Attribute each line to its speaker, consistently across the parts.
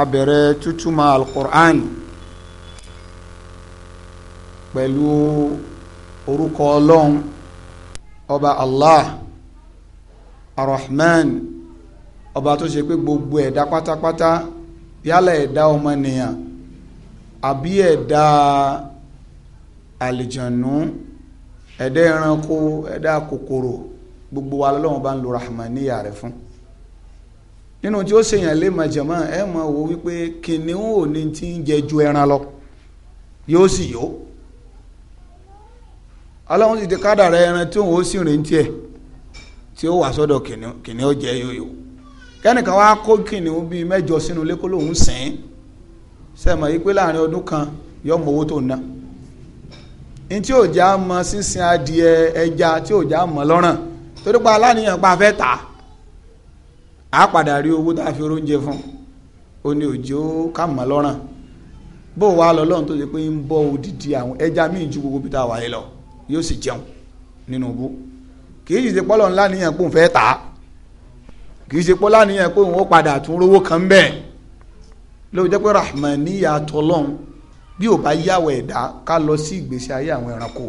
Speaker 1: abẹ̀rẹ̀ tútúmọ̀ alukur'an pẹ̀lú orúkọ ọlọ́run ọba allah arahman ọba tó ṣe pé gbogbo ẹ̀dá pátápátá yálà ẹ̀dá ọmọnìyàn àbí ẹ̀dá àlìjànú ẹ̀dá ẹranko ẹ̀dá kòkòrò gbogbo wa lọ́wọ́n bá ń lo rahmaniya rẹ̀ fún nínú tí ó ṣèyàn lé màjàmá ẹ máa wo wípé kìnìún ò ní ti ń jẹ ju ẹran lọ yóò sì yó ọlọ́run sì ti kádàrá ẹran tí òun ó sì rìn tiẹ̀ tí ó wà sọ́dọ̀ kìnìún ó jẹ yóò yó kẹ́nìkan wá kó kìnìún bíi mẹ́jọ sínú ilé kó lóun sìn sẹ́mọ̀ yìí pé láàrin ọdún kan yọ mọ owó tó ná ní tí ò mọ sísìn adìẹ ẹja tí ò mọ lọ́rùn torí pa aláníyàn pa fẹ́ tà a padà rí owó tá a fi oúnjẹ fún ó ní òjò kàmá lọ́ràn bó wàá lọ lọ́run tó ṣe pé ń bọ́ odidi àwọn ẹja míì ju gbogbo bíi tá a wà yìí lọ yóò sì jẹun nínú kì í ṣe pọ́lọ̀ ńlá nìyẹn fẹ́ tà á kì í ṣe pọ́lá nìyẹn ó padà tún rówó kan ló jẹ́ pé bí ò bá ẹ̀dá ká lọ sí ìgbésí ayé àwọn ẹranko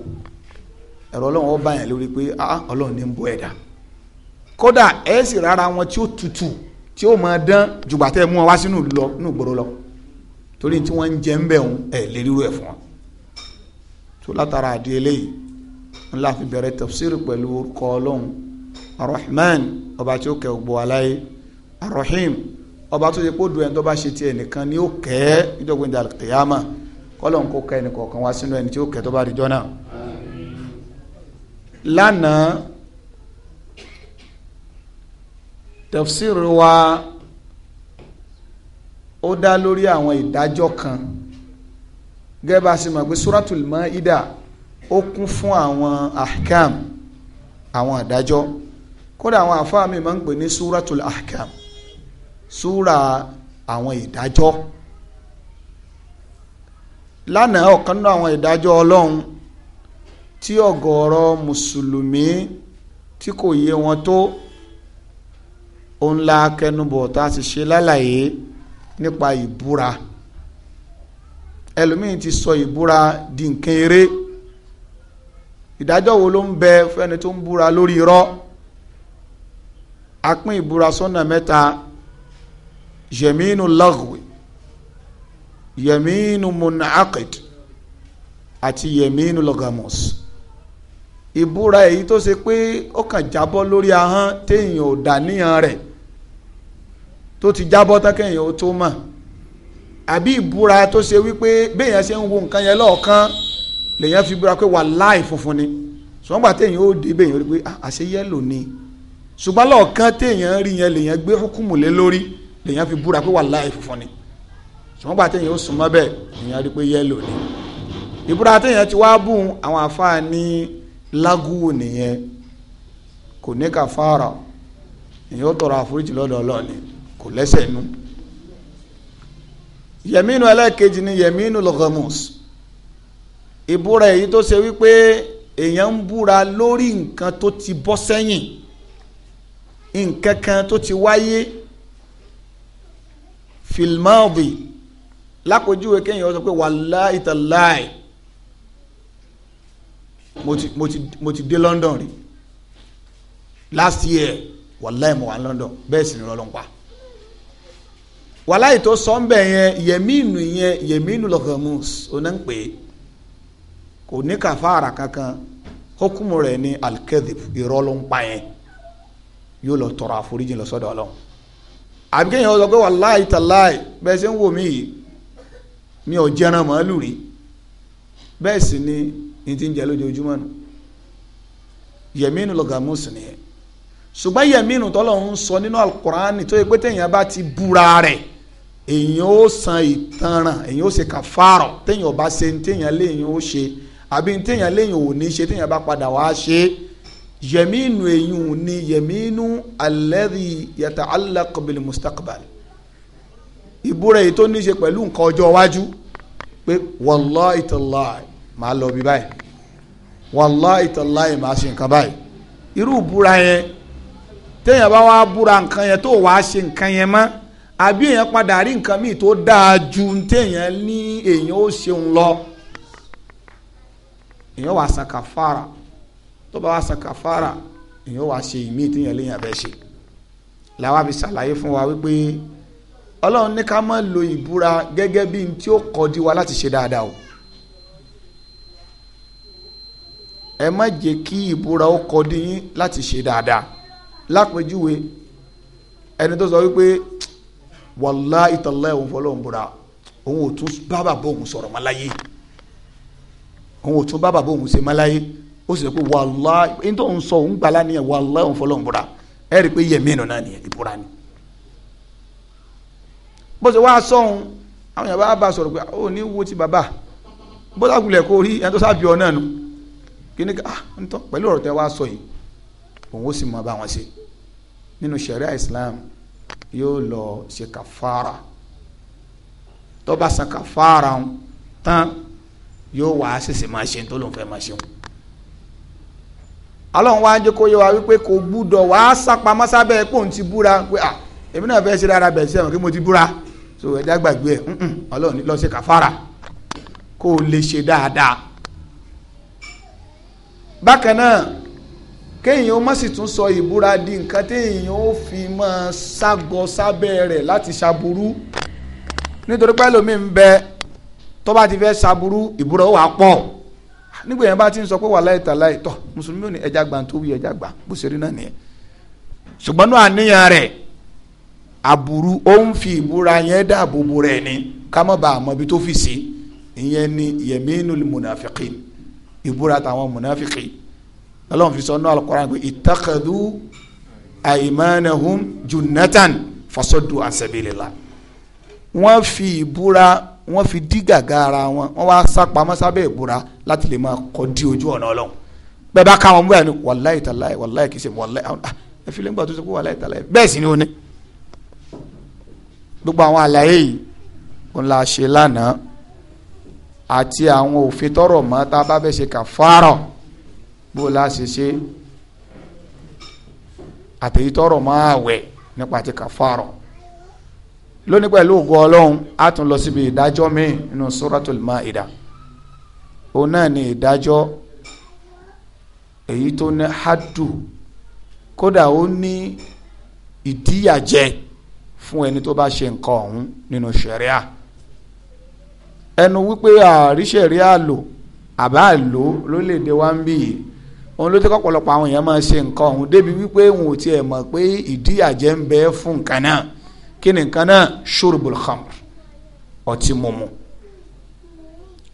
Speaker 1: ẹ̀rọ ọlọ́run ó bá yẹn lórí ní ń kódà ẹ sì rárá wọn tí ó tutù tí ó máa dán jùgbà tẹ́ mú wọn wá sínú lọ nínú gbòòrò lọ torí tí wọ́n ń jẹ ń bẹ̀ ń ẹ̀ lè ríru ẹ̀ fún wọn. tó látara àdé eléyìí ńlá fi bẹ̀rẹ̀ tafsir pẹ̀lú orúkọ ọlọ́run arahman ọba tí ó kẹ́ gbogbo aláyé arahim ọba tó yẹ kó du ẹni tó bá ṣe tiẹ̀ nìkan ni ó kẹ́ ìjọba ìdàlù kìyàmà kọ́lọ́n kó kẹ́ ẹnì kọ̀ọ̀kan wá sínú ẹni tí ó kẹ́ tó bá rí jọ náà. lánàá tafsir wa ó dá lórí àwọn ìdájọ́ kan gẹ́gẹ́ bá a ṣe mọ̀ pé suratul maida ó kún fún àwọn ahkam àwọn ìdájọ́ kódà àwọn àfáà mi máa ń pè ní suratul ahkam súra àwọn ìdájọ́ lánàá ọ̀kan náà àwọn ìdájọ́ ọlọ́run tí ọ̀gọ̀ọ̀rọ̀ mùsùlùmí tí kò yé wọn tó ó ń la kẹnubọ̀ tá a sì ṣe lálàyé nípa ìbúra ẹlòmíín ti sọ ìbúra di nǹkan eré ìdájọ́ wo ló ń bẹ fẹ́ni tó ń búra lórí irọ́ a pín ìbúra sọ́nà mẹ́ta yẹmínú lọ́gùwì yẹmínú munakid àti yẹmínú lọ́gàmọ́s ìbúra èyí tó ṣe pé ó kàn jábọ́ lórí ahọ́n téèyàn ò dá níyàn rẹ̀ tó ti jábọ́ tákẹ́yìn ó tó mọ̀ àbí ìbúra tó ṣe wípé béèyàn ṣe ń wo nǹkan yẹn lọ́ọ̀kan lèyàn fi búra pé wàláì funfun ni ṣùgbọ́n gbà téèyàn ó dé béèyàn rí pé ah, àṣẹ yẹ́lò ni ṣùgbọ́n lọ́ọ̀kan téèyàn rí yẹn lèyàn gbé hukumu lé lórí fi búra pé funfun ni ṣùgbọ́n gbà téèyàn ó sùn mọ́ bẹ́ẹ̀ rí pé yẹ́lò ni ìbúra téèyàn ti wá àwọn àfáà ní lágùwò nìyẹn kò ní kàfàrà ó tọrọ àforíjì kò lẹ́sẹ̀ nú yẹmínú ẹlẹ́ẹ̀kejì ni yẹmínú lọ́gọ́mùs ìbúra èyí tó ṣe wípé èèyàn ń búra lórí nǹkan tó ti bọ́ sẹ́yìn nǹkan kan tó ti wáyé fìlmáàbì lápòjúwe kéèyàn sọ pé wàláì tàláì mo ti dé London rí last year wàláì mo wà London bẹ́ẹ̀ sì ni rọlọ́n wàláì tó sọ ń bẹ̀ yẹn yẹmínú yẹn yẹmínú lọ́gàmùs oná ń pè kò ní kàfàrà kankan hukumu rẹ̀ ní alkedib irọ́ ló ń pa yẹn yóò lọ tọrọ àforíjì lọ sọ́dọ̀ Ọlọ́run àbí kéèyàn sọ pé wàláì tàláì bẹ́ẹ̀ ṣe ń wò mí yìí mi ò jẹran màálù rí bẹ́ẹ̀ sì ni ní ti ń jẹ lójoojúmọ́ nù yẹmínú lọ́gàmùs nìyẹn ṣùgbọ́n yẹmínú tọ́lọ́run ń sọ nínú alukur'ani tó yẹ pé téèyàn bá ti búra rẹ̀ èyàn ó san ìtanràn èyàn ó ṣe kàfàrọ̀ téèyàn ò bá ṣe ní téèyàn léèyàn ó ṣe àbí ní téèyàn léèyàn ò ní ṣe téèyàn bá padà wá ṣe yẹmínú èyàn ni yẹmínú alladhi yata'allaq bil mustaqbal ìbúra èyí tó ní ṣe pẹ̀lú nǹkan ọjọ́ iwájú pé wallahi tallahi màá lọ bí báyìí wallahi tallahi màá ṣe nǹkan báyìí irú ìbúra yẹn téèyàn bá wá búra nǹkan yẹn tó wàá ṣe nǹkan yẹn mọ́ àbí èèyàn padà rí nǹkan míì tó dáa ju téèyàn ní èèyàn ó ṣeun lọ èèyàn wà san kàfàrà tó bá wà san kàfàrà èèyàn wà ṣe ìmíì téèyàn léèyàn bẹ́ẹ̀ ṣe làwa fi ṣàlàyé fún wa wípé ọlọ́run ní ká má lo ìbúra gẹ́gẹ́ bí n tí ó kọ́ wa láti ṣe dáadáa o ẹ má jẹ́ kí ìbúra ó kọ́ di yín láti ṣe dáadáa lápèjúwe ẹni tó sọ wípé wàláhì tàláhì òun fọlọ́hún búra òun ò tún bábà bóun sọ̀rọ̀ mọ́ láyé òun bábà bóun ṣe mọ́ ó sì sọ pé wàláhì ẹni ń sọ òun gbà lánìyàn wàláhì rí i pé yẹ̀mí náà nìyẹn ìbúra ni bó ṣe wáá sọ̀hún àwọn yàrá bá sọ̀rọ̀ pé ó ní wo ti bàbá bó yóò lọ ṣe kàfàrà tó bá san kàfàrà ń tán yóò wá ṣèṣe máa ṣe tó ló ń fẹ́ máa ṣe. alọ́run wá jẹ́ kó yẹ wá wípé kò gbúdọ̀ wá sápamọ́ sábẹ́ ẹ̀ pé òun ti búra pé à èmi náà fẹ́ ṣe dára bẹ̀rẹ̀ sí ẹ̀wọ̀n kí mo ti búra so ẹ̀dá gbàgbé ẹ̀ ọlọ́run lọ ṣe kàfàrà kó o lè ṣe dáadáa. bákan náà kéèyàn má sì tún sọ ìbúra di nǹkan téèyàn ó fi máa ságọ sábẹ́ rẹ̀ láti ṣàbúrú nítorí pé lómi ń bẹ tó bá ti fẹ́ ṣàbúrú ìbúra ó wà pọ̀ nígbà yẹn bá ti ń sọ pé wà láì tà láì tọ̀ mùsùlùmí ò ní ẹja gbà tó wí ẹja gbà bó ṣe rí náà nìyẹn ṣùgbọ́n náà àníyàn rẹ̀ àbúrú ó ń fi ìbúra yẹn dáàbò bo rẹ̀ ni ká má bàa mọ ibi tó fi sí ìyẹn ni yẹmínú munafiqin ọlọ́run fi sọ nínú alukoran pé ìtàkàdù àìmánahum junatan fasọdù àṣẹbìlélà wọ́n fi ìbúra wọ́n fi dí gàgà ara wọn wọ́n wá sápamọ́ sábẹ́ ìbúra láti lè máa kọ́ di ojú ọ̀nà ọlọ́run bẹ́ẹ̀ bá káwọn bóyá ni wàláyé tàláyé wàláyé kìí ṣe wàláyé ah, ẹ fi lè ń gbà tó ṣe kó wàláyé tàláyé bẹ́ẹ̀ sì ni gbogbo àwọn àlàyé yìí ń la ṣe lánàá àti àwọn òfin tọrọ mọ́ tá a bá fẹ́ ṣe bó la ṣe ṣe àtẹ̀yí tọrọ máa wẹ̀ nípa ti kàfàrọ̀ lónìí pẹ̀lú ògo ọlọ́run a tún lọ síbi ìdájọ́ míì nínú suratul maida òun náà ni ìdájọ́ èyí tó ní hadu kódà ó ní ìdíyàjẹ fún ẹni tó bá ṣe nǹkan ọ̀hún nínú ṣẹ̀ríà ẹnu wípé àrí lò àbá lò lórílẹ̀‐èdè wa ń bì yìí òun ló ti kọ́ pọ̀lọpọ̀ àwọn èèyàn máa ṣe nǹkan ọ̀hún débi wípé òun ò tiẹ̀ mọ̀ pé ìdí àjẹ́ ń bẹ fún nǹkan náà kí ni nǹkan náà ṣòrùbùl khamr ọtí mímu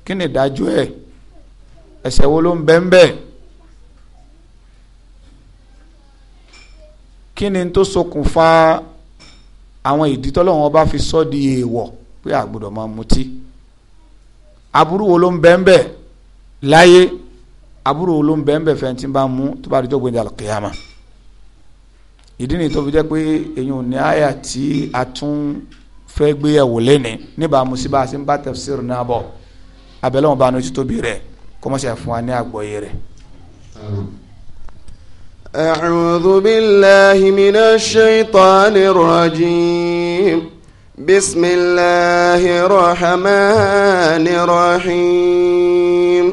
Speaker 1: kí ni ìdájọ́ ẹ̀ ẹ̀ṣẹ̀ wo ló ń bẹ ń bẹ kí ni tó ṣokùnfà àwọn ìdí tọ́lọ́wọ́n bá fi sọ́ di èèwọ̀ pé àgbọ́dọ̀ máa mutí aburú wo ló ń bẹ ń bẹ láyé aburú ló ń bẹ́ẹ̀ bẹ́ẹ̀ fẹ́ntì bá mú tó bá rí jọ́gbìn dàlù kìyàmà ìdí ni tó fi jẹ́ pé èyí ò ní àyà tí a tún fẹ́ gbéyàwó lẹ́ni níbàámu sí bá a ṣe ń bá tafsir náà bọ̀ abẹ́lẹ́ wọn bá a nu títóbi rẹ̀
Speaker 2: kọ́mọ́sẹ̀ fún wa ní àgbọ̀yé rẹ̀. أعوذ بالله من الشيطان الرجيم بسم الله الرحمن الرحيم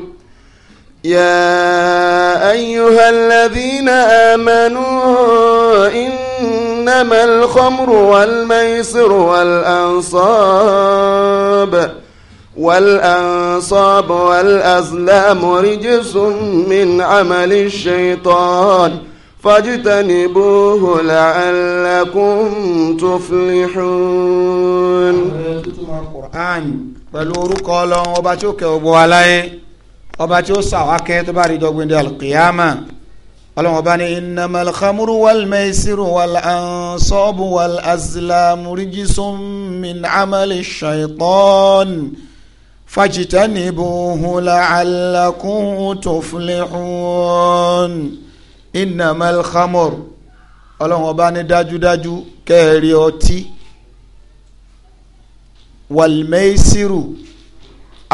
Speaker 2: يا أيها الذين آمنوا إنما الخمر والميسر والأنصاب والأنصاب والأزلام رجس من عمل الشيطان فاجتنبوه لعلكم تفلحون. pẹ̀lú orúkọ ọlọ́run ọba tí
Speaker 1: ọba tí ó sàwákẹ́ tó bá rí dọ́gbìn dé alqiyama ọlọ́wọ́n bá ní innamal khamru wal maisiru wal ansabu wal azlamu rijsun min amali shaitan fajitanibuhu la'allakum tuflihun innamal khamru ọlọ́wọ́n bá ní dájúdájú kẹ́ẹ̀rí ọtí wal maisiru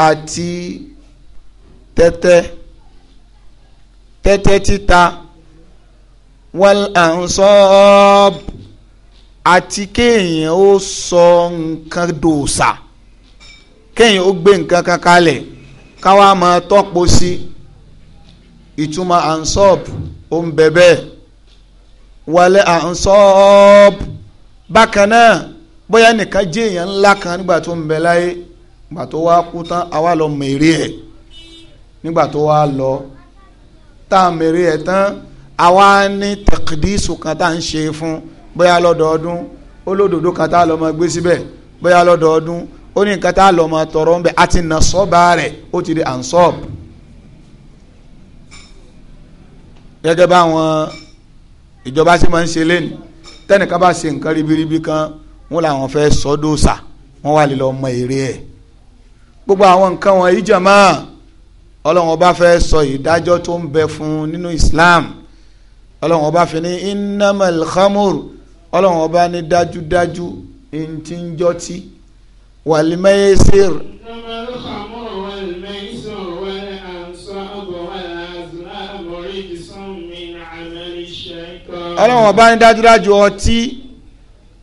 Speaker 1: àti tẹ́tẹ́ tẹ́tẹ́ títa wal ansab àti kéèyàn ó sọ nǹkan dòòsà kéèyàn ó gbé nǹkan kan kalẹ̀ káwa máa tọ́pọ̀ sí ìtumọ̀ ansab ó ń bẹ bẹ́ẹ̀ wal ansab bákan náà bóyá nìkan jẹ́ èèyàn ńlá kan nígbà tó ń bẹ láyé nígbà tó wá kú tán àwa lọ mọ èrè ẹ̀ nígbà tó wá lọ tá a mèrè ẹ̀ tán àwa ní tẹkidisu kan tá à ń ṣe fún bóyá lọ́dọọdún olódodo kan tá a lọ máa gbé síbẹ̀ bóyá lọ́dọọdún ó ní nǹkan tá a lọ máa tọrọ ńbẹ àti nàṣọ́ba rẹ̀ ó ti di ansọ́b gẹ́gẹ́ báwọn ìjọba ṣe máa ń ṣe lẹ́nu tẹ́nìkan bá ṣe nǹkan ribiribi kan wọ́n làwọn fẹ́ sọ́dọ̀ọ́sà wọ́n wà lè lọ́ọ́ mọ èrè ẹ̀ gbogbo àwọn nǹkan wọ̀nyí jàmáà ọlọ́run ọba fẹ́ sọ ìdájọ́ tó ń bẹ fún nínú islam ọlọ́run ọba fi ní innamal khamur ọlọ́run ọba ní dájúdájú ntí ń jọtí wàlímẹ́yẹsìr. ọlọ́run ọba ní dájúdájú ọtí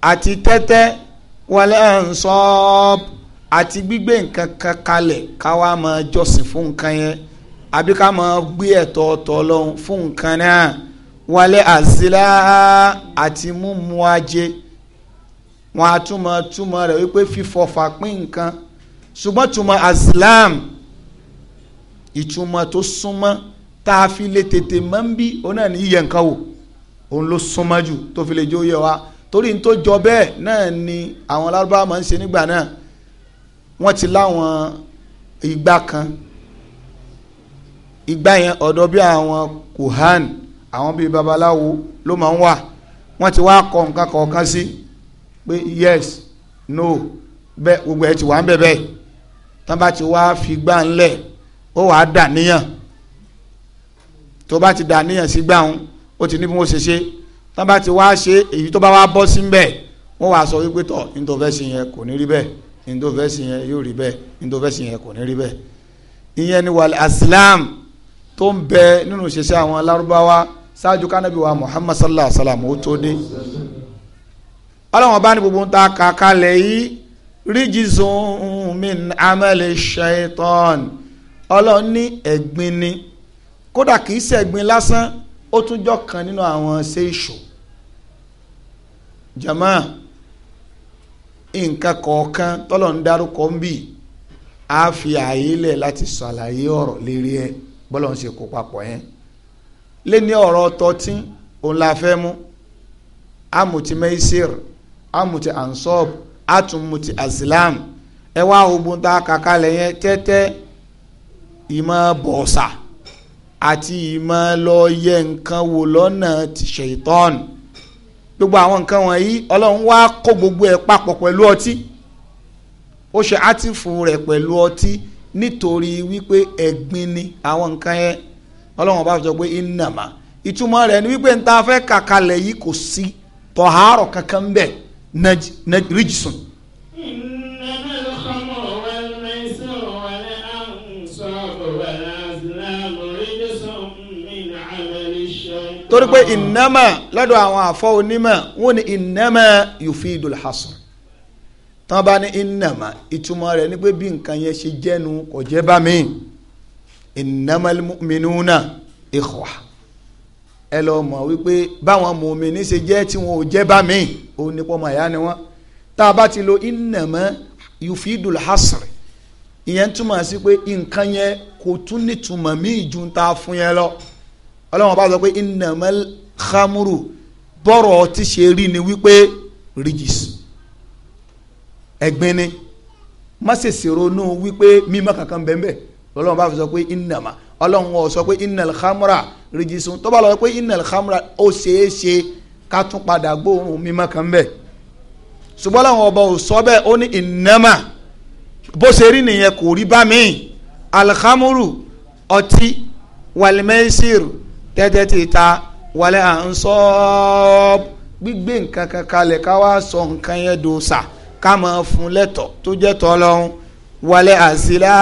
Speaker 1: àti tẹ́tẹ́ wàlẹ́ ansọ́ọ̀bù àti gbígbé nǹkan kan kalẹ̀ ká wá máa jọ́sìn fún nǹkan yẹn àbí ká máa gbé ẹ̀tọ́ ọ̀tọ̀ ọlọ́run fún nǹkan náà wálé àzílá àti múmu ajé wọn á túmọ̀ túmọ̀ rẹ̀ wípé fífọfà pín nǹkan ṣùgbọ́n túmọ̀ azlam ìtumọ̀ tó súnmọ́ tá a fi lè tètè mọ́ bí òun náà ní yíyẹ nǹkan wò òun ló súnmọ́ jù tó fi lè jó yẹ wa torí ní tó jọ bẹ́ẹ̀ náà ni àwọn lárúbáwá máa ń ṣe nígbà náà wọ́n ti láwọn ìgbà kan ìgbà yẹn ọ̀dọ̀ bí àwọn kuhan àwọn bíi babaláwo ló máa ń wà wọ́n ti wá kọ nǹkan kọ̀ọ̀kan sí pé yes no bẹ́ẹ̀ gbogbo ẹ̀ ti wà ń bẹ̀ bẹ́ẹ̀ tán bá ti wá fi gbà ńlẹ̀ ó wàá dà níyàn tó bá ti dà níyàn sí gbà ń ó ti ní bí wọ́n ṣe ṣe tán bá ti wá ṣe èyí tó bá wá bọ́ sí ń bẹ̀ wọ́n wàá sọ wípé tọ̀ ní fẹ́ ṣe yẹn kò ní rí bẹ́ẹ̀ indovẹ́sì yẹn yóò rí bẹ́ẹ̀ indovẹ́sì yẹn kò ní rí bẹ́ẹ̀ ìyẹn ni wàlẹ̀ asilam tó ń bẹ nínú ṣẹṣẹ àwọn alárúbáwá ṣáájú kánábì wa muhammad sallallahu alaihi wa sallam ó tó dé ọlọ́wọ́n bá ní gbogbo ń ta kàkálẹ̀ yìí rígizun min amẹ́lẹ̀ shaitan, ọlọ́run ní ẹ̀gbin ni kódà kì í ṣẹ̀gbin lásán ó tún jọ kan nínú àwọn ṣe èṣù jama nǹkan kọ̀ọ̀kan tọ́lọ̀ ń dárúkọ ń bì á fi ààyè lẹ̀ láti ṣàlàyé ọ̀rọ̀ lérí ẹ bọ́lọ̀ ń ṣe kó papọ̀ yẹn lé ní ọ̀rọ̀ tọ́tí òun la fẹ́ mú amuti meisir amuti ansob atumuti asilam ẹ wá ogun tá a kàkà lẹ̀ yẹn tẹ́tẹ́ ìmọ̀ bọ̀ọ̀sà àti ìmọ̀ lọ yẹ nǹkan wò lọ́nà ti gbogbo àwọn nǹkan wọ̀nyí ọlọ́run wá kó gbogbo ẹ̀ papọ̀ pẹ̀lú ọtí ó ṣe átìfù rẹ̀ pẹ̀lú ọtí nítorí wípé ẹ̀gbin ni àwọn nǹkan yẹn ọlọ́run bá sọ pé ìnàmà ìtumọ̀ rẹ̀ ni wípé n ta fẹ́ kàkalẹ̀ yìí kò sí tọ̀hárọ̀ kankan bẹ́ẹ̀ ríjìsùn. torí pé ìnámà lọ́dọ̀ àwọn àfọ́ onímọ̀ wọ́n ní ìnámà yufidul hasr tán bá ní ìnámà ìtumọ̀ rẹ̀ ni pé bí nǹkan yẹn ṣe jẹ́nu kò jẹ́ bá mi innamal mu'minuna ikhwah ẹ lọ mọ̀ wípé báwọn mùmíní ṣe jẹ́ tí wọn ò jẹ́ bá mi òun ni pọ́nmọ̀ ìyá ni wọ́n tá a bá ti lo ìnámà yufidul hasr ìyẹn túmọ̀ sí pé nǹkan yẹn kò tún nítumọ̀ míì ju ta fún yẹn lọ ọlọ́wọ́n bá sọ pé innamal khamru bọ́rọ̀ ti ṣe rí ni wípé rijis ẹ̀gbin ni má ṣe ṣèrònú wípé mímọ́ kankan bẹ́ẹ̀ ọlọ́wọ́n bá sọ pé innama ọlọ́wọ́n ò sọ pé innal khamra rijisun tó bá lọ pé innal khamra ó ṣeé ṣe ká tún padà gbóòórùn mímọ́ kan bẹ́ẹ̀ ṣùgbọ́n làwọn ọba ò sọ bẹ́ẹ̀ ó ní innama bó ṣe rí nìyẹn kò rí bá mi alhamuru ọtí walimẹ́sìrì tẹ́tẹ́ ti ta wàlẹ́ à ń sọ ọ́ gbígbé nǹkan kan kalẹ̀ ká wá sọ nǹkan yẹn dòòṣà ká máa fún lẹ́tọ̀ tó jẹ́ tọ́ lọ́hún wàlẹ́ àṣìlá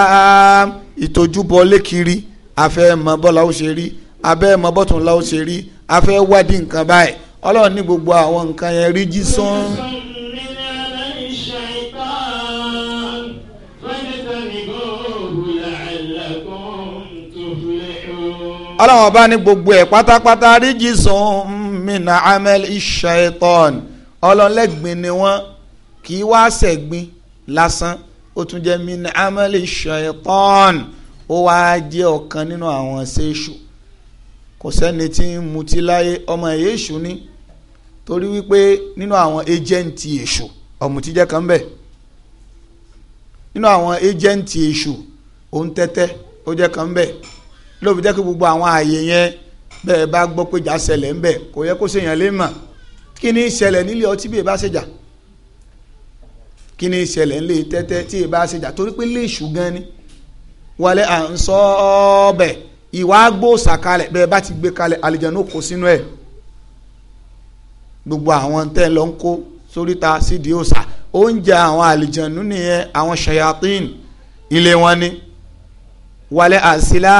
Speaker 1: ìtọ́júbọ lékiri afẹ́ mọ bọ́lá ó ṣe rí abẹ́ mọ bọ́tún lá ó ṣe rí afẹ́ wádìí nǹkan báyìí ọlọ́run ní gbogbo àwọn nǹkan yẹn rí jí sọ́n. ọlọ́wọ́n bá ní gbogbo ẹ̀ pátápátá ríjì sùn mina amel ishaitan ọlọ́lẹ́gbin ni wọ́n kì í wá ṣẹ̀gbin lásán ó tún jẹ́ mina amel ishaitan ó wá jẹ́ ọ̀kan nínú àwọn ṣéṣù kò sẹ́ni tí ń mutí láyé ọmọ èṣù ni torí wípé nínú àwọn ejẹ́ǹtì èṣù ọ̀mùtí kan bẹ́ẹ̀ nínú àwọn ejẹ́ǹtì èṣù òun tẹ́tẹ́ ó jẹ́ kan bẹ́ẹ̀ lóbi jẹ́ kí gbogbo àwọn ààyè yẹn bẹ́ẹ̀ bá gbọ́ pé jà ṣẹlẹ̀ ńbẹ̀ kò yẹ kó ṣèyàn lè mọ̀ kí ni ṣẹlẹ̀ nílé ọtí bí ẹ bá ṣèjà kí ni ṣẹlẹ̀ ńlé tẹ́tẹ́ tí ẹ bá ṣèjà torí pé léṣù gan ni wàlẹ́ à ń sọ ọ́ ìwà gbòòsà kalẹ̀ bẹ́ẹ̀ bá ti gbé kalẹ̀ àlìjẹ̀nú kò sínú ẹ̀ gbogbo àwọn tẹ́ lọ ń kó sóríta sídìí òòsà oúnjẹ àwọn àlìjẹ̀nú nìyẹn àwọn ṣayatin ilé wọn ni wàlẹ̀ àṣìlá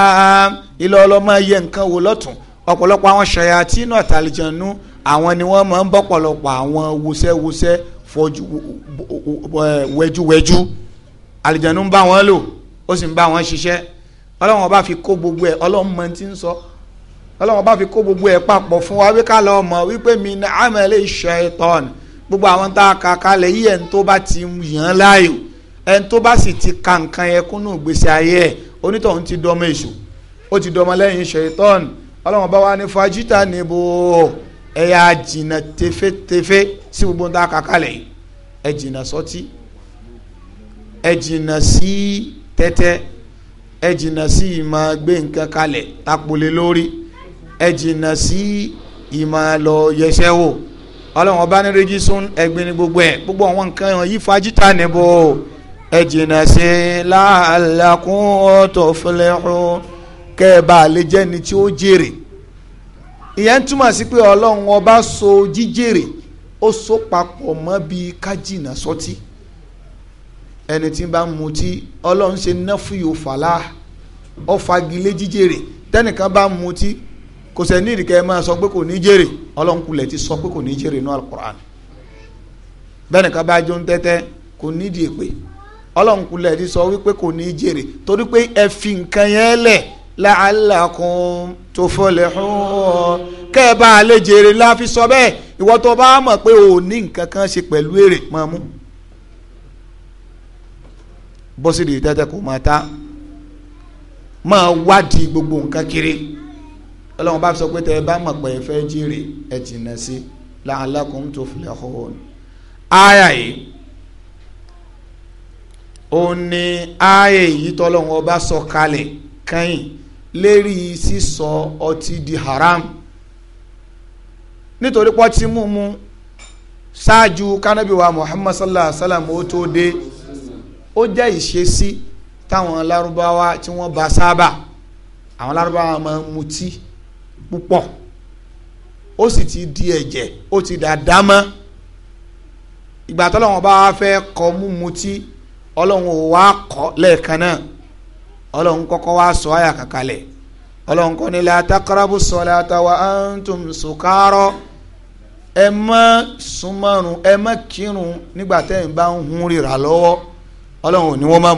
Speaker 1: ilé ọlọ́mọ yẹ nǹkan wò lọ́tún ọ̀pọ̀lọpọ̀ àwọn ṣayàtì náà tàlìjànú àwọn ni wọ́n máa ń bọ́pọ̀lọpọ̀ àwọn wusẹ́wusẹ́ fọjú wẹjúwẹjú àlìjànú ń bá wọn lò ó sì ń bá wọn ṣiṣẹ́ ọlọ́run ọba fi kó gbogbo ẹ̀ ọlọ́run mọ ti ń sọ ọlọ́run ọba fi kó gbogbo ẹ̀ papọ̀ fún wa wíkà lọ mọ̀ wípé mi ní amẹ́lẹ́ ṣaitan gbogbo àwọn tá a kà kalẹ̀ yí ẹ̀ ń tó bá ti yàn láàyò ẹ̀ tó bá sì ti ka nǹkan yẹn kúnnú ìgbésí ayé ẹ̀ onítọ̀hún ti dọmọ èṣù ó ti dọmọ lẹ́yìn ṣètọ́n ọlọ́run bá wa ní fajita níbo ẹ̀yà jìnnà tefetefe sí gbogbo ń ta kakalẹ̀ yìí ẹ jìnnà sọtí ẹ jìnnà sí tẹ́tẹ́ ẹ jìnnà sí ìmọ̀ gbé nǹkan kalẹ̀ tapolè lórí ẹ jìnnà sí ìmọ̀ lọ yẹsẹ́ wò ọlọ́run ọba ní rẹ́jísùn ẹ̀gbin ní gbogbo ẹ̀ gbogbo àwọn nǹkan yìí fajita níbo. ẹ jìnnà sí i la'allakum tuflihun ni tí ó jèrè ìyẹn túmọ̀ sí pé ọlọ́run ọba so jíjèrè ó so papọ̀ mọ́ bíi kájìnà sọtí ẹni tí bá mutí ọlọ́run ṣe náfúyò fàlà ó fagilé jíjèrè tẹ́nìkan bá mutí kò sẹ́ni ìdíkẹ́ máa sọ pé kò ní jèrè ọlọ́run kulẹ̀ ti sọ pé kò ní jèrè ní alukur'an bẹ́ẹ̀ni ká ọlọ́run kulẹ̀ ti sọ wípé kò ní í jèrè torí pé ẹ fi nǹkan yẹn lẹ̀ la'allakum tuflihun kẹ́ ẹ bá a lè jèrè la fi sọ bẹ́ẹ̀ ìwọ tó bá mọ̀ pé ò ní nǹkan kan ṣe pẹ̀lú èrè máa mú bọ́sídìí tẹ́tẹ́ kò máa ta máa wádìí gbogbo nǹkan kiri ọlọ́run bá sọ pé tẹ́ ẹ bá mọ̀ pé ẹ fẹ́ jèrè ẹ jìnnà sí la'allakum tuflihun áyà yìí ó ní ààyè yìí tọ́lọ́hún ọba sọ kalẹ̀ kẹ́yìn lérí sísọ ọtí di haram nítorí pọ́tí mímu ṣáájú kánábíwá Muhammad sallallahu alaihi wa sallam ó tó dé ó jẹ́ ìṣesí táwọn lárúbáwá tí wọ́n bá sábà àwọn lárúbáwá máa ń mutí púpọ̀ ó sì ti di ẹ̀jẹ̀ ó ti dàdámọ́ ìgbà tó lọ́wọ́n fẹ́ kọ́ mú mutí ọlọ́run ò wá kọ́ lẹ́ẹ̀kan náà ọlọ́run kọ́kọ́ wá sọ àyà kàkálẹ̀ ọlọ́run kọ́ ni la ẹ má súnmọ́run ẹ má kírun nígbà tẹ́ ń bá ń hun rírà lọ́wọ́ ọlọ́run ò ní wọ́n má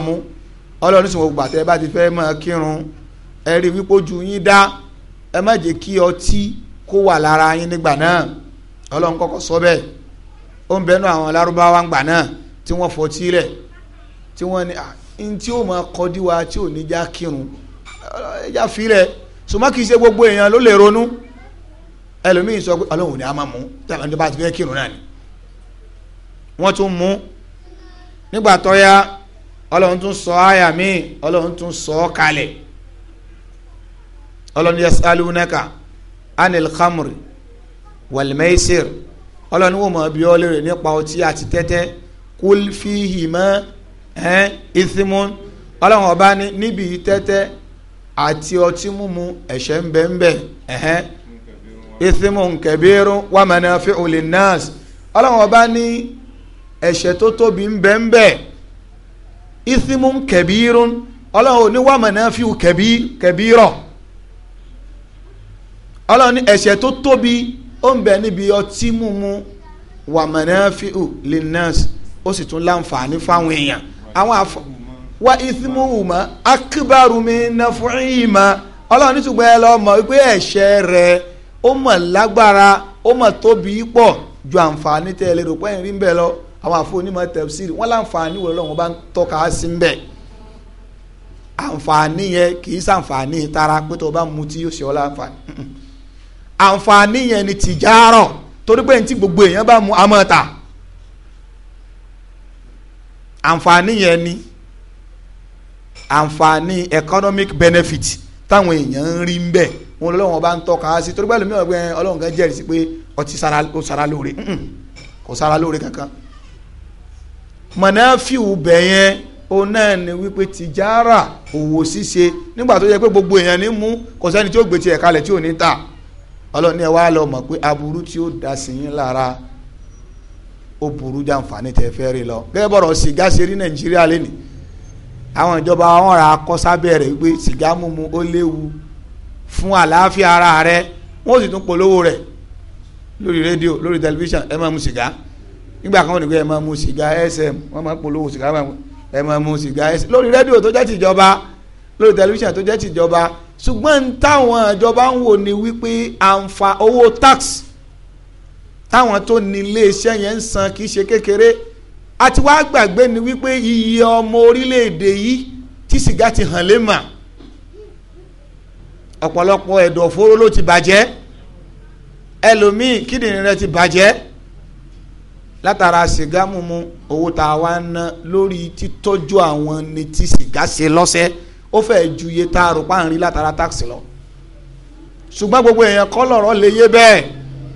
Speaker 1: ọlọ́run sì wọ́n gbà tẹ́ bá ti fẹ́ kírun ẹ rí wípé ojú yín dá ẹ má jẹ́ kí ọtí kó wà lára yín nígbà sọ bẹ́ẹ̀ ó ń bẹ́nu àwọn lárúbáwá náà tí wọ́n lẹ̀ tí wọ́n ní n tí ó máa kọdí wa tí ò ní já kírun ẹja filẹ̀ ṣùgbọ́n kì í ṣe gbogbo èèyàn ló lè ronú ẹlòmíì sọ pé ọlọ́run ò ní a máa mú tàbí ẹni bá ti fẹ́ kírun náà ni wọ́n tún mú nígbà tó ọlọ́run tún sọ àyà míì ọlọ́run tún sọ ọ́ kalẹ̀ ọlọ́run yasalunaka anil khamri walmaisir ọlọ́run wò mọ̀ bí ọ́ lérè nípa ọtí àti tẹ́tẹ́ kúlfìhìmọ́ ẹn ìsìmù ọlọ́run ọba ní níbi tẹ́tẹ́ àti ọtí mímu ẹ̀ṣẹ̀ ń bẹ ń bẹ ẹ̀hẹ́n ìsìmù nkẹ̀bírú wà manafi'u linnas ọlọ́run ọba ní ẹ̀ṣẹ̀ tó tóbi ń bẹ ń bẹ ìsìmù nkẹ̀bírú ọlọ́run ní wà manafi'u kẹ̀bírọ̀ ọlọ́run ní ẹ̀ṣẹ̀ tó tóbi ó ń bẹ níbi ọtí mímu wà manafi'u linnas ó sì tún láǹfààní fáwọn èèyàn àwọn àfọ wa ithmuhuma akbaru min naf'ihima ọlọ́run ní ṣùgbọ́n ẹ lọ mọ̀ wípé ẹ̀ṣẹ̀ rẹ̀ ó mọ̀ lágbára ó mọ̀ tóbi ju àǹfààní tẹ ẹ lè pé lọ àwọn àfọwọ́nímọ̀ tẹ̀síìrì wọ́n láǹfààní wọ̀ lọ́wọ́ bá ń tọ́ka sí ń bẹ̀ àǹfààní yẹn kì í sàǹfààní tara pé tó o bá yóò ṣe ni torí gbogbo èèyàn bá àǹfààní yẹn ni àǹfààní economic benefit táwọn èèyàn ń rí ń bẹ̀ wọn lọ́wọ́n bá ń tọ́ka sí torí pẹ́lú mìíràn pé ọlọ́run kan jẹ́rìí sí pé ọtí ó sara lóore kò sara lóore kankan mọ̀nàfíù bẹ̀yẹn òun náà ni wípé tìjára òwò ṣíṣe nígbà tó yẹ pé gbogbo èèyàn ní mú kò sẹ́ni tí ó gbé tiẹ̀ kalẹ̀ tí ò ní ta ọlọ́run ní wá lọ mọ̀ pé aburú tí ó dá sí yín lára ó burú jàǹfààní tẹ́ fẹ́ rí lọ gẹ́gẹ́ bọ̀rọ̀ sìgá ṣe rí nàìjíríà lẹ́nu àwọn ìjọba wọn ra akọ́sábẹ́ rẹ̀ wípé sìgá mímu ó léwu fún àlàáfíà ara rẹ wọn ò sì tún polówó rẹ̀ lórí rédíò lórí tẹlifíṣàn ẹ máa mu sìgá nígbà kan wọn ní pé ẹ máa mu sìgá sm wọn máa polówó sìgá ẹ máa mu sìgá sm lórí rédíò tó jẹ́ tìjọba lórí tẹlifíṣàn tó jẹ́ tìjọba ṣùgbọ́n táwọn ìjọba ń wò ni wípé àǹfà owó tax táwọn tó ní iléeṣẹ́ yẹn ń san kì í ṣe kékeré àti wá gbàgbé ni wípé iye ọmọ orílẹ̀-èdè yìí tí sìgá ti hàn lé mà ọ̀pọ̀lọpọ̀ ẹ̀dọ̀fóró ló ti bàjẹ́ ẹlòmíì kíndìnrín rẹ̀ ti bàjẹ́ látara sìgá mímu owó tá a wá ń ná lórí títọ́jú àwọn ni tí sìgá ṣe lọ́sẹ̀ ó fẹ́ẹ́ ju iye tá a rò páàrin látara táksì lọ ṣùgbọ́n gbogbo èèyàn kọ́ lọ̀rọ̀ lè yé bẹ́ẹ̀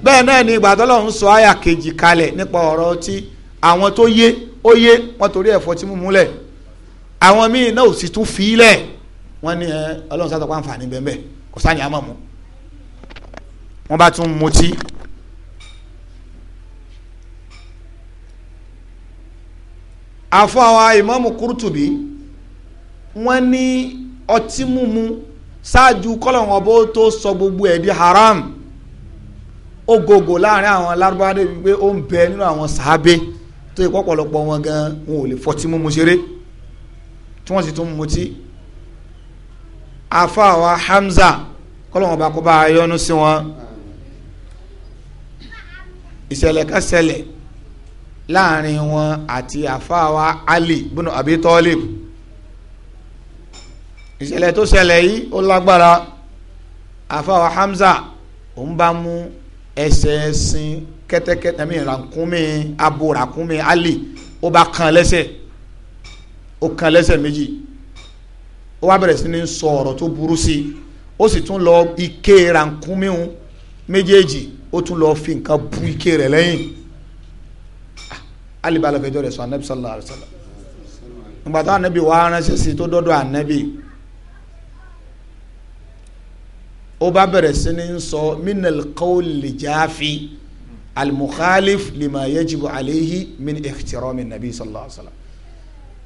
Speaker 1: bẹ́ẹ̀ náà ni ìgbà tọ́lọ́run sọ àyà kejì kalẹ̀ nípa ọ̀rọ̀ ọtí àwọn tó yé ó yé wọ́n torí ẹ̀fọ́ tí mú múlẹ̀ àwọn míì náà ò sì tún fi í lẹ̀ wọ́n ní ẹ ọlọ́run sátọ̀ pa àǹfààní bẹ́ẹ̀ bẹ́ẹ̀ kò sáà ní àmọ́ mu wọ́n bá tún mutí àfọ àwọn ìmáàmù Kurtubi wọ́n ní ọtí mímu ṣáájú kọ́lọ̀ wọn bó tó sọ gbogbo ẹ̀ di haram ó gògò láàrin àwọn lárúbáwá débi pé ó ń bẹ nínú àwọn sàábé tó yẹ pọ̀pọ̀lọpọ̀ wọn gan wọn ò lè fọtí mú mu ṣeré tí wọ́n sì tún mu tí afáwa Hamza kọ́lọ́wọ́n bá kó bá a yọ́nú sí wọn ìṣẹ̀lẹ̀ kan ṣẹlẹ̀ láàrin wọn àti afáwa Ali bùnú Abi Talib ìṣẹ̀lẹ̀ tó ṣẹlẹ̀ yìí ó lágbára afáwa Hamza òun bá mú ẹsẹ̀ ẹṣin kẹ́tẹ́kẹ́tẹ́ mi ràkúnmí abo ràkúnmí alì ó bá kan lẹ́sẹ̀ ó kan lẹ́sẹ̀ méjì ó wá bẹ̀rẹ̀ sí ní sọ ọ̀rọ̀ tó burú sí i ó sì tún lọ ike ràkúnmí méjèèjì ó tún lọ fi nǹkan bu ike rẹ̀ lẹ́yìn alì bá lọ fẹjọ́ rẹ̀ sọ anabi sallallahu alayhi wa sallam ngbàtà anabi wàá ránṣẹ́ sí i tó dọ́dọ̀ anabi. ó bá bẹ̀rẹ̀ sí ní sọ minal qawli jaafi al-mukhalif lima yajibu alayhi min ikhtirami nabi sallallahu alayhi wa sallam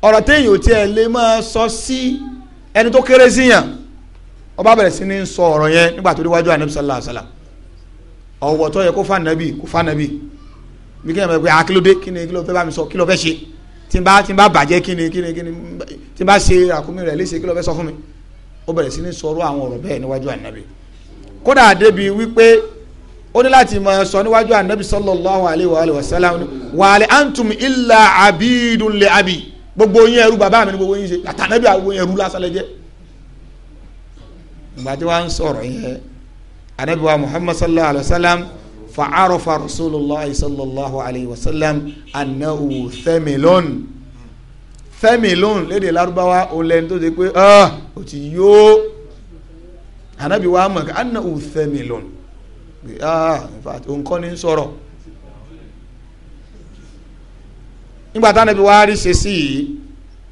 Speaker 1: ọ̀rọ̀ téèyàn tí ẹ lè máa sọ sí ẹni tó kéré sí yàn ó bá bẹ̀rẹ̀ sí ní sọ ọ̀rọ̀ yẹn nígbà tó déwájú anabi sallallahu alayhi wa sallam ọ̀wọ̀ tó yẹ kó fa nabi kó fa nabi bí kí ni ẹ pé akílódé ah, kí ni kí ló fẹ́ bá mi sọ kí fẹ́ ṣe tí n bá tí n bá bàjẹ́ kí ni kí ni kí ni tí n bá ṣe àkómi rẹ̀ léṣe kí fẹ́ sọ fún mi ó bẹ̀rẹ̀ sí ní sọ̀rọ̀ àwọn ọ̀rọ̀ bẹ́ẹ̀ níwájú ànábì kódà débi wípé ó ní láti máa sọ níwájú anabi sallallahu alayhi wa alayhi wa sallam wàhálẹ antum illa abidun le abi gbogbo yín ẹrú bàbá mi ni gbogbo yín ṣe àtànàbí àwọn ẹrú lásán lẹjẹ ìgbà tí wàá ń sọ̀rọ̀ yẹn anabi wa muhammad sallallahu alayhi wa sallam fa'arafa rasulillah sallallahu alayhi wa sallam anahu themilon themilon lédè Lárúbáwá olè ní pé ọ ah, ti yóò anabi wa mọ̀ anna uthamilun ah in fact nǹkan ní sọ̀rọ̀ nígbà tí anabi wa rí ṣe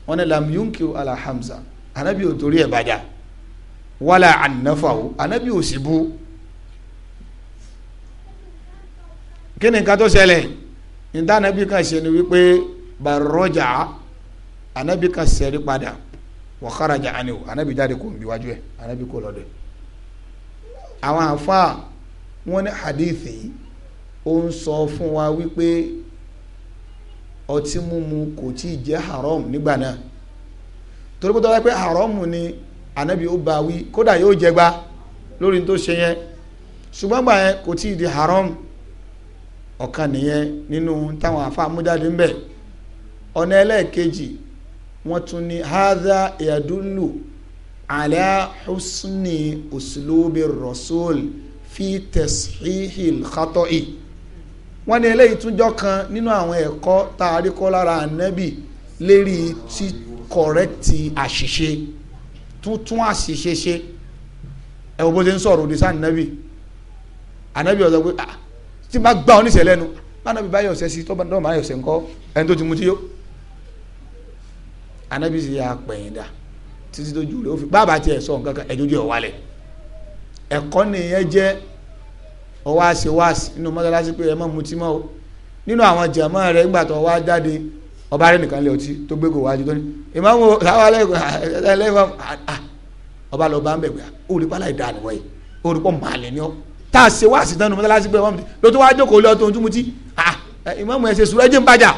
Speaker 1: wọn ni lam yunki ala hamza anabi ò torí ẹ̀ wala annafawo anabi ò sì bú kí ni nǹkan tó ṣẹlẹ̀ níta anabi kan ṣe ni wípé barroja anabi kan ṣẹ́rí padà wa kharaja aniwo anabi jáde kò ń bí anabi kò lọ́dọ̀ àwọn àfáà wọ́n ní hadithi yìí ó ń sọ fún wa wípé ọtí mímu kò tí ì haram nígbà náà torí pé tọ́lá pé haram ni ànábì ó bá wí kódà yóò jẹgba lórí tó ṣe yẹn ṣùgbọ́n gbà yẹn kò tí di haram ọ̀kan nìyẹn nínú táwọn àfáà mú jáde ń bẹ̀ ọ̀nà ẹlẹ́ẹ̀kejì wọ́n tún ní haza ìyàdúlù على حسن أسلوب الرسول في تصحيح al-khata'i wọ́n ní eléyìí túnjọ́ kan nínú àwọn ẹ̀kọ́ tá a rí kọ́ lára ànábì lérí tí kọ̀rẹ́tì àṣìṣe tuntun àṣìṣe ṣe ẹ wo bó ṣe ń sọ̀rọ̀ òdì sáà ànábì ànábì ọ̀sẹ̀ pé ah, tí bá gbá oníṣẹ́ lẹ́nu ànábì báyọ̀ ọ̀sẹ̀ sí tọ́ba náà báyọ̀ ńkọ́ ẹni tó ti mutí yó ànábì sì yà pẹ̀yìn títí tó jù rẹ̀ ó fi bàbá tiẹ̀ sọ nǹkan kan ẹ̀jọ́ jẹ́ ọ̀wálẹ̀ ẹ̀kọ́ nìyẹn jẹ́ ọwọ́ àṣewáṣì nínú mọ́tàlásí pé ẹ má mutí mọ́ o nínú àwọn jàmọ́ rẹ̀ ńgbà tó wá jáde ọba rẹ̀ nìkan lé ọtí tó gbé kò wájú tó ní ìmáàmù sáwálẹ̀ ah, ah, ẹ̀ẹ́dẹ́gbẹ̀rún ah, ọba lọ bá ń bẹ̀ gbà ó rí pálá yìí ó rí pọ̀ màálẹ̀ ni ọ́ tá a ṣe wá àṣìdánù mọ́tàlásí pé ọmọ ló tó wá jókòó lé ọtún ojúmutí ìmáàmù ẹ̀ ṣe sùúrù ẹ̀jẹ̀ ń bàjá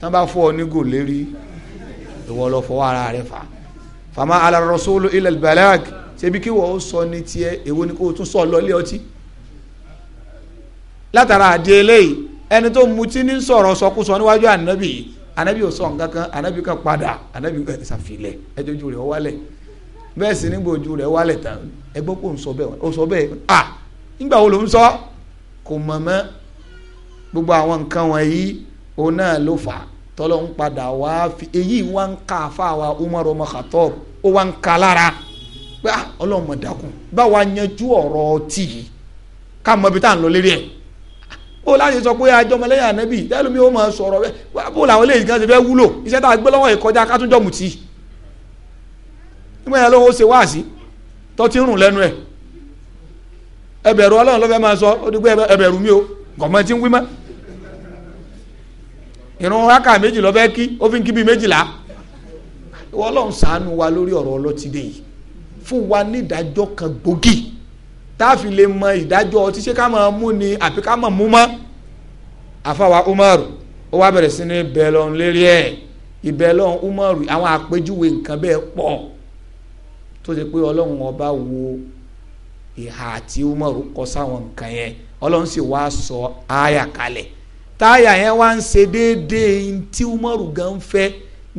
Speaker 1: tán bá fọ́ ọ ní gò lérí ìwọ lọ fọwọ́ ara rẹ fà á fama ala rasulu ilal balag ṣebí kí wọ́n sọ ní tiẹ̀ èwo ni kò tún sọ lọ́lé ọtí látara àdé eléyìí ẹni tó mutí ní sọ̀rọ̀ sọkúsọ níwájú ànábì ànábì ò sọ nǹkan kan ànábì kan padà ànábì kan ṣàfilẹ̀ ẹjọ́ ojú rẹ̀ ó wálẹ̀ bẹ́ẹ̀ sì nígbà ojú rẹ̀ wálẹ̀ tán ẹgbọ́n kò ń sọ bẹ́ẹ̀ ó sọ bẹ́ẹ̀ à nígbà wo ló ń sọ kò mọ̀ mọ́ gbogbo àwọn nǹkan wọ̀nyí òun náà ló fà á tọ́lọ́ ń padà wá fi èyí wá ń ká fáwa Umar ọmọ Khattab ó wá ń ká lára pé ah báwa yanjú ọ̀rọ̀ ọtí yìí ká mọ ibi tá à ń lọ lérí ẹ̀ ah, ó láti sọ pé àjọmọlẹ́yìn ànábì tẹ́lumi ó máa sọ̀rọ̀ bẹ́ẹ̀ bó làwọn eléyìí kan ṣe fẹ́ wúlò iṣẹ́ tá a gbé lọ́wọ́ ìkọjá ká tún jọ̀mù yẹn ló ń ṣe wáàsí tó ti rùn lẹ́nu ẹ̀ ẹbẹ̀rù ọlọ́run ló fẹ́ máa sọ ó dúpẹ́ ẹbẹ̀rù mi o gọ̀mọ́ ti ń wí mọ́ irun rákà méjì lọ fẹ́ kí ó fi ń kí bíi méjìlá ìwọ ọlọ́run ṣàánú wa lórí ọ̀rọ̀ ọlọ́tìdé yìí fún wa ní ìdájọ́ kan gbòógì tá a fi lè mọ ìdájọ́ ọtí ṣé ká máa mú ni àbí ká máa mú mọ́ àfàwà Umar ó wá bẹ̀rẹ̀ sí ní bẹ́ẹ̀ lérí ẹ̀ ìbẹ̀ Umar àwọn àpèjúwe nǹkan bẹ́ẹ̀ pọ̀ tó ṣe pé ọlọ́run ọba wo ìhà àti Umar kọ sáwọn nǹkan yẹn ọlọ́run sì wá sọ áyà kalẹ̀ táyà yẹn wá ń ṣe déédéé tí umaru gan fẹ́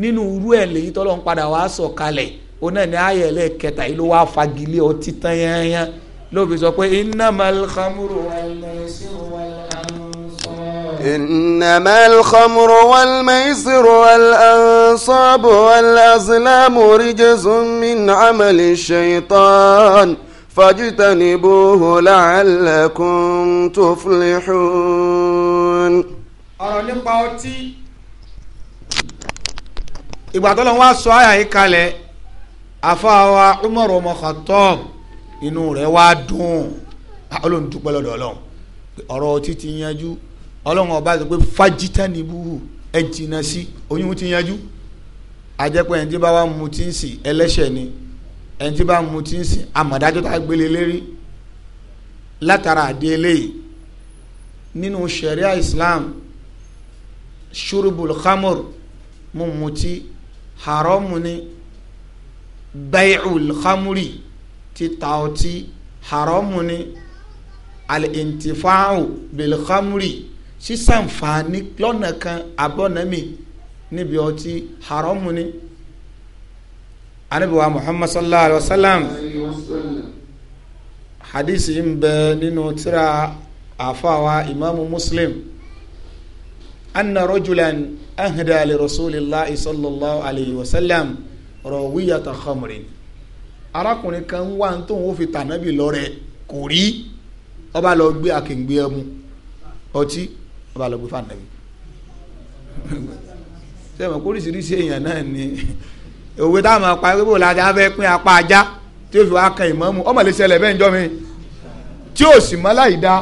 Speaker 1: nínú irú ẹ̀ lèyí tọ́lọ́ ń padà wá sọ̀kalẹ̀ ó náà ní ayẹ̀ lẹ́ẹ̀kẹta yìí ló wá fagilé ọtí tán yányán lóbi sọ pé innamal khamru wal
Speaker 2: maisiru wal ansab. innamal khamru min amali shaytan fajtanibuhu la'allakum tuflihun
Speaker 1: ọ̀rọ̀ nípa ọtí. ìgbà tó lọ́n wá sọ àyà yìí kalẹ̀ àfàwà Umar ọmọ Khattab inú rẹ̀ wá dùn ah, Ọlọ́run dúpẹ́ lọ́dọ̀ Ọlọ́run ọ̀rọ̀ ọtí ti yanjú Ọlọ́run ọba sọ pé fájítà níbú ẹ jìnnà sí oyún ti yanjú àjẹpọ̀ ẹni tí bá wà mu ti ń sìn ẹlẹ́ṣẹ̀ ni ẹni tí bá mu ti ń sìn àmọ̀dájọ́ tá a gbélé lérí látara àdé eléyìí nínú ṣẹ̀ríà Islam ṣurubul khamur mu mutí haramu ni bay'ul khamuri títa ọtí haramu ni al-intifa'u bil khamuri sísànfààní lọ́nà kan abọ́nàmì níbi ọtí haramu ni anabiwa muhammad sallallahu alaihi wa sallam hadisi ń bẹ nínú tírà àfàwà imaamu muslim. أن رجلا ahda لرسول الله صلى الله عليه وسلم rawiyata خمر arákùnrin kan wà tó ń fi tànàbì lọ́rẹ kò rí ó bá lọ gbé akíngbé ẹmu ọtí ó bá lọ gbé fànàbì sẹ́wọ̀n kórìsìírísìí èèyàn náà ni òwe táwọn máa pa ewébò lájà fẹ́ pín apá ajá tí ó fi wá kan ìmọ̀ọ́mù ọmọ lè ṣẹlẹ̀ bẹ́ẹ̀ ń jọ́ mi tí ó sì mọ́ láì dáa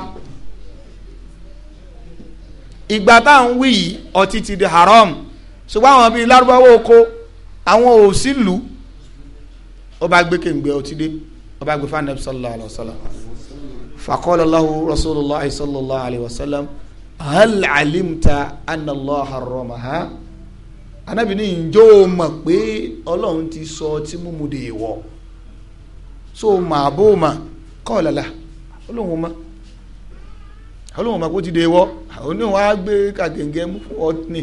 Speaker 1: ìgbà tá à ń wí yìí ọtí ti di haram ṣùgbọ́n àwọn bíi lárúbáwá oko àwọn ò sí lù ó bá gbé kéǹgbé ọtí dé ó bá gbé fún anabi sallallahu alayhi wa sallam faqala lahu rasulillah sallallahu alayhi wa sallam hal alimta anna allah harramaha anabi ní ǹjọ́ o mọ̀ pé ọlọ́run ti sọ ọtí múmu dè wọ̀ so màá bó ma qala la olóhùn olóhùn ọmọ kó ti dé wọ́ àwọn oníhùn wa gbé kàgẹ́gẹ́ mú fún ọtí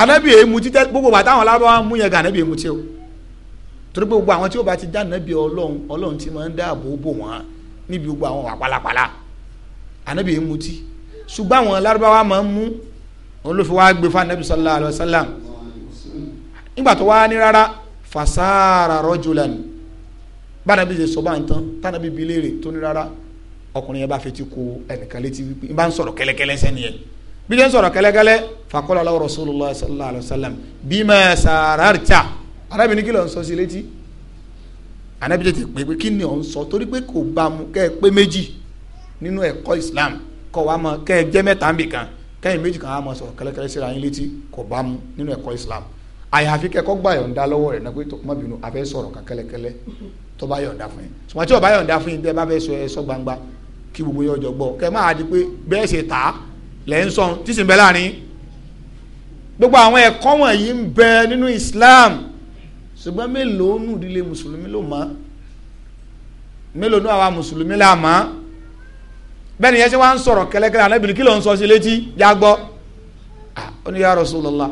Speaker 1: anabi èému títẹ gbogbo bàtà àwọn alábọ̀ mú yẹn gan anabi èému tí o torí pé gbogbo àwọn tí ó bá ti dá anabi ọlọ́run ọlọ́run ti máa ń dáàbò bò wọ́n níbi gbogbo àwọn wà pálapàla anabi tí ṣùgbọ́n àwọn alárúbáwá máa ń mú wọn ló gbé fún anabi sallallahu alayhi wa sallam nígbà tó wá ní rárá fasara rajulan bá anabi ṣe sọ bá ń tán tánabi bi léèrè tó ní rárá ọkùnrin yẹn bá fetí ko ẹnìkan létí wípé n bá ń sọ̀rọ̀ kẹ́lẹ́kẹ́lẹ́ sẹ́ni yẹn bí jẹ́ ń sọ̀rọ̀ kẹ́lẹ́kẹ́lẹ́ faqala lahu rasulullah sallallahu alayhi wa sallam bima sararta arábìnrin kí ló ń sọ sí létí anábìjẹ́ ti pè pé kí ni ò ń sọ torí pé kò bá mu kẹ́ ẹ pé méjì nínú ẹ̀kọ́ Islam kọ́ wa mọ kẹ́ ẹ jẹ́ mẹ́ta nbì kan kẹ́yìn méjì kan á mọ sọ̀rọ̀ kẹ́lẹ́kẹ́lẹ́ síra yín létí kò bá mu nínú ẹ̀kọ́ Islam àyàfi kẹ́kọ́ gbà yọ̀ǹda lọ́wọ́ rẹ̀ náà pé tó má bínú a fẹ́ sọ̀rọ̀ kan kẹ́lẹ́kẹ́lẹ́ tó bá yọ̀ǹda fún yín sùgbọ́n tí ò bá yọ̀ǹda fún yín bẹ́ẹ̀ bá fẹ́ sọ ẹ sọ gbangba kí gbogbo yẹn ọjọ́ gbọ́ kẹ máa di pé bẹ́ẹ̀ ṣe tà á lẹ́ ń sọ̀n tí sì ń bẹ láàrin gbogbo àwọn ẹ̀kọ́ wọ̀nyí ń bẹ nínú Islam ṣùgbọ́n mélòó nù ìdílé mùsùlùmí ló mọ̀ mélòó nù àwa mùsùlùmí là mọ̀ bẹ́ẹ̀ ni yẹn ṣe wá ń sọ̀rọ̀ kẹlẹ́kẹlẹ́ anábìrin kí ló ń sọ sí létí jágbọ́ ó ní ya Rasulullah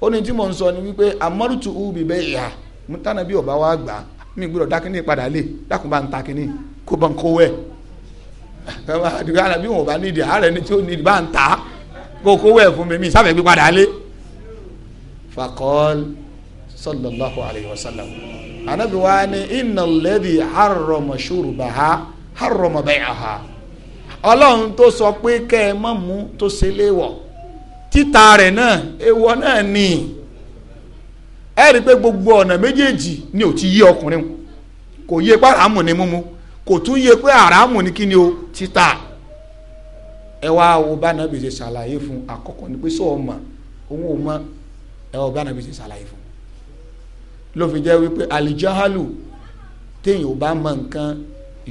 Speaker 1: ó ní tí mò ń sọ ni wípé amọ́rùtù ubi bẹ́ẹ̀ yà mú tànàbí ọ̀bá wa gbà mí gbọ́dọ̀ dákínní padà lè dákùnbá ń takínní kó bá ń kówó ẹ̀ àdìgbò àná bí wọn ò bá nídìí tí ó nídìí bá ń ta kó kówó fún mi mi sábẹ̀ gbé padà lé. fakọ́l sallallahu alayhi wa sallam anabi wa ni inna alladhi harrama shurbaha harrama ha ọlọ́run tó sọ pé kẹ́ ẹ má mú tó ṣe léwọ̀ títa ni ẹ rí i pé gbogbo ọ̀nà méjèèjì ni ò ti yí ọkùnrin kò yí ipá ni kò tún yẹ pé àràmù ní kí ni o títà ẹ wá wo bánàbí ṣe ṣàlàyé fún àkọ́kọ́ ni pé sọ ọmọ òun ò mọ ẹ wá wo bánàbí ṣe ṣàlàyé fún ló fi jẹ́ wípé alijahalu téèyàn ò bá mọ nǹkan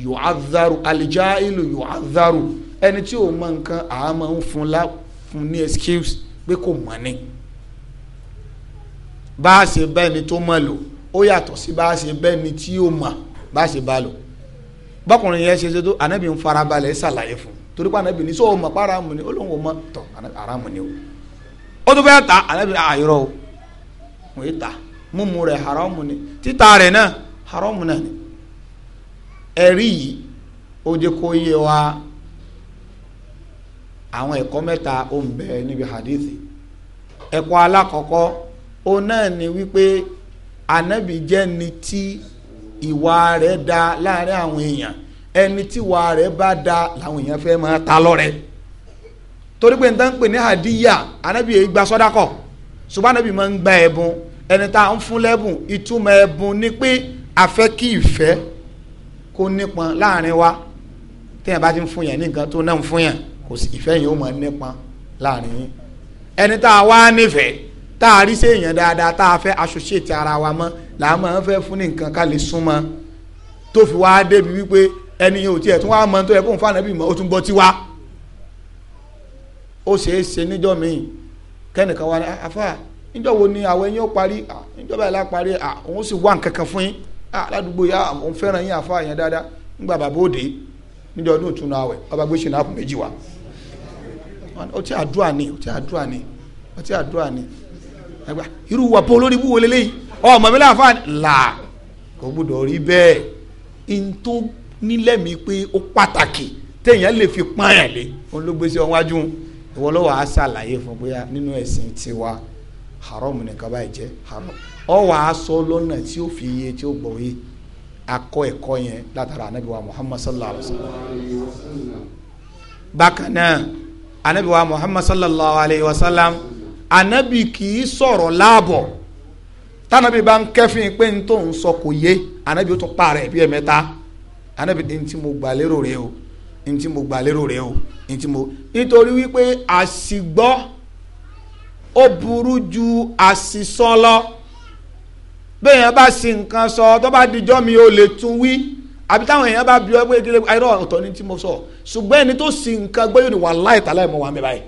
Speaker 1: yóò azaru alijahalu yóò azaru ẹni tí ò mọ nǹkan àmọ́ ń fún la fún ní excuse pé kò mọ̀ ni bá a ṣe bẹ́ẹ̀ ni tó mọ̀ lò ó yàtọ̀ sí bá a ṣe bẹ́ẹ̀ ni tí ó mọ̀ bá a ṣe bá a lò bọ́kùnrin yẹn ṣe ṣe tó anabi ń farabalẹ̀ ṣàlàyé fún torí pé anabi ní sọ́wọ́ mọ̀ pé ara mu ni olóhùn mọ̀ tọ̀ aramu ni o ó tún fẹ́ ta anabi àyọrọ o wọ́n yìí ta mímu rẹ̀ haramu ni títa rẹ̀ náà haramu náà ni ẹ̀rí yìí ó jẹ́ kó yé wa àwọn ẹ̀kọ́ mẹ́ta ó ń bẹ níbi hadithi ẹ̀kọ́ alákọ̀ọ́kọ́ ó náà ni wípé anabi jẹ́ ni tí ìwà rẹ̀ da láàrin àwọn èèyàn ẹni tí ìwà rẹ̀ bá da làwọn èèyàn fẹ́ máa ta lọ́rẹ torí pé nǹkan pè ní hadiya anábìyẹ igba sọ́dákọ̀ ṣùgbọ́n anábì máa ń gba ẹ̀bùn ẹni tá à ń fún lẹ́bùn ìtumọ̀ ẹ̀bùn ni pé a fẹ́ kí ìfẹ́ kó nípọn láàrin wa téèyàn bá ti ń fún yàn ní nǹkan tó náà ń fún yàn kò sí ìfẹ́ yẹn ó máa nípọn láàrin yín ẹni tá a wá nífẹ̀ẹ́ tá a rí sí èèyàn dáadáa tá a fẹ́ associate ara wa mọ́ là á máa ń fẹ́ fún ní nǹkan ká lè súnmọ́ tó fi wá débi wípé ẹni yẹn tiẹ̀ tún wá mọ tó yẹ kó n fa mọ́ ó tún bọ́ tiwa ó ṣeé ṣe níjọ́ míì kẹ́nìkan ní níjọ́ wo ni àwọn parí níjọ́ báyìí parí sì wá nǹkan kan fún yín aládùúgbò yá òun fẹ́ràn yín yẹn dáadáa nígbà bàbá òde níjọ́ ọdún ọba gbé ṣe wà ọmọ mi láǹfààní là kò gbúdọ̀ rí bẹ́ẹ̀ n tó nílẹ̀ mi pé ó pàtàkì téèyàn lè fi pààyàn lé òun ló gbé sí ọwájú ìwọ ló wàá ṣàlàyé fún bóyá nínú ẹ̀sìn tiwa haram ni kaba jẹ́ haram ọ wàá sọ lọ́nà tí ó fi yé tí ó gbọ́ yé akọ ẹ̀kọ́ yẹn látara anabi wa muhammad sallallahu alaihi wa sallam bákan náà anabi wa muhammad sallallahu alaihi wa sallam anabi kì í sọ̀rọ̀ láàbọ̀ tánàbí bá ń kẹ́fìn pé n tó ń sọ kò yé ànábì ó tún pa rẹ̀ bí ẹ̀mẹ́ta ànábì ní ti mo gbà lérò rẹ o ní ti mo gbà lérò rẹ o ní ti mo. nítorí wípé àsìgbọ́ ó burú ju àsìsọ lọ bẹ́ẹ̀ yẹn bá sì nǹkan sọ tó bá dijọ́ mi ò lè tún wí àbí táwọn èèyàn bá bí ọ pé kílẹ̀ ayọ́rọ̀ ọ̀tọ̀ ni tí mo sọ ṣùgbọ́n ẹni tó sì nǹkan gbé yóò ní wàláhì tàláhì mo wà ń bẹ báyìí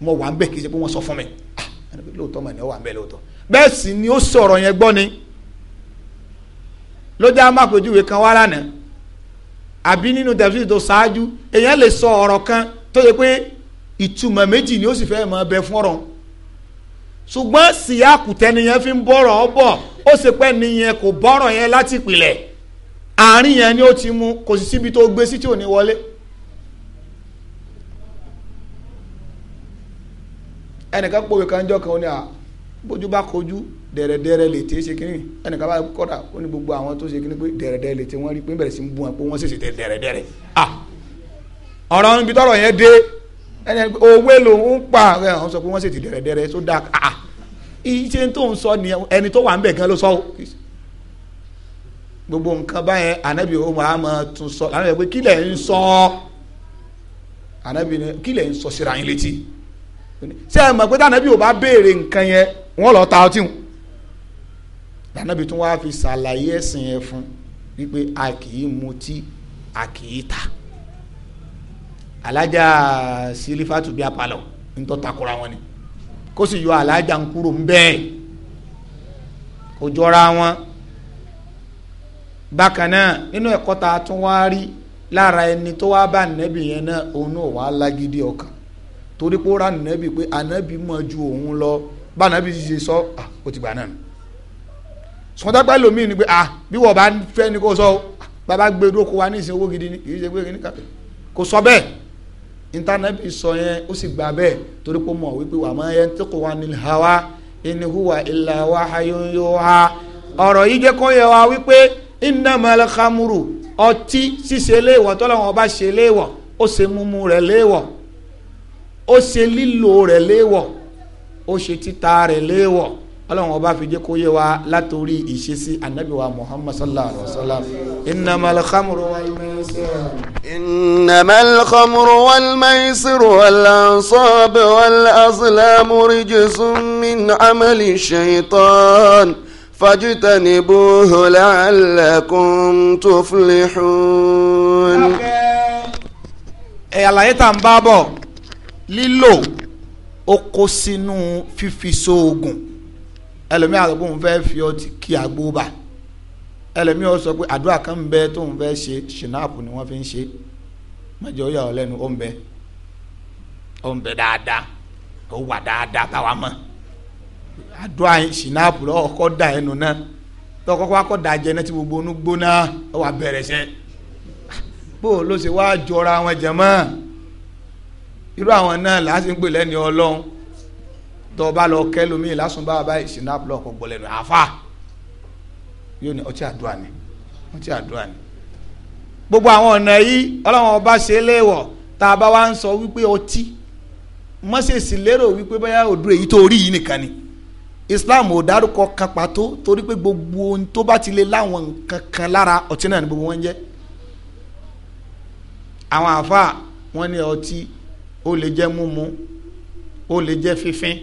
Speaker 1: mo wà ń bẹ kì í ṣe pé wọ́n sọ fún mi ah ẹni pé lóòótọ́ mà ní ọ wà ń bẹ lóòótọ́ bẹ́ẹ̀ sì ni ó sọ̀rọ̀ yẹn gbọ́ ni lójú amápèjúwe kan wá lánàá àbí nínú tẹ̀síì tó ṣáájú èèyàn lè sọ ọ̀rọ̀ kan tó yẹ pé ìtumọ̀ méjì ni ó sì fẹ́ mọ̀ bẹ fún ọ̀rọ̀ ṣùgbọ́n síyáàkùtẹ́ nìyẹn fi ń bọ̀rọ̀ ọ bọ̀ ó ṣe pẹ́ nìyẹn kò bọ̀rọ̀ yẹn láti ni ó ti mu kò sì síbi tó gbé sí tí ò ní wọlé. ẹnìkan pòwe kan jọ kan ó ní bójú bá kojú dẹ̀rẹ̀dẹ̀rẹ̀ lè tẹ́ ṣe kínní ẹnìkan bá kọ́dà ó ní gbogbo àwọn tó ṣe kínní pé dẹ̀rẹ̀dẹ̀rẹ̀ lè tẹ́ wọ́n rí pé bẹ̀rẹ̀ sí ń bú wọn pé wọ́n ṣèṣe dẹ̀rẹ̀dẹ̀rẹ̀ ah ọ̀rọ̀ níbi tọ́rọ̀ yẹn dé ẹni owó ló ń pa àwọn sọ pé wọ́n ṣèṣe dẹ̀rẹ̀dẹ̀rẹ̀ tó dáa ah iṣẹ́ tó ń sọ ni ẹni tó wà ń bẹ̀ gan ló sọ o gbogbo nǹkan báyẹn anabi o muhammed tún sọ anabi pé kílẹ̀ ń sọ anabi kílẹ̀ ń sọ síra yín létí ṣé mọ̀ pé tí anabi ò bá béèrè nǹkan yẹn wọ́n lọ ta ọtí wọn lànàbí tún wá fi ṣàlàyé ẹ̀sìn ẹ̀ fún wípé a kì í mutí a kì í ta alájà sílífàtù bíi apalọ ńtọ́ takora wọn ni kó sì yọ alájà ń kúrò ń bẹ́ẹ̀ kó jọra wọn bákan náà nínú ẹ̀kọ́ ta tún wá rí lára ẹni tó wá bá nẹ́bì yẹn náà òun náà wàá lágídí ọkàn torí pé ó rà nẹ́bì pé ànẹ́bì mọ̀ ju òun lọ bánabi ṣe sọ ah ó ti gbà náà sọdápá lomi ni pé ah bí wọ́n bá fẹ́ ni kò sọ o bàbá gbé dúró kó wa ní ìsìn owó gidi ni kì í ṣe pé kíní kàtó kò sọ bẹ́ẹ̀ intanẹ́ẹ̀tì sọ yẹn ó sì gbà bẹ́ẹ̀ torí pé mọ̀ wípé wà máa yẹn tí kò wá nílẹ̀ ha wá in huwa illa wahyun yuha ọ̀rọ̀ yìí jẹ́ kó yẹ wa wípé innamal khamru ọtí ṣíṣe léèwọ̀ tọ́lọ́wọ́n ọba ṣe léèwọ̀ ó ṣe mímu rẹ̀ léèwọ̀ ó ṣe lílo rẹ̀ léèwọ̀ ó ṣe títa rẹ̀ léèwọ̀ ọlọ́run ọba fi jẹ́ kó yé wa látòrí ìṣesí anabi wa muhammad sallallahu alayhi wa sallam innamal khamru wal maisir.
Speaker 2: innamal khamru wal maisir wal ansab wal azlam rijsun min amali shaitan fajtanibuhu la'allakum tuflihun. ẹ̀ àlàyé tá à bá bọ̀
Speaker 1: lílò ó kó sínú fífi sóògùn ẹlòmíà ló bóun fẹ́ fi ọtí kí àgbo bá ẹlòmíà ó sọ pé àdúrà kan ń bẹ tóun fẹ́ ṣe ṣìnáàpù ni wọ́n fi ń ṣe mọ̀jẹ̀ ó yà ọ́ lẹ́nu ó ń bẹ ó ń bẹ dáadáa ó wà dáadáa táwa mọ̀ àdúrà ṣìnáàpù lọ́wọ́ kọ́ da ẹnu náà lọ́wọ́ kọ́kọ́ akọ́ da náà tí gbogbo onú gbóná ó wà bẹ̀rẹ̀ bó ló ṣe wá jọra wọn jẹ mọ́ irú àwọn náà lásìkò lẹ́ni ọlọ́run tó o bá lọ kẹ́ lómi lásùn bá bá ìsìnà blọọkù gbọ́ lẹ́nu àfa yóò ní ọtí àdúrà ni ọtí àdúrà ni gbogbo àwọn ọ̀nà yìí ọlọ́run ọba ṣe é léèwọ̀ tá a bá wá ń sọ wípé ọtí mọ́sẹ̀sì lérò wípé bóyá òdúró èyí tó rí yìí nìkan ni islam ò dárúkọ kan pàtó torí pé gbogbo ohun tó bá ti lè láwọn nǹkan kan lára ọtí náà ni gbogbo wọn ń àwọn àfa wọn ní ọtí ó lè jẹ́ múmu ó lè jẹ́ fífín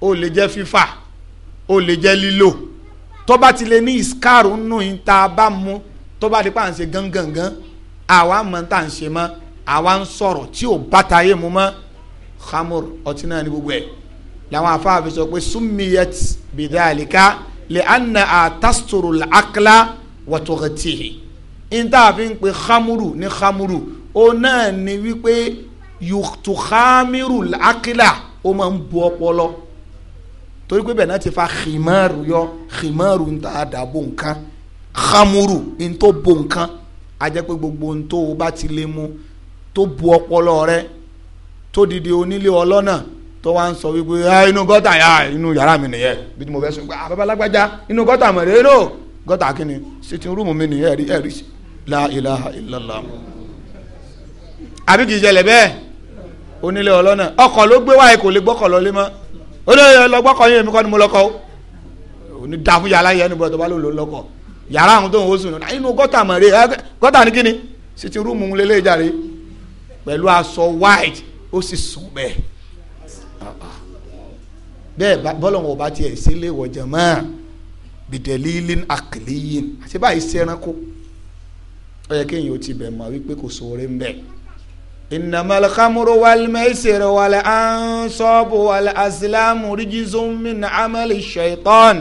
Speaker 1: ó lè jẹ́ fífà ó lè jẹ́ lílò tó bá ti lè ní ìskáàrù nù yín tá a bá mu tó bá di pa à ń ṣe gangangan àwa mọ̀ tá à ń ṣe mọ́ àwa ń sọ̀rọ̀ tí ò bàtà yé mu mọ́ hamur ọtí náà ní gbogbo ẹ̀ làwọn afáàfin sọ pé sumiyat bidalika lè anna àtàstòrò làákàlà wàtòkàtìhì ń tá a fi ń pe hamuru ní hamuru ó náà ní wípé yuktukhamiru akila ó máa ń bu ọpọlọ torí pé bẹ́ẹ̀ náà ti fa khimaru yọ khimaru ń ta àdàbò nǹkan khamuru ń tó bo nǹkan a jẹ́ pé gbogbo ń tó o bá ti lè mu tó bu ọpọlọ rẹ tó dìde onílé ọlọ́nà tó wá ń sọ wípé inú gọ́tà yà inú yàrá mi nìyẹn bí mo fẹ́ sọ pé àbábá lágbájá inú gọ́tà mọ̀ rèé nò gọ́tà kínni sitting room mi nìyẹn ẹ̀rí ẹ̀rí la ilaha illallah àbí kìí ṣẹlẹ̀ bẹ́ẹ̀ onílé ọlọ́nà ọkọ̀ ló gbé wáyé kò lè gbọ́kọ̀ lọlé mọ́ ó lè lọ gbọ́kọ̀ yín èmi kọ́ ni mo lọ́kọ̀ ó ní dààmú yàrá yẹn níbo tó bá lò ló lọ́kọ̀ yàrá àwọn tó ń wosùn náà ah, inú gọ́tà mọ̀ rè ah, gọ́tà kíni rúùmù pẹ̀lú aṣọ white ó sì sùn bẹ́ẹ̀ bẹ́ẹ̀ bọ́lọ̀ wọn ò bá tiẹ̀ sílé wọ̀jẹ̀ mọ́ bìdẹ̀lílín àti báyìí yẹ إنما الخمر والميسر والأنصاب والأزلام رجز من عمل الشيطان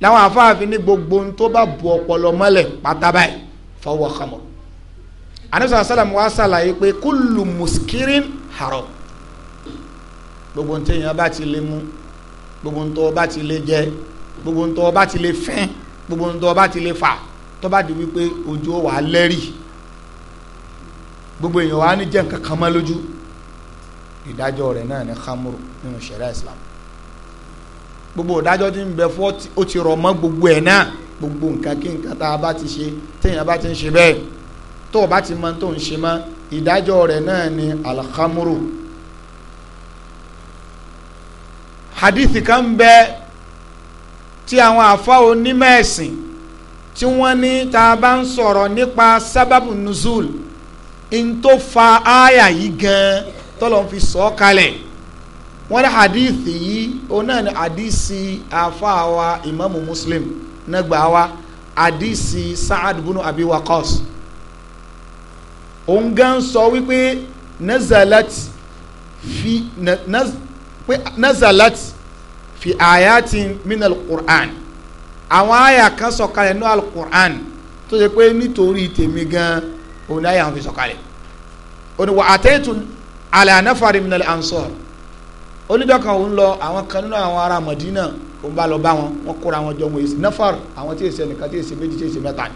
Speaker 1: láwọn afáàfin ní gbogbo ń tó bá bu ọpọlọ mọ́lẹ̀ pátábá yìí fọwọ́ khamr anisa salam wa ṣàlàyé pé kullu muskirin haram gbogbo ń tẹ̀yìn ọba ti lè mú gbogbo ń tọ́ ọba ti lè jẹ gbogbo ń tọ́ ọba ti lè fẹ́ gbogbo ń tọ́ ọba ti lè fà tó bá di wípé ojú wa lẹ́rìí gbogbo èèyàn wàá ní jẹ́ nǹkan kan mọ́ lójú ìdájọ́ rẹ̀ náà ní khamuru nínú ṣẹ̀ríà islam gbogbo ìdájọ́ tí ń bẹ fún ó ti rọ̀ mọ́ gbogbo ẹ̀ náà gbogbo nǹkan kí nǹkan tá a bá ti ṣe téèyàn bá ti ń ṣe bẹ́ẹ̀ tó o bá ti mọ tó ń ṣe mọ́ ìdájọ́ rẹ̀ náà ní alhamuru hadithi kan bẹ tí àwọn àfa onímọ̀ ẹ̀sìn tí wọ́n ní tá a bá ń sọ̀rọ̀ nípa sábàbù nuzul n tó fa aya yìí gan tọ́lọ̀ ń fi sọ kalẹ̀ wọ́n ní hadithi yìí òun náà ní hadithi àfàwà imaamu muslim nàgbà wa hadithi saad bunu abi wakos, òun gan sọ wípé nazalat fi nazalat fi ayatin min al-qur'an àwọn aya kan sọ kalẹ̀ ní al-qur'an tó yẹ pé nítorí tèmi gan òun láyà àwọn fi sọ̀kalẹ̀ òní wà àtẹ́tù alànàfàrí minal ansor onídọ́kan òun lọ àwọn kan nínú àwọn ará Madina òun bá lọ bá wọn wọn kóra wọn jọ wọn èsì náfàr àwọn tí èsì ẹnìkan tí èsì méjì tí èsì mẹ́ta ni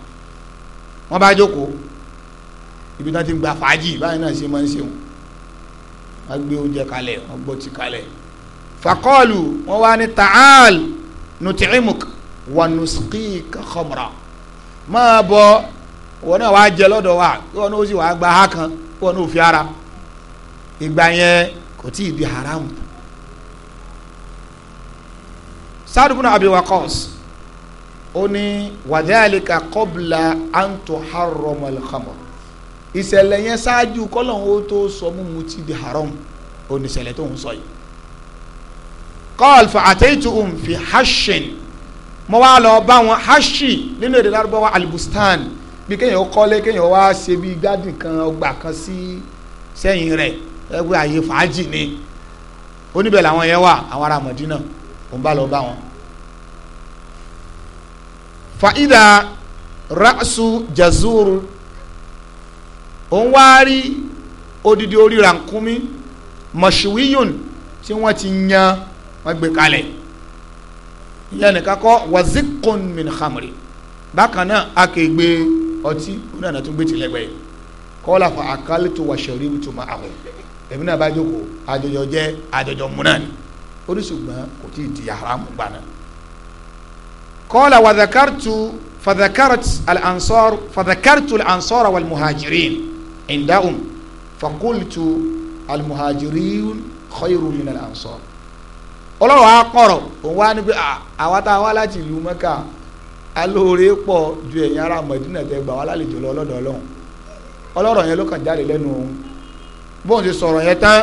Speaker 1: wọn bá jókòó ibi náà ti gba fàájì báyìí náà ṣe máa ń ṣeun wọn gbé oúnjẹ kalẹ̀ wọn gbọ́ ti kalẹ̀ fakọ́ọ̀lù wọn wá ní ta'al nuti'imuk wa nusqika máa bọ wọn náà wàá jẹ lọ́dọ̀ wa wọn náà ó sì wàá gba ha kan wọn náà ò fi ara ìgbà yẹn kò tí ì di haramu. Sa'd ibn Abi Waqqas ó ní wàdálíkà qabla an tuharrama al yẹn ṣáájú kọ́lọ́hún ó tó sọ mímu ti di haram ó ní ìṣẹ̀lẹ̀ tó ń sọ yìí. qal fa ataytuhum fi hashin mo wá lọ bá wọn hashi nínú èdè lárúbáwá albustan bí kéèyàn kọ́lé kéèyàn wá ṣe bí gádìn kan ọgbà kan sí sẹ́yìn rẹ̀ ẹgbẹ́ àyè fàájì ni oníbẹ̀ làwọn yẹn wà àwọn ará mọ̀dínà òun bá lọ bá wọn. fàídà ra'su jazur òun wá rí odidi orí rànkúmí mọ̀ṣúwíyùn tí wọ́n ti yan wọ́n gbé kalẹ̀ ìyẹn nìkan kọ́ wazikun minhamri, khamri bákan náà akegbe ọtí oní àná tó gbé ti lẹ́gbẹ̀ẹ́ kọ́lá fa àkálẹ̀ tó wà ṣẹ̀rí tó máa àwọ̀ èmi náà bá jókòó àjọjọ jẹ́ àjọjọ múná ni oríṣùgbọ́n kò tí ì di haramu gbà náà. kọ́lá wàdàkàrtù fàdàkàrt al-ansar fàdàkàrtù al-ansar wal-muhajirin indahum fakultu al-muhajirin khayru min al-ansar. ọlọ́wọ́ akọ̀rọ̀ òun wá níbi àwa tá a ìlú mẹ́ka alóore pọ̀ ju ẹ̀yin ará mọ̀dínà tẹ gbà wá lálejò lọ ọlọ́dọ̀ ọlọ́run ọlọ́rọ̀ yẹn ló kàn jáde lẹ́nu òun bóun ti sọ̀rọ̀ yẹn tán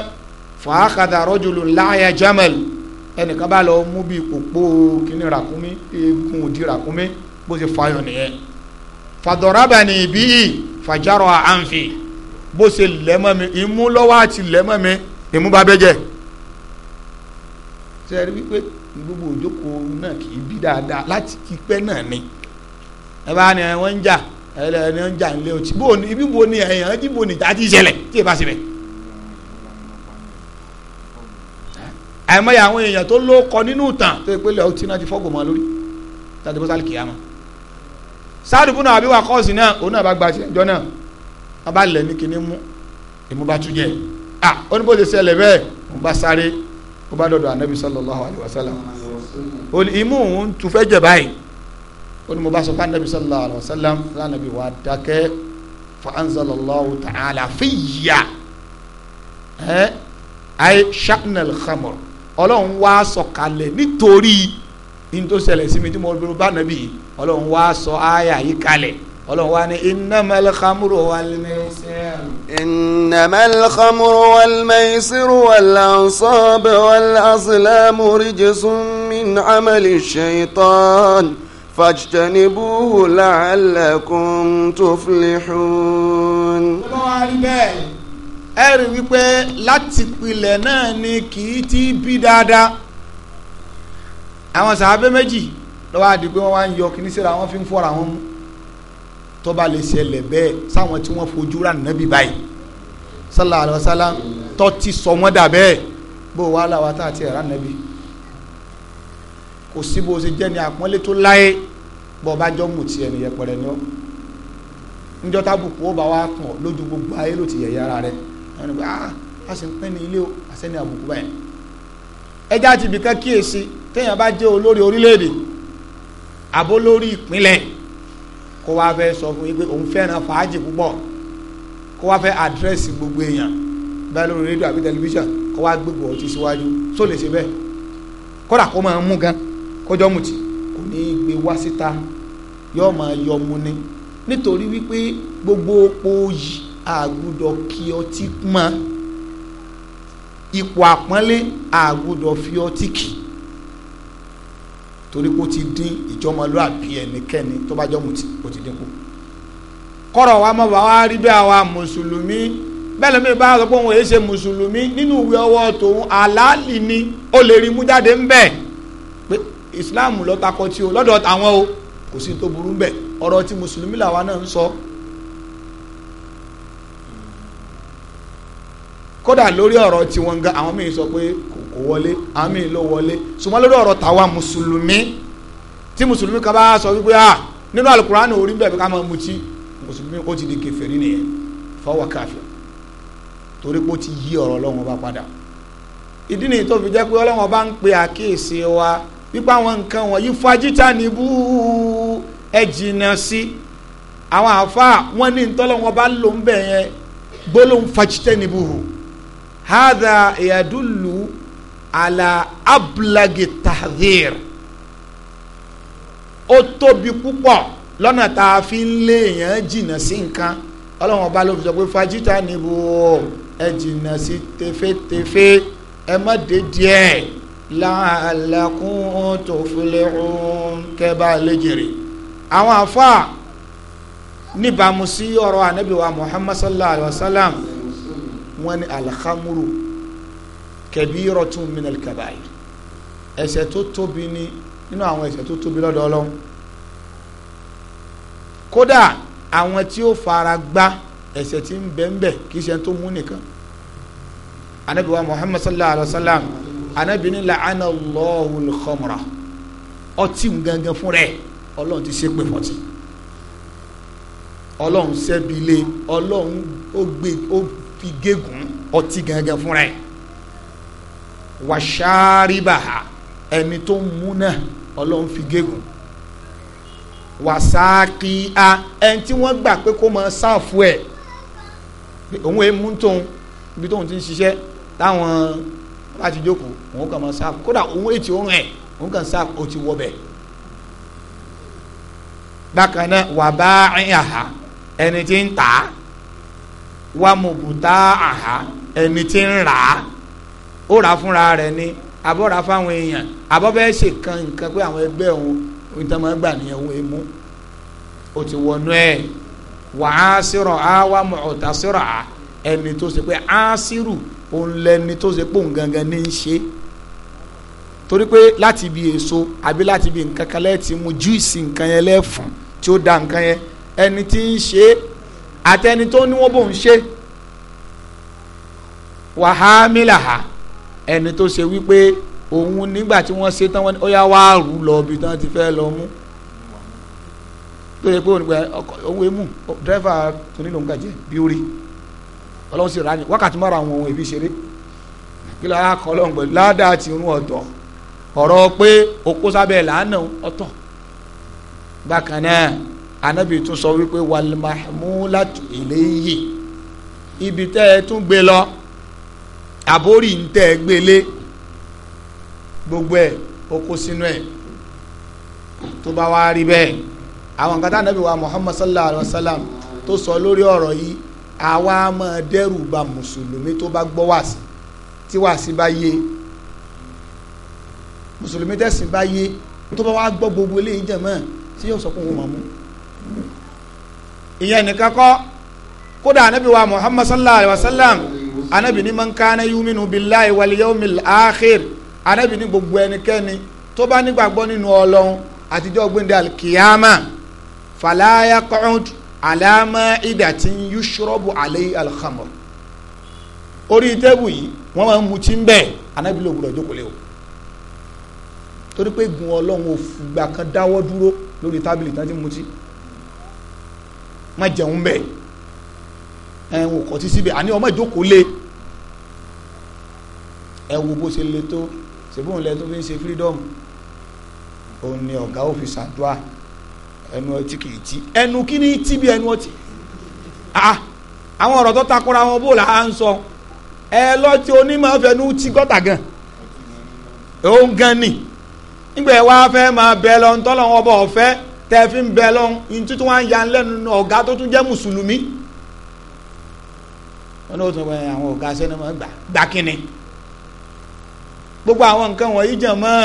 Speaker 1: fàákàdà rọ́jòló láàyè jamal ẹnìkan bá lọ mú bí pòpó kíní ràkúnmí eegun òdì ràkúnmí bó ti fayọ̀ nìyẹn fàdọ̀rábà ni ìbí yìí fàjárọ̀ àǹfì bó ṣe lẹ́mọ́ mi ìmú àti lẹ́mọ́ mi ìmú bá wípé gbogbo òjókòó náà kì í bí dáadáa láti pípẹ́ náà ni ẹ bá ní wọ́n ń jà ẹ ní wọ́n ń jà nílé ọtí bó ni ibi bo ni ẹ̀yàn ibi bo ni ìjà ti ṣẹlẹ̀ tí ì bá ṣẹlẹ̀. àìmọye àwọn èèyàn tó ló kọ nínú ìtàn tó ìpínlẹ̀ ọtí náà ti fọ́gùn mọ́ lórí tàbí bọ́sálì kìyàmọ́ sáàdù fúnà àbí wà kọ́ọ̀sì náà òun náà bá gba tiẹ̀ jọ náà wọ́n bá lẹ̀ ní kinní mú ìmúbatújẹ́ ah ó ní bó ṣe ṣẹlẹ̀ bẹ́ẹ̀ òun ó bá dọ̀dọ̀ anabi sallallahu alayhi wa sallam imú òun tún fẹ́ jẹ báyìí ó ní mo bá sọ fún anabi sallallahu alayhi wa sallam lánàbí wa dákẹ́ fa anzalallahu ta'ala fìyà ẹ ayé shaknal khamr ọlọ́run wá sọ̀kalẹ̀ nítorí ní tó ṣẹlẹ̀ sí mi tí mo bá nàbí ọlọ́run wá sọ ayé àyíkalẹ̀ ọlọ́run wa ni innamal khamru wal maisir.
Speaker 2: innamal khamru wal maisir wal ansab wal azlamu rijsun min amali shaitan fajtanibuhu la'allakum tuflihun. ọlọ́run
Speaker 1: wa bẹ́ẹ̀ ẹ wípé láti pilẹ̀ náà ni kì í ti bí dáadáa àwọn sàábé méjì lọ́wọ́ àdìgbò wọn wá ń yọ kí ní síra wọn fi ń fọ́ra wọn mú tó bá lè ṣẹlẹ̀ bẹ́ẹ̀ sáwọn tí wọ́n fojú rà nàbí báyìí sallallahu alaihi wasallam tó ti bó wàhálà wa tá àti ẹ̀rá nàbí kò sí bó ṣe jẹ́ ni àpọ́nlé tó láyé bọ́ bá jọ mùtí ẹni yẹpẹrẹ ni ọ́ níjọ́ tábùkù ó bá wa kàn lójú gbogbo ayé ló ti yẹ̀yẹ́ ara rẹ̀ ẹni pé ah a sì ń pẹ́ ní ilé o àsẹ́ni àbùkù báyìí ẹjá ti bìkan kíyèsí téèyàn bá jẹ́ olórí orílẹ̀-èdè àbólórí ìpínlẹ̀ kó wá fẹ́ sọ fún yín pé òun fẹ́ràn fàájì púpọ̀ kó wá fẹ́ àdírẹ́sì gbogbo èèyàn bẹ́ẹ̀ lórí rédíò àbí tẹlifíṣàn kó wá gbogbo ọtí síwájú só lè ṣe bẹ́ẹ̀ kódà kó máa mú gan kójọ́ mutí kò ní í gbé wá síta yóò máa yọ mu ni nítorí wípé gbogbo òòyì àgùdọ̀ kí ọtí mọ́ ipò àpọ́nlé àgùdọ̀ fi ọtí kì torí kó ti dín ìjọmọlúàbí ẹnikẹ́ni tó bá jọmọ tí kò ti dín kù. kọ́rọ̀ wa mọ̀ bá wa rí bí àwa mùsùlùmí bẹ́ẹ̀ lómi bá sọ pé òun ṣe mùsùlùmí nínú ìwé ọwọ́ tòun àlàálì ni ó lè rí mú jáde ń bẹ̀ pé Islam ló takọ tí o lọ́dọ̀ àwọn o kò sí tó burú bẹ́ẹ̀ ọ̀rọ̀ tí mùsùlùmí làwa náà ń sọ. kódà lórí ọ̀rọ̀ tiwọn gan àwọn míì sọ pé kò wọlé àmì ló wọlé ṣùgbọ́n lórí ọ̀rọ̀ tàwa mùsùlùmí tí mùsùlùmí kan bá sọ wípé ah nínú alukurani orí bẹ́ẹ̀ bí ká máa mutí mùsùlùmí ó ti di kèfèrí nìyẹn fọwọ́ káfíà torí pé ó ti yí ọ̀rọ̀ ọlọ́run ọba padà ìdí nìyí tó fi jẹ́ pé ọlọ́run ọba ń pe àkíyèsí wa wípé àwọn nǹkan wọ̀nyí fajita níbú ẹ jìnnà sí àwọn àáfàá wọn ní ntọ́lọ́run ọba ló ń bẹ̀ yẹn gbólóhùn fajita níbú hàdà ìyàdúlù ala ablagi tahdir ó tóbi púpọ̀ lọ́nà tá a fi ń lé èèyàn jìnnà sí nǹkan ọlọ́run ọba ló fi sọ pé fajita níbo ẹ jìnnà sí tefetefe ẹ má dé díẹ̀ làálàkùn tó filẹ̀ ọ̀hún kẹ́bà lẹ́jẹ̀rẹ̀ àwọn àfa níbàámu sí ọ̀rọ̀ anabiwa muhammad sallallahu alayhi wa sallam wọ́n ní alhamdulilayi kabiratun minal kabair ẹ̀ṣẹ̀ tó tóbi ni nínú àwọn ẹ̀ṣẹ̀ tó tóbi lọ́dọ̀ Ọlọ́run kódà àwọn tí ó fara gbá ẹ̀ṣẹ̀ tí ń bẹ ń bẹ kì í ṣe tó mú nìkan anabi wa muhammad sallallahu alaihi wa sallam anabi ni la'ana Allahul khamra ọtí gangan fún rẹ̀ Ọlọ́run ti ṣe pé fọtí Ọlọ́run ṣẹbi lé Ọlọ́run ó gbé ó fi gégùn ọtí gangan fún rẹ̀ wàṣáríbàhà ẹni tó ń mú náà ọlọ́run fi gégùn wàsáàkìá ẹni tí wọ́n gbà pé kó máa sáàfù ẹ̀ òun èémú tóun ibi tóun ti ń ṣiṣẹ́ táwọn bá ti jókòó òun kàn máa sáàfù kódà òun ètí òun ẹ̀ òun kàn sáàfù ó ti wọ bákan náà wà bá àhà ẹni tí ń tà á wà mọ̀bùtà àhà ẹni tí ń rà á ó rà fúnra rẹ̀ ni àbọ̀ rà fáwọn èèyàn àbọ̀ bẹ́ẹ̀ ṣe kan nǹkan pé àwọn ẹgbẹ́ òun òun tán máa gbà nìyẹn òun èmú ó ti wọnú ẹ̀ wà á sírọ̀ á wà mọ̀ ọ̀tá sírọ̀ á ẹni tó ṣe pé á sírù òun lẹni tó ṣe pé gangan ní í ṣe torí pé láti ibi èso àbí láti ibi nǹkan kan lẹ́ẹ̀tì mu júìsì nǹkan yẹn lẹ́ẹ̀fún tí ó da nǹkan yẹn ẹni tí ń ṣe àtẹni tó ní wọ́n bò ń ṣe wàhámìlà ha ẹni tó ṣe wípé òun nígbà tí wọ́n ṣe tán wọ́n ní ó yá wá rù lọ ibi tí wọ́n ti fẹ́ lọ mú tó yẹ pé òun emu dírẹ́fà tó nílò nǹkan jẹ bí ó rí ọlọ́run sì rà ní wákàtí mọ́ra àwọn ohun èbí ṣeré kí ló á kọ́ lọ́n pẹ̀lú ládàá ti rún ọ̀tọ̀ ọ̀rọ̀ pé okó sábẹ́ làánà ọ̀tọ̀ bákan náà anabi tún sọ wípé wàlmàmúlàtù ìléyìí ibi tẹ́ ẹ tún gbé lọ àbórí ń tẹ́ ẹ gbélé gbogbo ẹ̀ ó sínú ẹ̀ tó bá wá rí bẹ́ẹ̀ àwọn nǹkan tá ànábì wa Muhammad sallallahu alayhi wa sallam tó sọ lórí ọ̀rọ̀ yìí àwa máa dẹ́rù ba mùsùlùmí tó bá gbọ́ wàásì tí wàásì bá yé mùsùlùmí tẹ̀sìn bá yé tó bá wá gbọ́ gbogbo eléyìí jẹ̀ mọ́ tí yóò sọ fún wọn mọ́ ìyẹn nìkan kọ́ kódà ànábì wa Muhammad sallallahu alayhi wa sallam anabi ni man kana yuminu billahi wal yawmil akhir anabi ni gbogbo ẹnikẹ́ni tó bá nígbàgbọ́ nínú ọlọ́run àtijọ́ gbẹ̀ndẹ̀ alkiyama falaya kọ́ńd alama idati yushrobu alayhi alhamr orí tẹ́bù yìí wọ́n máa ń mutí ń bẹ̀ anabi ló gbọdọ̀ jókòó lé o torí pé gun ọlọ́run ò fìgbà kan dáwọ́ dúró lórí tábìlì tán ti mutí má jẹun bẹ́ẹ̀ ẹ̀hún kọ́ sí síbẹ̀ àní ọmọ ìjókòó lé ẹ wo bó ṣe le tó ṣèbóun lẹ tó fi ń ṣe freedom òun ni ọ̀gá ó fi ṣàdúrà ẹnu ọtí kì í ti ẹnu kí ni tí bí ẹnu ọtí ah, àwọn ọ̀rọ̀ tó takora wọn bó là á ń sọ ẹ lọ́tí onímọ̀ fẹnu ti gọ́tà gan òun gan ni nígbà ẹ wá fẹ́ máa bẹ lọ ntọ́lọ́wọ́n bọ̀ ọ̀fẹ́ tẹ́ fi ń bẹ lọ ntútù wá ń yan lẹ́nu ọ̀gá tó tún jẹ́ mùsùlùmí wọn ní òtún wọn àwọn ọ̀gá sẹ́ni máa gbà gbà kínni gbogbo àwọn nǹkan wọ̀nyí jẹ̀ mọ́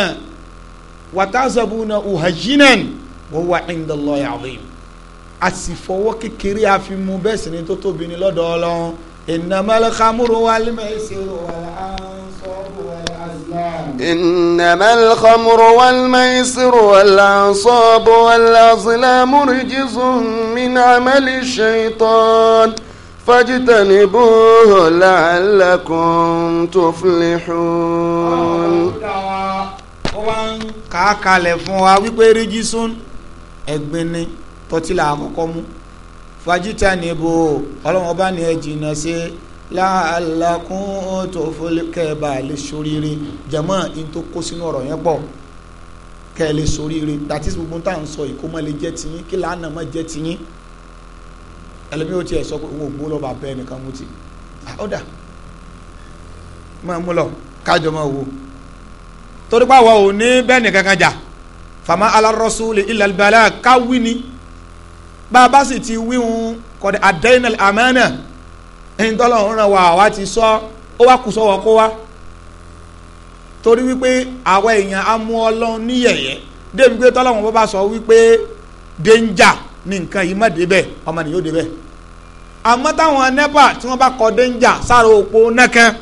Speaker 1: wàtásàbù náà ùhàjínàn wọ́n wà indallah azim àsìfọwọ́ kékeré àfimú bẹ́ẹ̀ sì ni tó tóbi ní lọ́dọ̀ ọlọ́run innamal khamru wal maisiru wal ansabu wal azlam.
Speaker 2: innamal khamru wal maisiru wal ansabu wal azlamu فاجتنبوه لعلكم تفلحون. ó wá ń kà á kalẹ̀ fún wa
Speaker 1: wípé rígísún ẹ̀gbin ni tọ́tílà àkọ́kọ́ mú fajitanibu ọlọ́run ọba ni ẹ jìnnà sí láàlákún tó kẹba lè soríire jẹ̀mọ́ in tó kó sínú ọ̀rọ̀ yẹn pọ̀ kẹ́ lè soríire dàtí gbogbo tá à ń sọ ìkómọ lè jẹ́ tiyín kí làánà má jẹ́ tiyín ẹlẹ́mi ó tiẹ̀ sọ pé owó gbó lọ́ba bẹ́ẹ̀ nìkan mú ti ọ̀dà máa mú lọ kájọ máa wò torí pé ò ní bẹ́ẹ̀ nìkan kan jà fama alarọ́sùlẹ̀ ìlàlbàlà káwí ni bá a bá sì ti wíhun kọ̀dẹ̀ àdéhìnà àmánà ẹ̀yìn tọ́lọ̀ ń ràn wá àwa ti sọ ó wá kù sọ́wọ́ kó wá torí wípé àwa èèyàn á ọlọ́run níyẹ̀yẹ́ débi pé tọ́lọ̀ wọn bá sọ wípé dénjà ní nǹkan yìí má débẹ̀ ọmọ nìyó débẹ̀ àmọ́ táwọn nepa tí wọ́n bá kọ́ dénjà sára òpó nẹ́kẹ́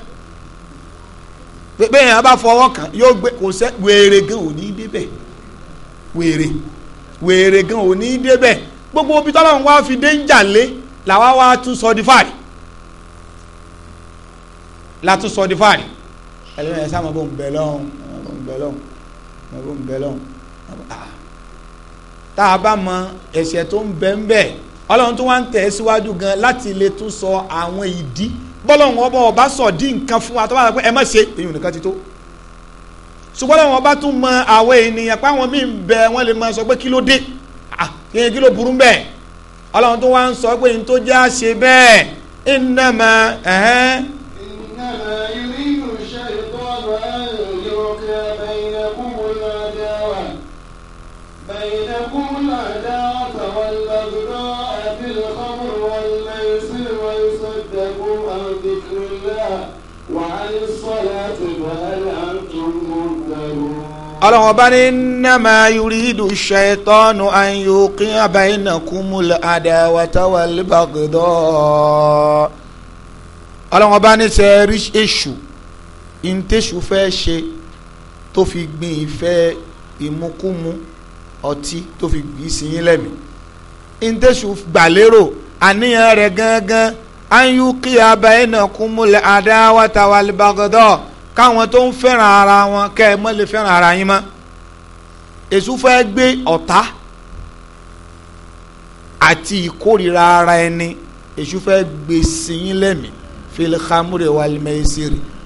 Speaker 1: pépé yẹn bá fọwọ́ kàn yóò gbé kò sẹ́ wèrè gan ò ní débẹ̀ wèrè wèrè gan ò ní débẹ̀ gbogbo ibi tọ́lọ́run wá fi dénjà lé làwa wá tún sọ di fáàrí látún sọ di fáàrí ẹlẹ́yìn ẹ̀ sáà ń bẹ̀ lọ́hùn mọ̀ bó ń bẹ̀ lọ́hùn mọ̀ bó ń bẹ̀ lọ́hùn ah tá a bá mọ ẹ̀ṣẹ̀ tó ń bẹ ń bẹ ọlọ́run tó wá ń tẹ̀ ẹ́ síwájú gan láti lè tún sọ àwọn ìdí bọ́lọ́run ọba ọba sọ dí nǹkan fún wa tó bá sọ pé ẹ má ṣe èyí nìkan ti tó ṣùgbọ́n làwọn ọba tún mọ àwọn ènìyàn pé àwọn míì ń bẹ wọ́n lè máa sọ pé kí ló dé ah, kíyẹn kí ló burú bẹ́ẹ̀ ọlọ́run tó wá ń sọ pé ní tó já ṣe bẹ́ẹ̀ ìnáma ẹ̀hẹ́n ọlọ́run ọba ní nàmà yuridu ṣaitanu an yuqi'a bainakumul adawata wal bagda ọlọ́run ọba ní sẹ́ rí èṣù ìǹtẹ̀ṣù fẹ́ ṣe tó fi gbin ìfẹ́ ìmukúmu ọtí tó fi gbin sí yín lẹ́mìí ìǹtẹ̀ṣù gbàlérò àníyàn rẹ̀ an yuqiya baynakumul adawata wal baghdha káwọn tó ń fẹ́ràn ara wọn kẹ́ ẹ má lè fẹ́ràn ara yín mọ́ èṣù fẹ́ gbé ọ̀tá àti ìkórìíra ara ẹni èṣù fẹ́ gbé sí yín lẹ́mìí fil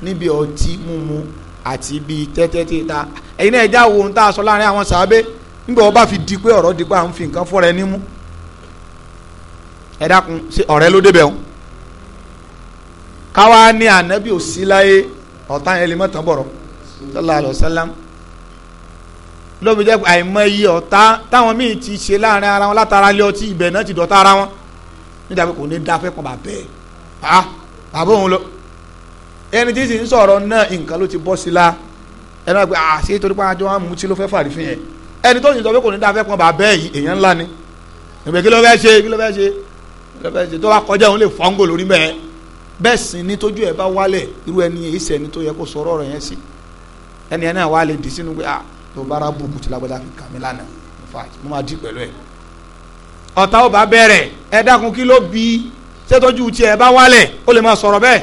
Speaker 1: níbi ọtí mímu àti ibi tẹ́tẹ́ títa ẹ̀yin náà ẹja wo ohun tá a sọ láàrin àwọn sàábé nígbà wọn bá fi di pé ọ̀rọ̀ di pé à ń fi nǹkan fọ́ra ẹni mú ẹ dákun ṣe ọ̀rẹ́ ló débẹ̀ wọn káwa ní ànábì ò sí láyé ọ̀tá yẹn lè tán bọ̀rọ̀ sallallahu alaihi wasallam lóbi jẹ́ àìmọye ọ̀tá táwọn míì ti ṣe láàrin ara wọn látara lé ọtí ibẹ̀ náà ti dọ̀tá ara wọn nígbà pé kò ní da fẹ́ pọ̀ bàbẹ́ ah bàbá òun lọ ẹni tí sì ń sọ̀rọ̀ náà nǹkan ló ti bọ́ sí la ẹni wàá pé ah ṣé torí pé àjọ wọn mú tí ló fẹ́ fàrífin yẹn ẹni tó sì sọ pé kò ní da fẹ́ pọ̀ bàbẹ́ yìí èèyàn ńlá ni ìgbẹ́ kí ló fẹ́ ṣe kí ló fẹ́ ṣe kí ló fẹ́ ṣe tó bá kọjá òun lè fọ́ńgò lórí bẹ́ẹ̀ bẹ́ẹ̀ sì ni tójú ẹ̀ bá wálẹ̀ irú ẹni yẹn ìṣẹ̀ ni tó yẹ kó sọ̀rọ̀ ọ̀rọ̀ yẹn sí ẹni yẹn náà wà lè dì sínú pé ah tó bára bù kùtì lágbàdá fi kà mí lánàá in mo máa dì pẹ̀lú ẹ̀. ọ̀tá ò bá bẹ̀rẹ̀ ẹ dákun kí ló bi sẹ́tọ́jú tiẹ̀ bá wálẹ̀ ó lè máa sọ̀rọ̀ bẹ́ẹ̀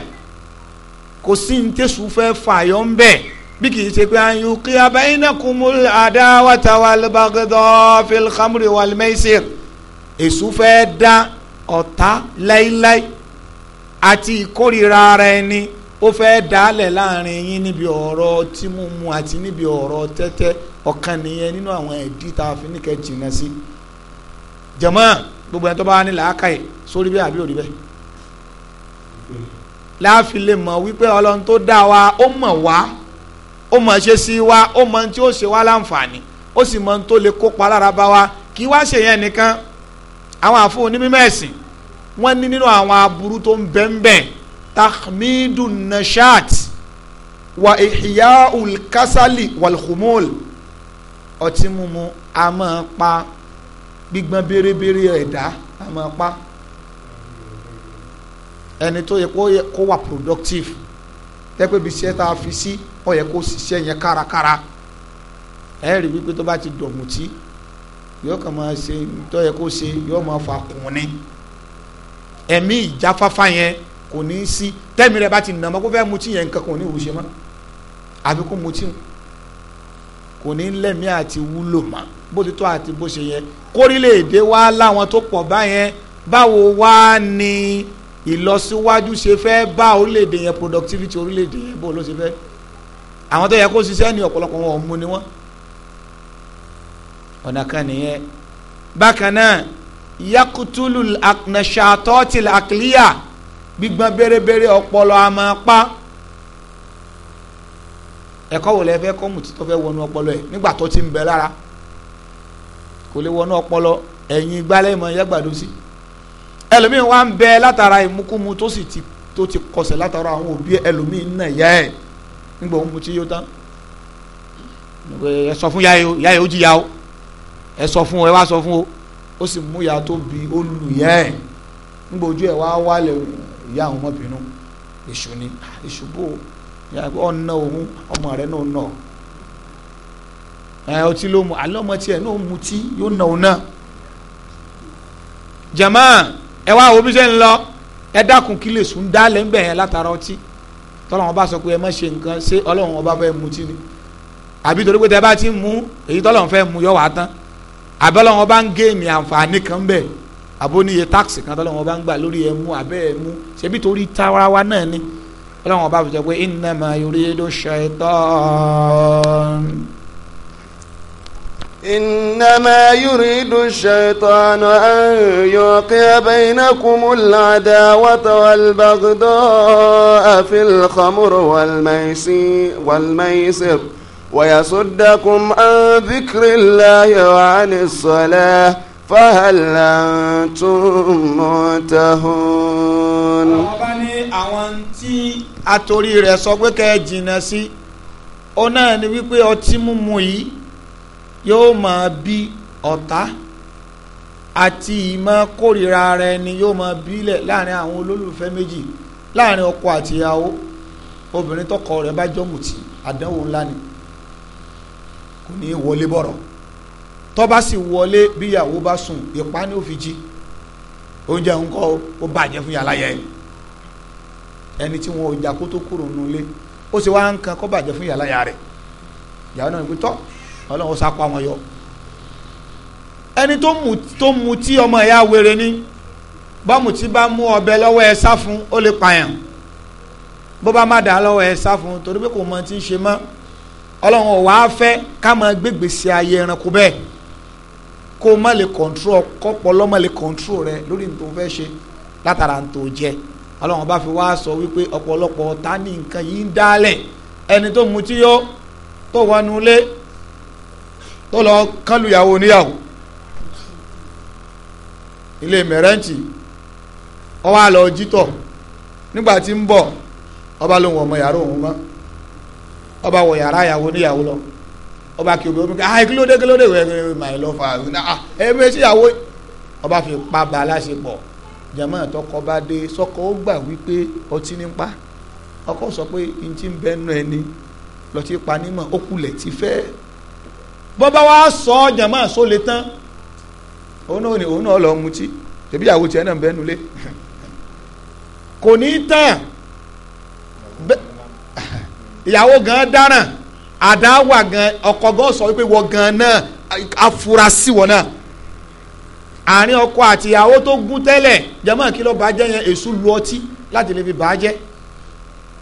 Speaker 1: kò sí ní tẹ̀sù fẹ́ fààyọ̀ ń bẹ̀ bí kì í ṣe pé àyùn kí abainakumul adawata wal bagda fil khamri wal maisir èṣù fẹ́ dá àti ìkórira ara ẹni ó fẹ́ dálẹ̀ láàrin yín níbi ọ̀rọ̀ tí mo mu àti níbi ọ̀rọ̀ tẹ́tẹ́ ọ̀kan nìyẹn nínú àwọn ẹ̀dí tá a fi ní kẹ́ jìnnà sí jẹ̀mọ́ gbogbo ẹni tó bá ní làákàyè sórí bẹ́ẹ̀ àbí òrí bẹ́ẹ̀ láàfin lè mọ̀ wípé ọlọ́run tó dá wa ó mọ̀ wá ó mọ̀ ṣe sí wa ó mọ̀ tí ó ṣe wá láǹfààní ó sì mọ̀ tó lè kópa lára bá wa kí wá ṣèyẹn nìkan àwọn àfọwọ́ onímọ̀ wọ́n ní nínú àwọn aburú tó ń bẹ́ńbẹ́ tahmidu nashat wa ihya ulkasali walhumul ọtí mímu a máa pa gbígbọ́n bérebére ẹ̀dá a máa pa ẹni tó yẹ kó wà productive tẹ́pẹ́ bí iṣẹ́ tá a fi sí ó yẹ kó ṣiṣẹ́ yẹn kárakára ẹ rí wípé tó bá ti dọ̀mùtí yóò kàn máa ṣe tó yẹ kó ṣe yóò máa fa kùn ni ẹ̀mí ìjáfáfá yẹn kò ní í sí tẹ́mi rẹ bá ti nà mọ́ kó fẹ́ mutí yẹn nǹkan kò ní ìwúṣe mọ́ àfi kó mutí kò ní lẹ́mí àti wúlò mọ́ bó ti tó àti bó ṣe yẹ kórílẹ̀ wa láwọn tó pọ̀ báyẹn báwo wá ni ìlọsíwájú ṣe fẹ́ bá orílẹ̀-èdè yẹn productivity orílẹ̀ yẹn bó ló ṣe fẹ́ àwọn tó yẹ kó ṣiṣẹ́ ní ọ̀pọ̀lọpọ̀ wọn ò mú ni wọ́n ọ̀nà kan nìyẹn bákan náà Yakutulul nashatọtil akiliya gbígbọ́n berebere ọpọlọ àmọ́ pa ẹ̀kọ́ wò lẹ fẹ́ kọ́ mùtí tó fẹ́ wọnú ọpọlọ ẹ̀ nígbà tó ti ń bẹ lára kò lè wọnú ọpọlọ ẹ̀yìn gbálẹ̀ mọ yàgbàdo sí ẹlòmíín wá ń bẹ látara ìmúkúmu tó sì ti tó ti kọsẹ̀ látara àwọn òbí ẹlòmíín náà yá ẹ̀ nígbà òun mutí yóò tán ẹ sọ fún yáyó yáyó jìyà o ẹ o ẹ wá o ó sì mú ìyá tó bí ó lù yẹ ẹ nígbà ojú ẹ wá wálẹ̀ ìyá àwọn ọmọbìnrin èṣù ni ìṣubú ọ̀nà òun ọmọ rẹ náà nà ẹ ọtí ló mu alẹ́ ọmọ tiẹ̀ náà mu tí yóò nà òun náà jama ẹ wá wo bí sẹ́ ń lọ ẹ dákun kí lè sùn dálẹ̀ ń bẹ̀ yẹn látara ọtí tọ́lọ́wọ́n bá sọ pé ẹ má ṣe nǹkan ṣé ọlọ́run ọba fẹ́ mu tí ni àbí torí pé tẹ bá ti mú èyí tọ́lọ́run fẹ́ mu yọ wá tán àbẹ́lẹ̀ wọn bá ń gé èmi àǹfààní kan bẹ́ẹ̀ àbóníye táàkì kan tọ́lọ́ wọn bá ń gbà lórí ẹmu àbẹ́ ẹmu ṣebí torí tarawa náà ni tọ́lọ́ wọn bá fi sọ pé innama yuridu
Speaker 2: shaitan. إنما يريد الشيطان أن يوقع بينكم العداوة والبغضاء في الخمر والميسر والميسر ويصدكم عن ذكر الله وعن الصلاة فهل أنتم منتهون. àwọn
Speaker 1: bá ní àwọn tí
Speaker 2: atorí rẹ̀
Speaker 1: wípé ọtí mímu yìí yóò máa bí ọ̀tá àti ìmọ̀ kórìíra ara ẹni yóò máa bílẹ̀ láàrin àwọn olólùfẹ́ méjì láàrin ọkọ àtìyàwó obìnrin tọkọ rẹ̀ bá jọ àdánwò ńlá ni kò ní í wọlé bọ̀rọ̀ tọ́ba sì wọlé bíyàwó bá sùn ìpá ni ó fi jí oúnjẹ ńkọ́ ó bàjẹ́ fún yàrá yẹn ẹni tí wọn ò jà kó tó kúrò nulẹ̀ ó sì wá ń kan kó bàjẹ́ fún yàrá rẹ̀ yàrá náà gbé tọ́ ọlọ́run ó sápá wọn yọ ẹni tó mu tó mu tí ọmọ ẹ̀yà wèrè ni bọ́mù tí bá mú ọbẹ̀ lọ́wọ́ ẹ sá fún ó lè pààyàn bó bá má dà á lọ́wọ́ ẹ sá fún torí pé kò mọ tí ń ṣe mọ́ ọlọ́run ò wá fẹ́ ká máa gbégbèsè ayé ẹranko bẹ́ẹ̀ kó o má lè rẹ lórí nǹkan tó fẹ́ ṣe látara nǹkan tó jẹ ọlọ́run bá fi wá sọ wípé ọ̀pọ̀lọpọ̀ ọ̀tá ní nǹkan yìí ń dálẹ̀ ẹni tó mutí yó tó tó lọ oníyàwó ilé mẹrẹǹtì ọba wọ yàrá ìyàwó níyàwó lọ ọba kì í omi omi ká ah kílódé kílódé wẹ ẹ mà ẹ lọ ah. fà á ẹ bẹ sí ah, ìyàwó ọba fi pa bá a láṣepọ̀ jama tọkọ bá dé sọkọ ó gbà wípé ọtí ní pa ọkọ sọ pé n ti bẹ nù ẹni lọtí pa nímọ̀ ó ti fẹ́ bọ́bá wa sọ jama sólè tán òun náà ni òun náà lọ mutí tẹbi ìyàwó tiẹ̀ náà bẹ nulẹ̀ kò ní tán bẹ́ẹ̀ ìyàwó gan dáràn àdáwà gan ọkọ gan sọ wípé wọ gan náà afurasí wọ náà àárín ọkọ àti ìyàwó tó gún tẹ́lẹ̀ jẹ́mọ́ kí ló bá jẹ́ yẹn èṣù lu ọtí láti lè fi bà á jẹ́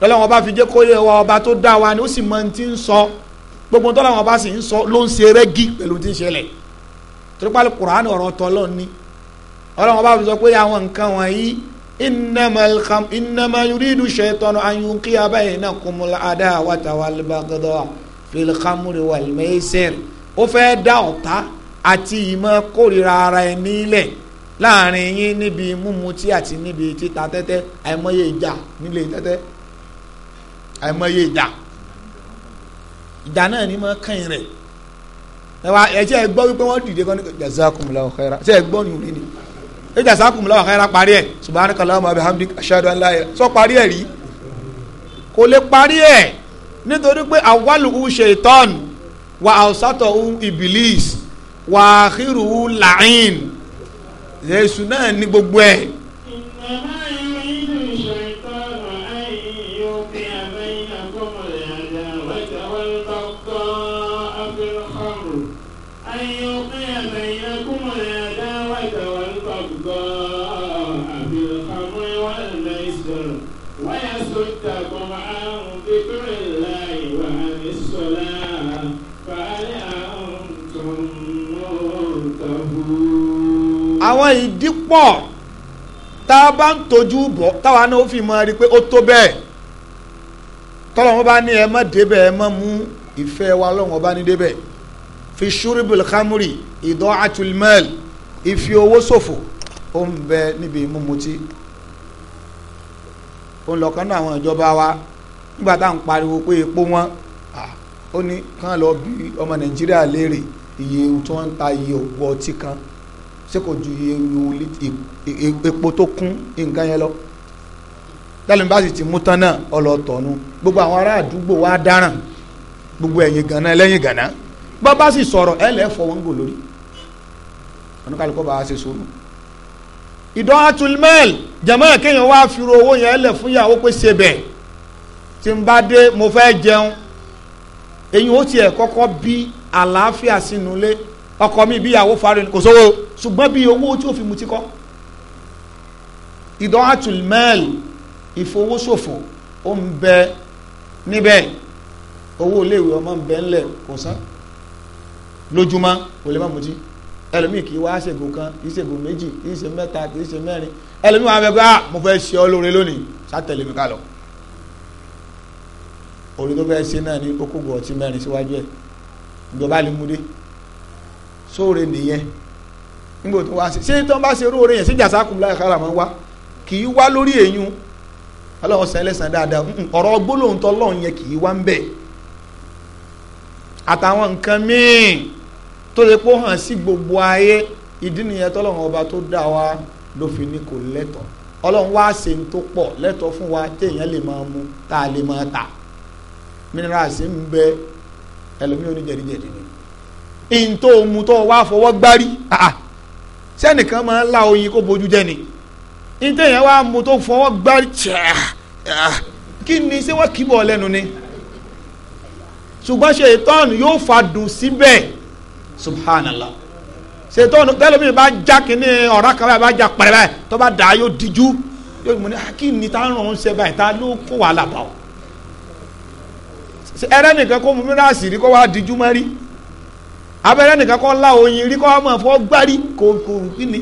Speaker 1: lọ́lọ́wọ́n bá fi jẹ́ kó yẹ wa ọba tó dá wa ni ó sì mọ ohun tí ń sọ gbogbo tó làwọn ọba sì ń sọ ló ń ṣe rẹ́gí pẹ̀lú tí ń ṣẹlẹ̀ torípàlẹ́ kùránì ọ̀rọ̀ tọ́lọ́ ni ọlọ́wọ́n bá fi sọ pé àwọn nǹkan wọ̀nyí innama yuridu shaytanu an yuqiya baynakumul adawata wal baghdha fil khamri wal maisir ó fẹ́ dá ọ̀tá àti ìmọ̀ kórìíra ara ẹ̀ nílẹ̀ láàrin yín níbi mímu tí àti níbi títa tẹ́tẹ́ àìmọye ìjà nílé tẹ́tẹ́ àìmọye ìjà ìjà náà ni máa kàn rẹ̀ ẹ wá ẹ jẹ́ ẹ gbọ́ wípé wọ́n dìde kan ní jazakumullahu khaira ṣé ẹ gbọ́ ni òní ni ẹjà sákùn lọ́wọ́ àkàrà parí ẹ̀ subhanakallahumma wa bihamdik ashhadu an la ilaha sọ parí ẹ̀ rí kò lè parí ẹ̀ nítorí pé awwaluhu shaitan wa awsatuhu ibilis wa akhiruhu la'in Jésù náà ní gbogbo ẹ̀. àwọn ìdí pọ̀ tá a bá ń tọ́jú bọ̀ táwa náà ó fi mọ rí i pé ó tó bẹ́ẹ̀ tọ́lọ́ wọn bá ní ẹ má débẹ̀ ẹ má mú ìfẹ́ wa lọ́wọ́n bá ní débẹ̀ fi ṣúrìbìl kámúrì ìdán àtúlmẹ́ẹ̀lì ìfi owó ṣòfò ó ń bẹ níbi mímutí ó ń lọ kán náà àwọn ìjọba wa nígbà tá à ń pariwo pé epo wọn ó ní kán lọ bí ọmọ nàìjíríà léèrè iye tí wọ́n ń ta iye ògbọ́ ọtí kan ṣé kò ju e, e, epo tó kún nǹkan yẹn lọ tẹ́lẹ̀ bá sì ti mú tán náà ọlọ́tọ̀ọ̀nù gbogbo àwọn ará àdúgbò wa dáràn gbogbo ẹ̀yìn gànà ẹlẹ́yìn gànà bá bá sì sọ̀rọ̀ ẹ lẹ́ fọ wọn gò lórí oníkàlùkọ́ bá a ṣe sọ̀rọ̀ ìdán atulmel jẹ̀mọ́ kéèyàn wá fi ro owó yẹn lẹ̀ fún ìyàwó pé ṣe bẹ̀ tí n bá dé mo fẹ́ jẹun èyí ó tiẹ̀ kọ́kọ́ bí àlàáfíà sínú lé ọkọ mi bí ìyàwó farin kò sówó ṣùgbọ́n bí owó tí ó fi mutí kọ́ ìdán àtúlmẹ́ẹ̀l ìfowóṣòfò ó ń bẹ níbẹ̀ owó iléèwé ọmọ ń bẹ ńlẹ̀ kò sán lójúmọ́ kò lè má mutí ẹlòmíì kì í wá ṣègùn kan kì í ṣègùn méjì kì í ṣe mẹ́ta kì í ṣe mẹ́rin ẹlòmíì wà á fẹ́ pé ah mo fẹ́ ṣe ọ lóore lónìí sátẹ̀lé mi ká lọ orí tó fẹ́ ṣe náà ní okògùn ọtí mẹ́rin síwájú ẹ̀ ìjọba lè mú dé sóore nìyẹn nígbà tó wá sí ṣé tó ń bá ṣe irú oore yẹn sí jàsákù láì kára máa wá kì í wá lórí èyún ọlọ́run sàn ẹlẹ́sàn dáadáa ọ̀rọ̀ gbólóhùn tó lọ́run yẹn kì í wá ń bẹ̀ àtàwọn nǹkan míì tó lè kó hàn sí gbogbo ayé ìdí nìyẹn tọ́lọ́run ọba tó dá wa ló fi ní kò lẹ́tọ̀ọ́ ọlọ́run wá ṣe ń tó pọ̀ lẹ́tọ̀ọ́ fún wa téèyàn lè máa mu tá a lè máa tà minerals ń bẹ ẹlòmíràn oníjẹ̀díjẹ̀dí ni in tó mu tó wá fọwọ́ gbárí sẹ́nìkan máa ń la oyin kó bójú jẹ́ ni in téèyàn wá mu tó fọwọ́ gbárí kí ni ṣé wọ́n kí bọ̀ lẹ́nu ni ṣùgbọ́n ṣètọ́nù yóò fa dùn síbẹ̀ subhanallah ṣètọ́nù tẹ́lẹ̀mí bá já kínní ọ̀rá kan báyìí bá já pẹ̀rẹ̀ báyìí tó bá dà á yóò díjú yóò mú ni ah, kí ni tá ń rán ṣe báyìí tá ló kó wàhálà bá ọ ẹrẹ́ nìkan kó mu mìíràn sì rí kó wá díjú mọ́ rí abẹ́rẹ́ nìkan kọ́ la oyin rí kọ́ ọmọ fọ́ gbárí kò kò kí ni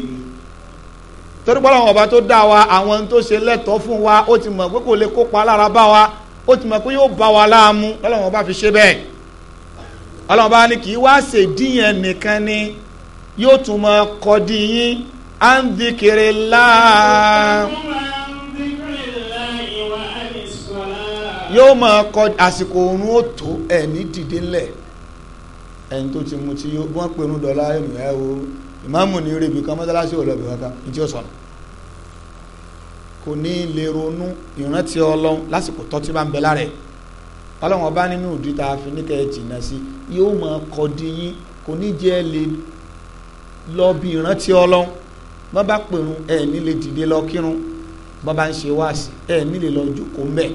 Speaker 1: torí pé Ọlọ́run ọba tó dá wa àwọn tó ṣe lẹ́tọ̀ọ́ fún wa ó ti mọ̀ pé kò lè kópa lára bá wa ó ti mọ̀ pé yóò bá wa láàmú Ọlọ́run ọba fi ṣe bẹ́ẹ̀ Ọlọ́run ọba ni kì í wá ṣèdíyàn nìkan ni yóò tún mọ kọ́dí yín à ń dìkìrì láà yóò mọ kọ́ àsìkò òun ó tó ẹ̀ ní dìde ńlẹ̀ ẹni tó ti mu tí wọ́n pè ní dọ́là ènìyàn ẹ̀ o ìmáàmù ní rèébi kan mọ́tálásí ò lọ́bì kankan ní tí ó sọ̀nà kò ní lè ronú ìrántí ọlọ́run lásìkò tó ti bá ń bẹ lára ẹ̀ ọlọ́run ọba nínú ìdí tá a fi ní kẹ́ẹ̀ jìnnà sí yóò máa kọ́ di yín kò ní jẹ́ lè lọ bí ìrántí ọlọ́run bá bá pèrún ẹ̀ ní lè dìde lọ kírun bá bá ń ṣe wáàsí ẹ̀ ní lè lọ jókòó mbẹ́ẹ̀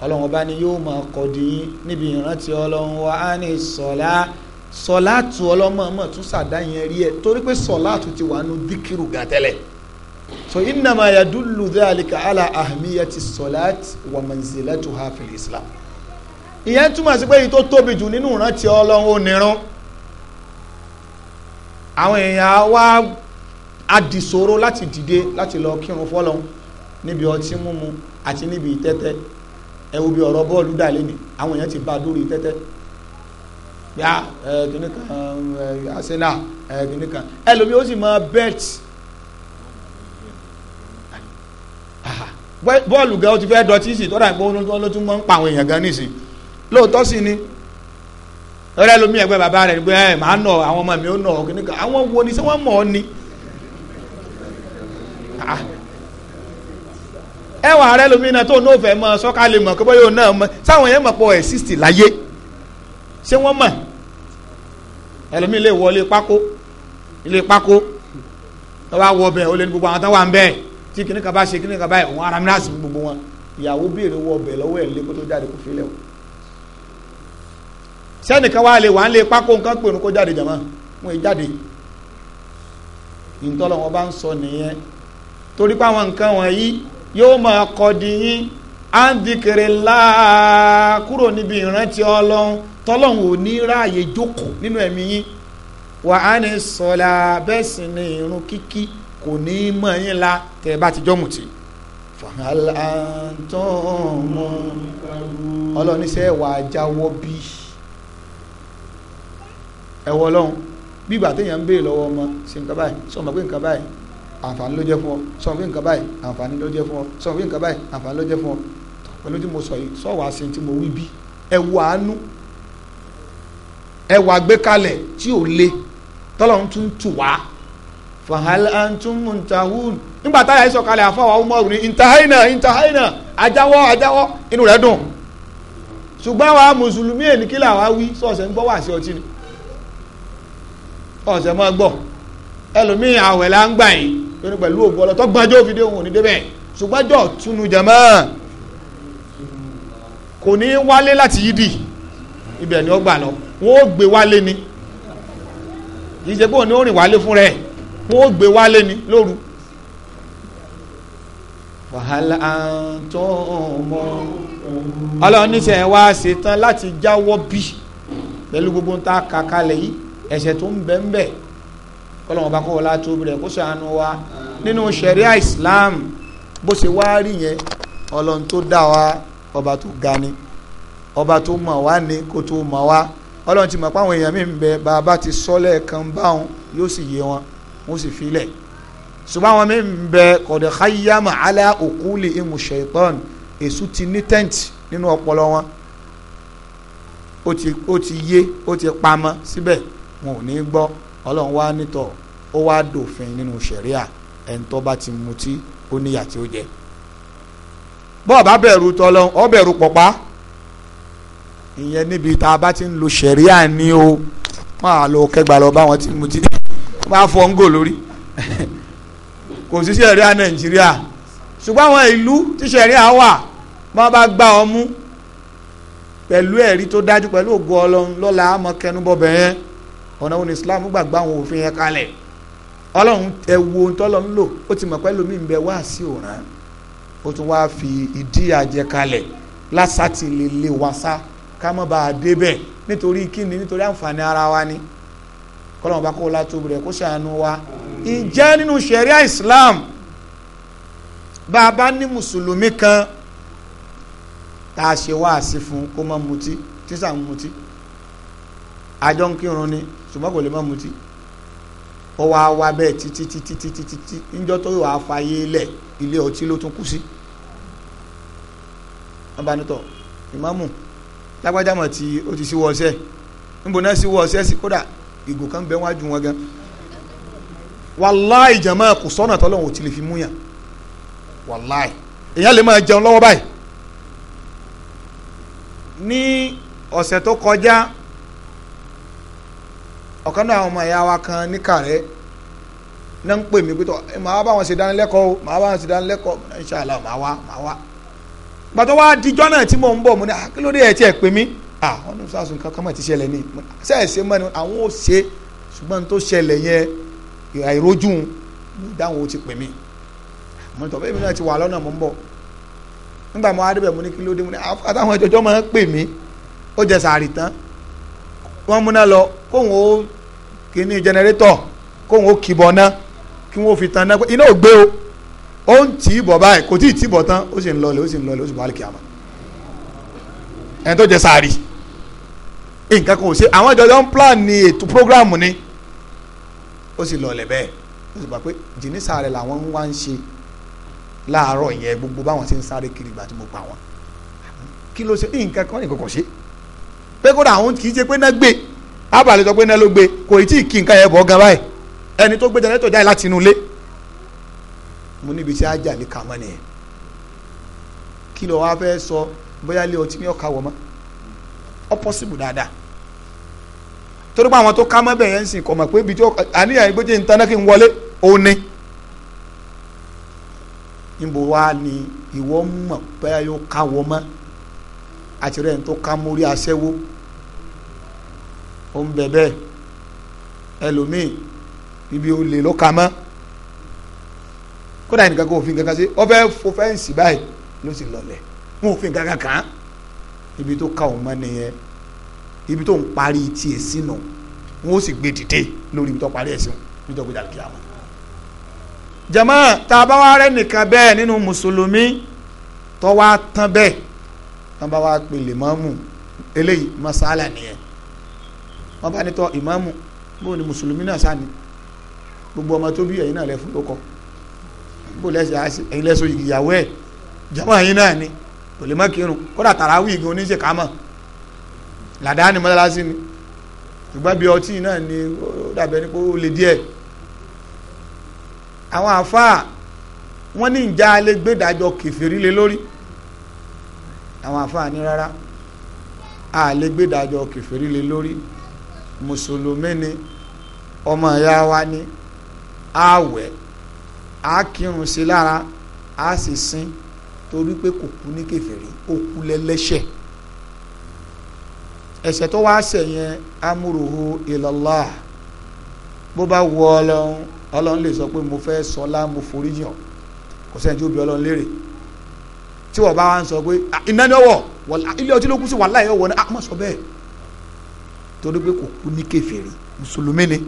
Speaker 1: ọlọ́run ọba ni yóò máa kọ́ di yín níbi ìrántí ọlọ́run wa á ní sọ̀lá sọ̀láàtù ọlọ́mọọmọ tún sàdá yẹn rí ẹ torí pé sọ̀láàtù ti wà nù díkìrù gan tẹ́lẹ̀ so innama yadullu dhalika ala ahmiyati sọ̀láàt wa manzilatuha fil islam ìyẹn túmọ̀ sí pé èyí tó tóbi jù nínú ìrántí ọlọ́run ò nírun àwọn èèyàn wa adìsòro láti dìde láti lọ kírun fọlọ́run níbi ọtí mímu àti níbi ìtẹ́tẹ́ ẹ wo bí ọrọ bọ́ọ̀lù dà lé ní àwọn èèyàn ti bá a dórí tẹ́tẹ́ yá ẹ kìnnì kan ẹ Arsenal ẹ kìnnì kan ẹlòmíì ó sì máa bet bọ́ọ̀lù gan ó ti fẹ́ dọ̀tí sí tọ́da ìpọ́n ló máa ń pa àwọn èèyàn gan lóòótọ́ ni bàbá ẹ nọ àwọn ọmọ mi ó nọ kìnnì kan àwọn wo ni ẹwà rẹ lómi náà tó ní òfẹ mọ sọkalẹ mọ kọbọ yóò náà mọ sáwọn yẹn mọ pọ ẹsísì láyé ṣé wọ́n mọ̀ ẹlòmíì lè wọ ilé pákó ilé pákó wọ́n wá wọ ọbẹ̀ ó lé ní gbogbo àwọn tó wà ń bẹ̀ tí kìnnì kan bá ṣe kìnnì kan báyìí òun ara mìíràn sí gbogbo wọn ìyàwó béèrè wọ ọbẹ̀ lọ́wọ́ ẹ̀ lé kó tó jáde kó fi o sẹ́nìkan wá lè wà ń lé pákó nǹkan pè ní kó jáde jàmọ́ wọn ì jáde ìtọ́lọ́wọ́n bá ń sọ nìyẹn torí pé àwọn nǹkan wọ̀nyí yóò máa kọ́ di yín á ń kúrò níbi ìrántí ọlọ́run tọ́lọ́run ò ní ráàyè jókòó nínú ẹ̀mí yín wà á ní bẹ́ẹ̀ sì ni irun kíkí kò ní í mọ̀ yín la tẹ̀ bá ti jọ́mù tì ọmọ ṣe nǹkan àǹfààní ló jẹ́ fún ọ sọ fún nǹkan báyìí àǹfààní ló jẹ́ fún ọ sọ fún nǹkan báyìí àǹfààní ló jẹ́ fún ọ pẹ̀lú tí mo sọ yìí sọ wàá sin tí mo wí bí ẹ wà ánú ẹ wà gbékalẹ̀ tí ò le tọ́lọ̀ ń tún tù wá fàhálà antum muntahun nígbà táyà ẹ sọ̀kalẹ̀ àfọwà umaru ní intahaina intahaina ajáwọ́ ajáwọ́ inú rẹ̀ dùn ṣùgbọ́n àwa mùsùlùmí èyí kí làwa wí sọ̀sẹ̀ ń gbọ́ wà sí ọtí ni ọ̀sẹ̀ mọ́ gbọ́ ẹlòmíì àwẹ̀ là ń gbà yìí yóò ní pẹ̀lú ògbó ọlọ́tọ́ gbájọ́ òfìdí òun ní débẹ̀ ṣùgbájọ́ túnú jẹ̀mọ́ kò ní wálé láti yídì ibẹ̀ ni ó gbà lọ wọ́n ó gbé wálé ni kì í ṣe pé òun ní ó rìn wálé fún rẹ̀ wọ́n ó gbé wálé ni lóru wàhálà àǹtọ́ ọmọ ọlọ́run wa ṣetán láti jáwọ́ bí pẹ̀lú gbogbo ń ta kàkálẹ̀ yìí ẹ̀ṣẹ̀ tó ń bẹ ń kọ́lọ́wọ́n bá kọ́ wọlá tó bẹ̀rẹ̀ kó ṣàánú wa nínú ṣẹ̀ríà Islam bó ṣe wá rí yẹn ọlọ́run tó dá wa ọba tó ga ni ọba tó mọ̀ wá ni kó tó mọ̀ wá ọlọ́run ti mọ̀ pé àwọn èèyàn mi ń bẹ bàbá ti sọ́lẹ̀ kan báwọn yóò sì yé wọn wọ́n sì filẹ̀ ṣùgbọ́n àwọn mi ń bẹ kọ̀dọ̀ hayyama ala okuli imu shaitan èṣù ti ní tẹ́ǹtì nínú ọpọlọ wọn ó ti yé ó ti pamọ́ síbẹ̀ wọn ò ní gbọ́ ọlọ́run wá nítọ̀ ó wá dòfin nínú ṣẹ̀ríà ẹni tó bá ti mutí ó níyà tí ó jẹ bọ́ọ̀ bá bẹ̀rù tọ́lọ́run ó bẹ̀rù pọ̀pá ìyẹn níbi tá a bá ti ń lo ṣẹ̀ríà ni o máa lọ kẹgbà lọ bá wọn ti mutí bá fọ ń gò lórí kò sí ṣẹ̀ríà nàìjíríà ṣùgbọ́n àwọn ìlú tí ṣẹ̀ríà wà wọ́n bá gbá ọ mú pẹ̀lú ẹ̀rí tó dájú pẹ̀lú ògo ọlọ́run lọ́la àmọ́ kẹnubọ̀ ọ̀nà òun islam gbàgbọ́ àwọn òfin yẹn kalẹ̀ ọlọ́run ẹ wo ohun tọ́lọ́ ń lò ó ti mọ̀ pé lómi ń bẹ wá sí òràn ó tún wáá fi ìdí àjẹ kalẹ̀ lásàtì lè lè wá sá ká má bàa débẹ̀ nítorí kíni nítorí àǹfààní ara wa ni kọ́lọ́mù bá kó o látó rẹ̀ kó ṣàánú wa ìjẹ́ nínú ṣẹ̀ríà islam bá a bá ní mùsùlùmí kan tá a ṣe wáàsí fún kó má mutí tí sàn mutí àjọ ń kírun ni ṣùgbọ́n kò lè má mutí ó wá wá bẹ́ẹ̀ títí títí títí títí níjọ́ tó wàá fàyè lẹ̀ ilé ọtí ló tún kú sí. wọ́n bá ní ìmáàmù lágbájá tí ó ti síwọ́ ọṣẹ́ níbo náà síwọ́ ọṣẹ́ sí kódà ìgò kan be wájú wọn gan. wàláì jàmáà kò sọ́nà tọ́lọ́hún lè fi mú yàn wàláì èèyàn lè máa jẹun lọ́wọ́ báyìí ní ọ̀sẹ̀ tó kọjá ọ̀kan náà àwọn ọmọ ẹ̀yà wa kan ní kàrẹ́ náà ń pè mí pé tọ́ màá bá wọn ṣe dánilẹ́kọ̀ọ́ o màá bá wọn ṣe dánilẹ́kọ̀ọ́ inṣàlá màá wá màá wá gbàtọ́ wá dijọ́ náà tí mò ń bọ̀ mo ní akílódé ah, ẹ̀ tí ẹ̀ pè mí à ah, wọn ní sàṣùn kankan mọ̀ ti ṣẹlẹ̀ ní sẹ́ẹ̀sẹ̀ mọ́ni àwọn ò ṣe ṣùgbọ́n tó ṣẹlẹ̀ yẹn àìrójú dáhùn ó ti pè mí mo tọ́ bẹ́ẹ̀ mi náà ti wà lọ́nà mo ń bọ̀ nígbà mo adébẹ̀ mo ní kí mo ní àtàwọn ìjọjọ́ máa ń pè mí ó jẹ sàárì tán wọ́n múná lọ kóhun ó kíní jẹnẹrétọ̀ kóun ó kìbọ̀ ná kí wọ́n fi tan ná iná ò gbé o ó ń tì í bọ̀ báyìí kò tí ì tì í bọ̀ tán ó sì ń lọlẹ̀ ó sì ń lọlẹ̀ ó sì bọ̀ àlùkí àmà ẹni tó jẹ sáàrì nǹkan kan ò ṣe àwọn ìjọba ń plan ni ètò program ni ó sì lọlẹ̀ bẹ́ẹ̀ ó sì gbà pé jìnnìsà rẹ̀ làwọn ń wá ń ṣe láàárọ̀ yẹn gbogbo báwọn ṣe ń sáré kiri ìgbà tí mo pa wọn kí ló ṣe nǹkan kan nǹkan kan ṣe pé kódà àwọn kì í ṣe pé náà gbé abalị sọ pé náà ló gbé kò tí ì kí nǹkan yẹn bọ̀ gan báyìí ẹni tó gbé jẹnẹtọ̀ jáde láti inú ilé mo níbi tí ajá lè kà mọ́ nìyẹn kí ló wá fẹ́ sọ bóyá ilé ọtí ní ọ̀ka wọ̀ mọ́ ọ pọ́sibù dáadáa torí pé àwọn tó ká mọ́ yẹn ń sìn pé ibi tí àníyàn kí n wọlé òun ó ń bẹ bẹ́ẹ̀ ẹlòmíì ibi olè ló ka mọ́ kódà ẹnìkan kò fi kankan sí ọ fẹ́ fo fẹ́ǹsì báyìí ló sì lọlẹ̀ wọn ò kankan kàn ibi tó ka òun mọ́ nìyẹn ibi tó ń parí tiẹ̀ sínú wọn ó sì gbé dìde lórí ibi tó parí ẹ̀ sínú nítorí gbé dàlùkì àwọn. jama tá a bá wá rẹ nìkan bẹ́ẹ̀ nínú mùsùlùmí tó wá tán bẹ́ẹ̀ tán bá wá pèlè mọ́mù eléyìí masala nìyẹn wọ́n bá nítọ́ ìmáàmù bó ni mùsùlùmí náà sáà ni gbogbo ọmọ tó bí ẹ̀yin náà lẹ fún lókọ bó lẹ́sẹ̀ ẹ̀yin lẹ́sọ̀ ìyàwó ẹ̀ jọmọ ẹ̀yin náà ni kò lè má kírun kódà tàràwí ìgbìn oníṣẹ́ kámọ̀ làdáà ni mọ́tàlásí ni ṣùgbọ́n bí ọtí náà ni ó dàbẹ̀ ni kó lè díẹ̀ àwọn àfáà wọ́n ní ìjà alẹ́ kẹfìrí lé lórí àwọn àfáà ní rárá a kẹfìrí lé lórí mùsùlùmí ni ọmọ ìyá wa ni àwẹ̀ á kírun sí lára á sì sin torí pé kò kú ní kèfèrí ó kú lẹ́lẹ́ṣẹ̀ ẹ̀ṣẹ̀ tó wá ṣẹ̀ yẹn amúròho ìlọ́lá bó bá wọ ọlọ́run ọlọ́run lè sọ pé mo fẹ́ sọlá mo foríjì hàn kò sẹ́ni tí ó bi ọlọ́run léèrè tí wọ́n bá wá ń sọ pé ah, iná ni ọwọ́ ilé ọtí ló kú sí wàhálà yẹn wọ̀ ní àmọ́ ah, sọ bẹ́ẹ̀ torí pé kò kú ní kèfèrí mùsùlùmí ni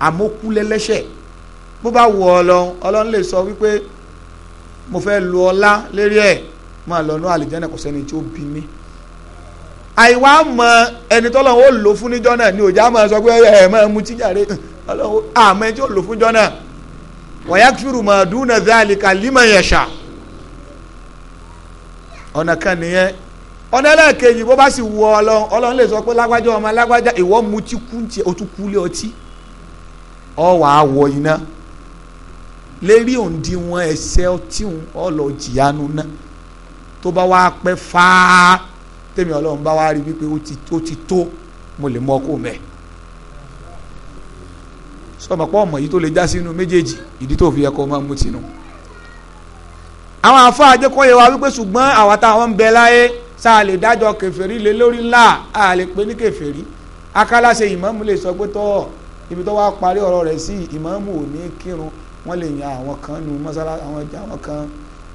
Speaker 1: àmọ́ kú lẹ́lẹ́ṣẹ̀ bó bá wù ọlọ́run ọlọ́run lè sọ wípé mo fẹ́ lu ọlá lérí ẹ̀ máa lọ nú àlìjẹ́nà kò sẹ́ni tí ó bí mi àìwá mọ ẹni tọ́lọ́ ó lò fún níjọ́ náà ni òjá máa sọ pé ẹ máa mu tíjàre ọlọ́run àmọ́ ẹni tí ó lò fún níjọ́ náà wọ́n yá kúrú mọ̀ dúnà zálìkà límọ̀ yẹ̀ṣà ọ̀nà kan nìyẹn ọ̀nà ẹlẹ́ẹ̀kejì bó bá sì wù ọlọ́run ọlọ́run lè sọ pé lágbájá ọmọ lágbájá ìwọ mutí kú tiẹ̀ o tún kú lé ọtí ọ wàá wọ iná lérí òǹdí wọn ẹsẹ ọtí wọn ọlọ jìyanu náà tó bá wàá pẹ́ fáá tèmi ọlọ́run bá wàá rí wípé ó ti tó mo lè mọ kó mẹ́ẹ̀ sọmọ ọmọ yìí tó lè já sínú méjèèjì ìdí tó fi yẹ kó máa mutí nù. àwọn afọ àjẹkọ̀yẹ wa wípé ṣùgbọ́n àwa táwọn ń bẹ láyé sa a lè dájọ́ kèfèrí lé lórí ńlá a lè pè ní kèfèrí akálàṣe ìmáàmù lè sọ pé tọ́ ibi tó wá parí ọ̀rọ̀ rẹ̀ sí ìmáàmù ò ní kírun wọ́n lè yan àwọn kan nu mọ́sálásí àwọn ẹja àwọn kan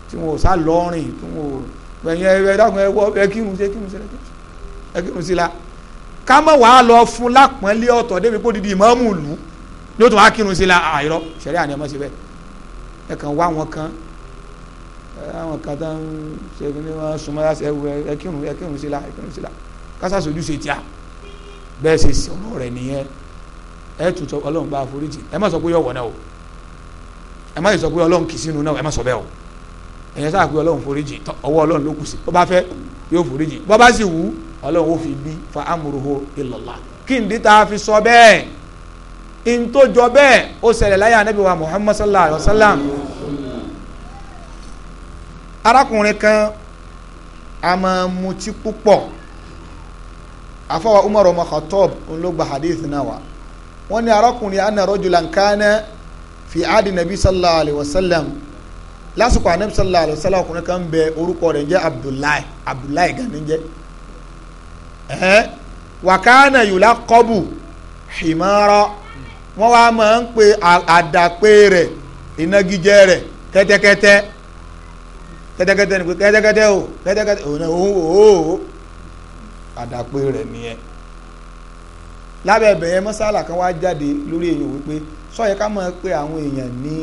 Speaker 1: tí wọn ò sá lọ́rìn tí wọn ò gbẹ̀yìn ẹ dákun ẹ wọ ẹ kírun sí ẹ kírun sí ẹ kírun sí la ká mọ̀ wàá lọ fún lápọ̀nlé ọ̀tọ̀ débi kó didi ìmáàmù lù ní tún wá kírun sí la àìrọ ṣẹ̀rí àná ẹ mọ̀ síbẹ̀ ẹ kàn wá wọn kan àwọn kan tó ń ṣe ní wọn súnmọ́ láti ẹwù ẹkírun ẹkírun sílá ẹkírun sílá kásá sojú ṣe tíá bẹ́ẹ̀ ṣe sọ̀rọ̀ rẹ̀ nìyẹn ẹ tutọ́ ọlọ́run bá foríjì ẹ má sọ pé yọ̀wọ̀ náà o ẹ má sọ pé ọlọ́run kì í sínú náà ẹ má sọ bẹ́ẹ̀ o ẹ̀yẹ sáà pé ọlọ́run foríjì ọwọ́ ọlọ́run ló kù sí bó bá fẹ́ yóò foríjì bó bá sì wù ọlọ́run ó fi bí fa amúruho ìlọ̀lá kí n dí ta fi sọ bẹ́ẹ̀ n tó jọ bẹ́ẹ̀ ó ṣẹlẹ̀ láyé anábìwá Muhammad sallallahu alayhi wa sallam arákùnrin kan a máa mutí púpọ̀ àfọwọ́ Umar ọmọ Khattab ń ló gba hadith náà wá wọ́n ní arákùnrin anna rajulan kana fi adi nabi sallallahu alayhi wa sallam lásìkò anabi sallallahu alayhi wa sallam ọkùnrin kan bẹ orúkọ rẹ̀ jẹ́ Abdullahi Abdullahi gani jẹ́ ẹ̀hẹ́ wakana yulaqabu himara wọ́n wá máa ń pe àdàpé rẹ̀ ìnagijẹ rẹ̀ kẹ́tẹ́kẹ́tẹ́ kẹ́tẹ́kẹ́tẹ́ ni o kẹ́tẹ́kẹ́tẹ́ o kẹ́tẹ́kẹ́tẹ́ òun náà òun òó àdàpé rẹ̀ nìyẹn lábẹ́ ẹ̀bẹ̀ yẹn mọ́sálà kan wá jáde lórí èèyàn wípé sọ́yẹ́ ká máa pé àwọn èèyàn ní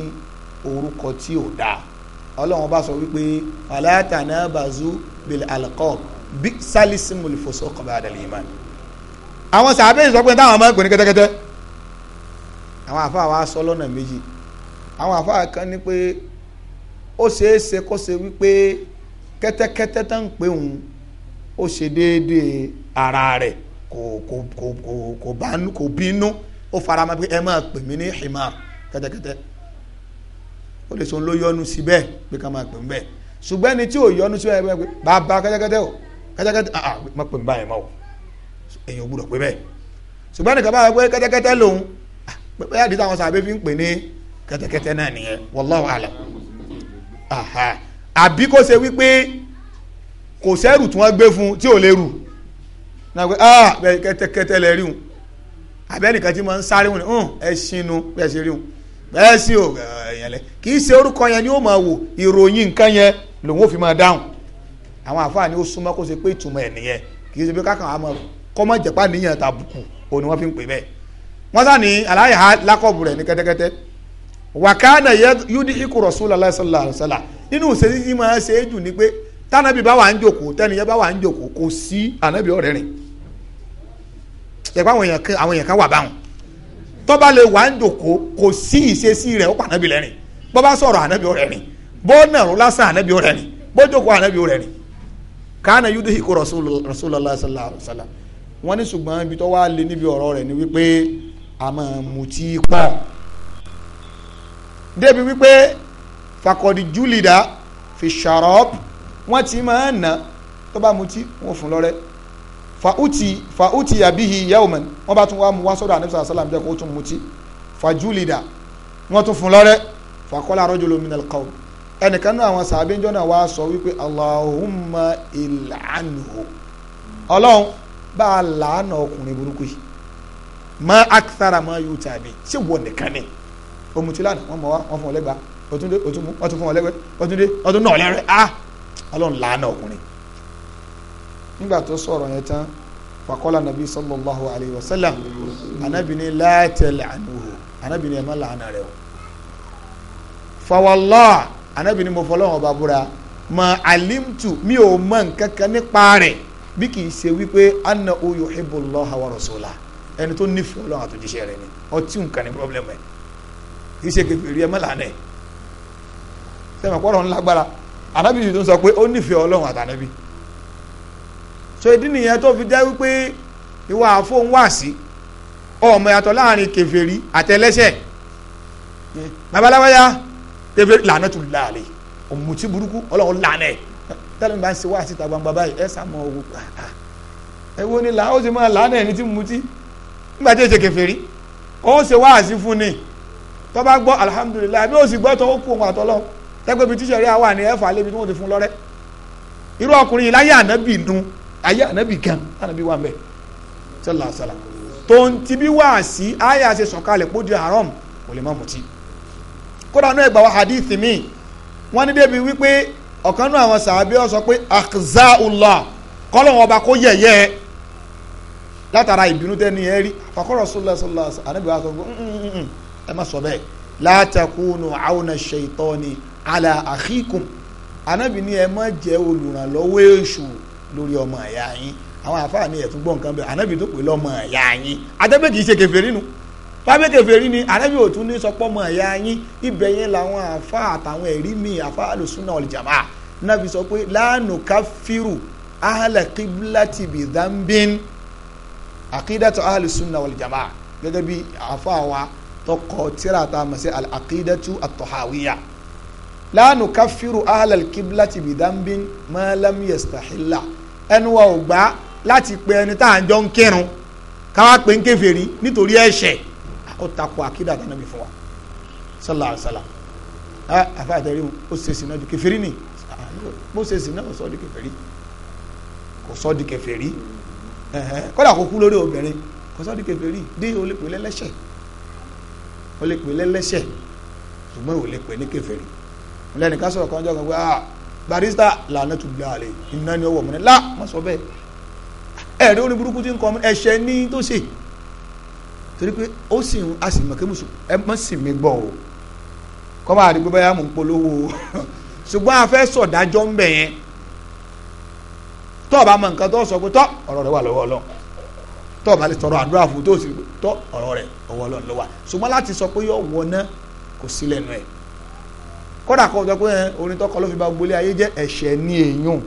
Speaker 1: orúkọ tí ò dáa ọlọ́run bá sọ wípé alátànà bazu bil alqab bí sálísìmùlì fòsó kọba àdàlẹ iman àwọn sàbẹ̀ sọ pé táwọn máa ń pè ní kẹ́tẹ́kẹ́tẹ́ àwọn àfa wa sọ lọ́nà méjì àwọn àfa kan ní pé ó ṣeé ṣe kó ṣe wípé kẹ́tẹ́kẹ́tẹ́ tó ń pè òun ó ṣe déédéé ara rẹ̀ kò kò kò kò kò bá kò bínú ó fara mọ́ pé ẹ máa pè mí ní himar kẹ́tẹ́kẹ́tẹ́ ó lè sọ ló yọnu sí bẹ́ẹ̀ pé ká máa pè mí bẹ́ẹ̀ ṣùgbọ́n ẹni tí ò yọnu sí bẹ́ẹ̀ pé bàbá kẹ́tẹ́kẹ́tẹ́ o kẹ́tẹ́kẹ́tẹ́ ah ah má pè mí báyìí mọ́ o èèyàn ò gbúdọ̀ pé bẹ́ẹ̀ ṣùgbọ́n ẹnìkan báyìí pé kẹ́tẹ́kẹ́tẹ́ lòun pé báyà dìtà àwọn àbí kó ṣe wípé kò sẹ́rù tí wọ́n gbé fún tí ò lè ah kẹ́tẹ́kẹ́tẹ́ lẹ rí wọn àbẹ́nìkan tí mo ń sáré wọn ni ẹ ṣinu bẹ́ẹ̀ ṣe rí wọn bẹ́ẹ̀ sì ò eh, ẹ̀yàn lẹ kì í ṣe orúkọ yẹn ni ó máa wò ìròyìn nǹkan yẹn lòun ò fi máa dáhùn àwọn àfáà ni ó súnmọ́ kó ṣe pé ìtumọ̀ ẹ̀ nìyẹn kì í ṣe pé kákan àmọ́ kọ́mọ́ jẹ̀pá níyàn tàbùkù òun ni wọ́n fi ń pè bẹ́ẹ̀ wọ́n sá ní aláìhá lákọ̀bù rẹ̀ ní kẹ́tẹ́kẹ́tẹ́ wàkánà yúdí ikú rọ̀súlà lẹ́sọ̀lá àlùsọ̀là nínú ìṣesí tí osisi ṣe se ni pe tànàbí bá wà ń jòkó tẹ́niyẹ bá wà ń jòkó kò sí ànábì ọ̀rẹ́ rìn ṣẹ̀pá àwọn èèyàn kan wà báwọn tó bá wà ń jòkó kò sí ìṣesí rẹ̀ ó pa ànábì lẹ́rìn bo bá sọ̀rọ̀ ànábì ọ̀rẹ́ rìn nàró lásán ànábì sallallahu wọn débi wípé fakọ̀dì júlìdá fi sharab wọ́n ti máa ń nà tó bá mutí wọ́n fún lọ́rẹ́ fa'uti fa'uti abihi yawman wọ́n bá tún wá mu wá sọ́dọ̀ anabi sallallahu alayhi wa sallam jẹ́ kó tún mutí fajulida wọ́n tún fún lọ́rẹ́ fakọ́lá rajulun minal qawm ẹnìkan náà àwọn sàbẹ̀ náà wá sọ wípé allahumma il'anhu ọlọ́run bá a làánà ọkùnrin burúkú yìí ma akthara ma yóò tàbí ṣé wọ́n nìkan ni omutu lánàá wọ́n mọ̀ wá wọ́n fún ọ lẹ́gbàá òtúndé òtúmú wọ́n tún fún ọ lẹ́gbẹ́ òtúndé ọdún náà lẹ́rẹ́ á ah! ọlọ́run làánà ọkùnrin. nígbà tó sọ̀rọ̀ yẹn tán wàkọ́lá nàbí sallallahu alayhi wa sallam anábìíní láàtẹ̀ làánúhù anábìíní ẹ̀ má làánà rẹ̀ o. fawallá anábìíní mo fọlọ́wọ́n ọba búra mà alimtu mi ò mọ nǹkan kan nípa rẹ̀ bí kì í ṣe wípé anna yuhibbu Allah wa rasulahu ẹni tó nífẹ̀ẹ́ ọlọ́run àtòjíṣẹ́ rẹ̀ ni ọtí nǹkan ni pọ́blẹ́mù ẹ̀ kì í ṣe kèfèrí ẹ mọ́lànà ẹ̀ sẹ́mi àpọ̀rọ̀ ńlágbára ànábì yìí tó ń sọ pé ó nífẹ̀ẹ́ ọlọ́run àtànábì so ìdí nìyẹn tó fi jẹ́ wípé ìwà àfohùn wà sí ọmọ yàtọ̀ láàrin kèfèrí àtẹlẹ́sẹ̀ babaláwa ya kèfèrí làánà tún láàlè òmùtí burúkú ọlọ́run làánà ẹ̀ tẹ́lẹ̀ bá ń ṣe wá síta gbangba báyìí ẹ sàmọ́ owó ẹ wo ni làá ó sì máa làánà ẹni tí mutí nígbà tí ó ṣe kèfèrí ó ṣe wá sí fún ni tó bá gbọ́ alihamudulilayi bí ó sì gbọ́ tó ó kú òun àtọ́lọ́ tẹ́gbẹ́ bíi tíṣẹ̀rí àwa ni ẹ̀fà lébi tí wọ́n ti fún lọ́rẹ́ irú ọkùnrin yìí láyé ànábì dun ayé ànábì kan ànábì wà mẹ́ sàlàsàlà tòun ti bí wá sí àyà ṣe sọ̀kalẹ̀ pójú haram kò lè má mutí kódà náà ẹgbàá wa hadith mi wọ́n ní débi wípé ọ̀kan náà àwọn sàábé ọ̀ sọ pé akzaullah kọ́lọ́wọ́n ọba kó yẹ̀yẹ́ látara ìbínú tẹ́ni ẹ rí sọlá sọlá ànábì wa sọ mm, mm, mm, ẹ má sọ bẹ́ẹ̀ la takunu awna shaytani ala akhikum anábì ní ẹ má jẹ́ olùrànlọ́wọ́ èṣù lórí ọmọ ẹ̀yà yín àwọn àfáà ní ẹ̀tún gbọ́ nǹkan bẹ́ẹ̀ anábì tó pè lọ́mọ ẹ̀yà yín adébẹ́ kì í ṣe kèfèrí nu fábẹ́ kèfèrí ni anábì ò tún ní sọpọ́ ọmọ ẹ̀yà yín ibẹ̀ yẹn làwọn àfáà àtàwọn ẹ̀rí mi àfáà alùsùnà ọ̀lìjàmá nábì sọ pé láàánú káfíru ahàlẹ̀ kíbláti bíi dambin àkídàtọ̀ alùsùnà ọ̀lìjàmá gẹ́gẹ́ bí àfáà wa tọkọ tíra ta mọ̀ sí al-aqidatu at-tahawiyya la nukaffiru ahlal kiblati bidambin ma lam yastahilla ẹnu wa ò gbà láti pe ẹni tá à ń jọ ń kírun káwá pé ń kèfèrí nítorí ẹ̀ṣẹ̀ ó takò àkídà tó nàbí fún wa sallallahu alaihi wasallam ẹ àfàtẹ́rí ó ṣe sìnà ju kèfèrí ni bó ṣe sìnà kò sọ di kèfèrí kò sọ di kèfèrí kódà kó kú lórí obìnrin kò sọ di kèfèrí dé olè pèlè lẹ́ṣẹ̀ wọ́n lè pè lẹ́lẹ́ṣẹ̀ ṣùgbọ́n ìwò lè pè ní kèfèrí lẹ́nu ká sọ̀rọ̀ kan jọ kan pé ah barista làánà tún gbà lè iná ni ọwọ́ mi ní là má sọ bẹ́ẹ̀ ẹ̀rí oní burúkú ti ń kọ́ ẹ̀ṣẹ̀ ní tó ṣe torí pé ó sì ń a sì mọ̀ kí mùsùlùmí ẹ mọ̀ sì mí gbọ́ o kọ́ máa rí gbé báyà mò ń polówó o ṣùgbọ́n a fẹ́ sọ̀dájọ́ ń bẹ̀ yẹn tọ́ọ̀ bá mọ nǹkan tó sọ pé tọ́ ọ̀rọ̀ rẹ wà lọ́wọ́ ọlọ́run tọ́ọ̀ bá lè sọ̀rọ̀ àdúrà fún tó sì gbé tọ́ ọ̀rọ̀ rẹ̀ ọwọ́ ọlọ́run ló wà ṣùgbọ́n láti sọ pé yọ wọná kò sí lẹ́nu ẹ̀ kódà kọ́ ọ̀dọ́ pé orin tọkọ ló fi ba gbolé ayé jẹ́ ẹ̀ṣẹ̀ ní èèyàn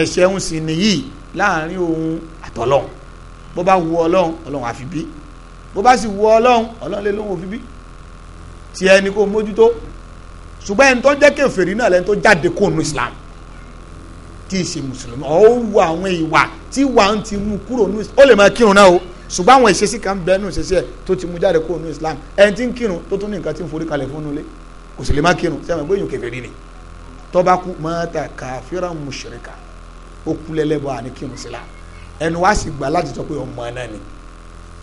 Speaker 1: ẹ̀ṣẹ̀ ń sì nìyí láàrin òun àtọlọ́run bó bá wu ọlọ́run ọlọ́run àfi bí bó bá sì wu ọlọ́run ọlọ́run lè lóhùn òfi bí tí ẹni kò mójútó ṣùgbọ́n ẹni tó jẹ́ kèfèrí náà lẹni tó jáde kó nu Islam tí ì ṣe mùsùlùmí ọ̀ ó àwọn ìwà tí wà ń ti mú kúrò nu ó lè máa kírun náà o ṣùgbọ́n àwọn ìṣesí kan bẹ́ẹ̀ nù ìṣesí ẹ̀ tó ti mú jáde kúrò ní Islam ẹni tí ń kírun tó tún ní nǹkan tí ń forí kalẹ̀ fún nulẹ̀ kò sì lè má kírun sẹ́wọ̀n gbóyún kèfèrí ni tọ́ba kú mọ́ta kàfírà mùṣírikà ó kú lẹ́lẹ́bọ̀ àní kírun sí ẹnu wá sì gbà láti sọ pé ọmọ náà ni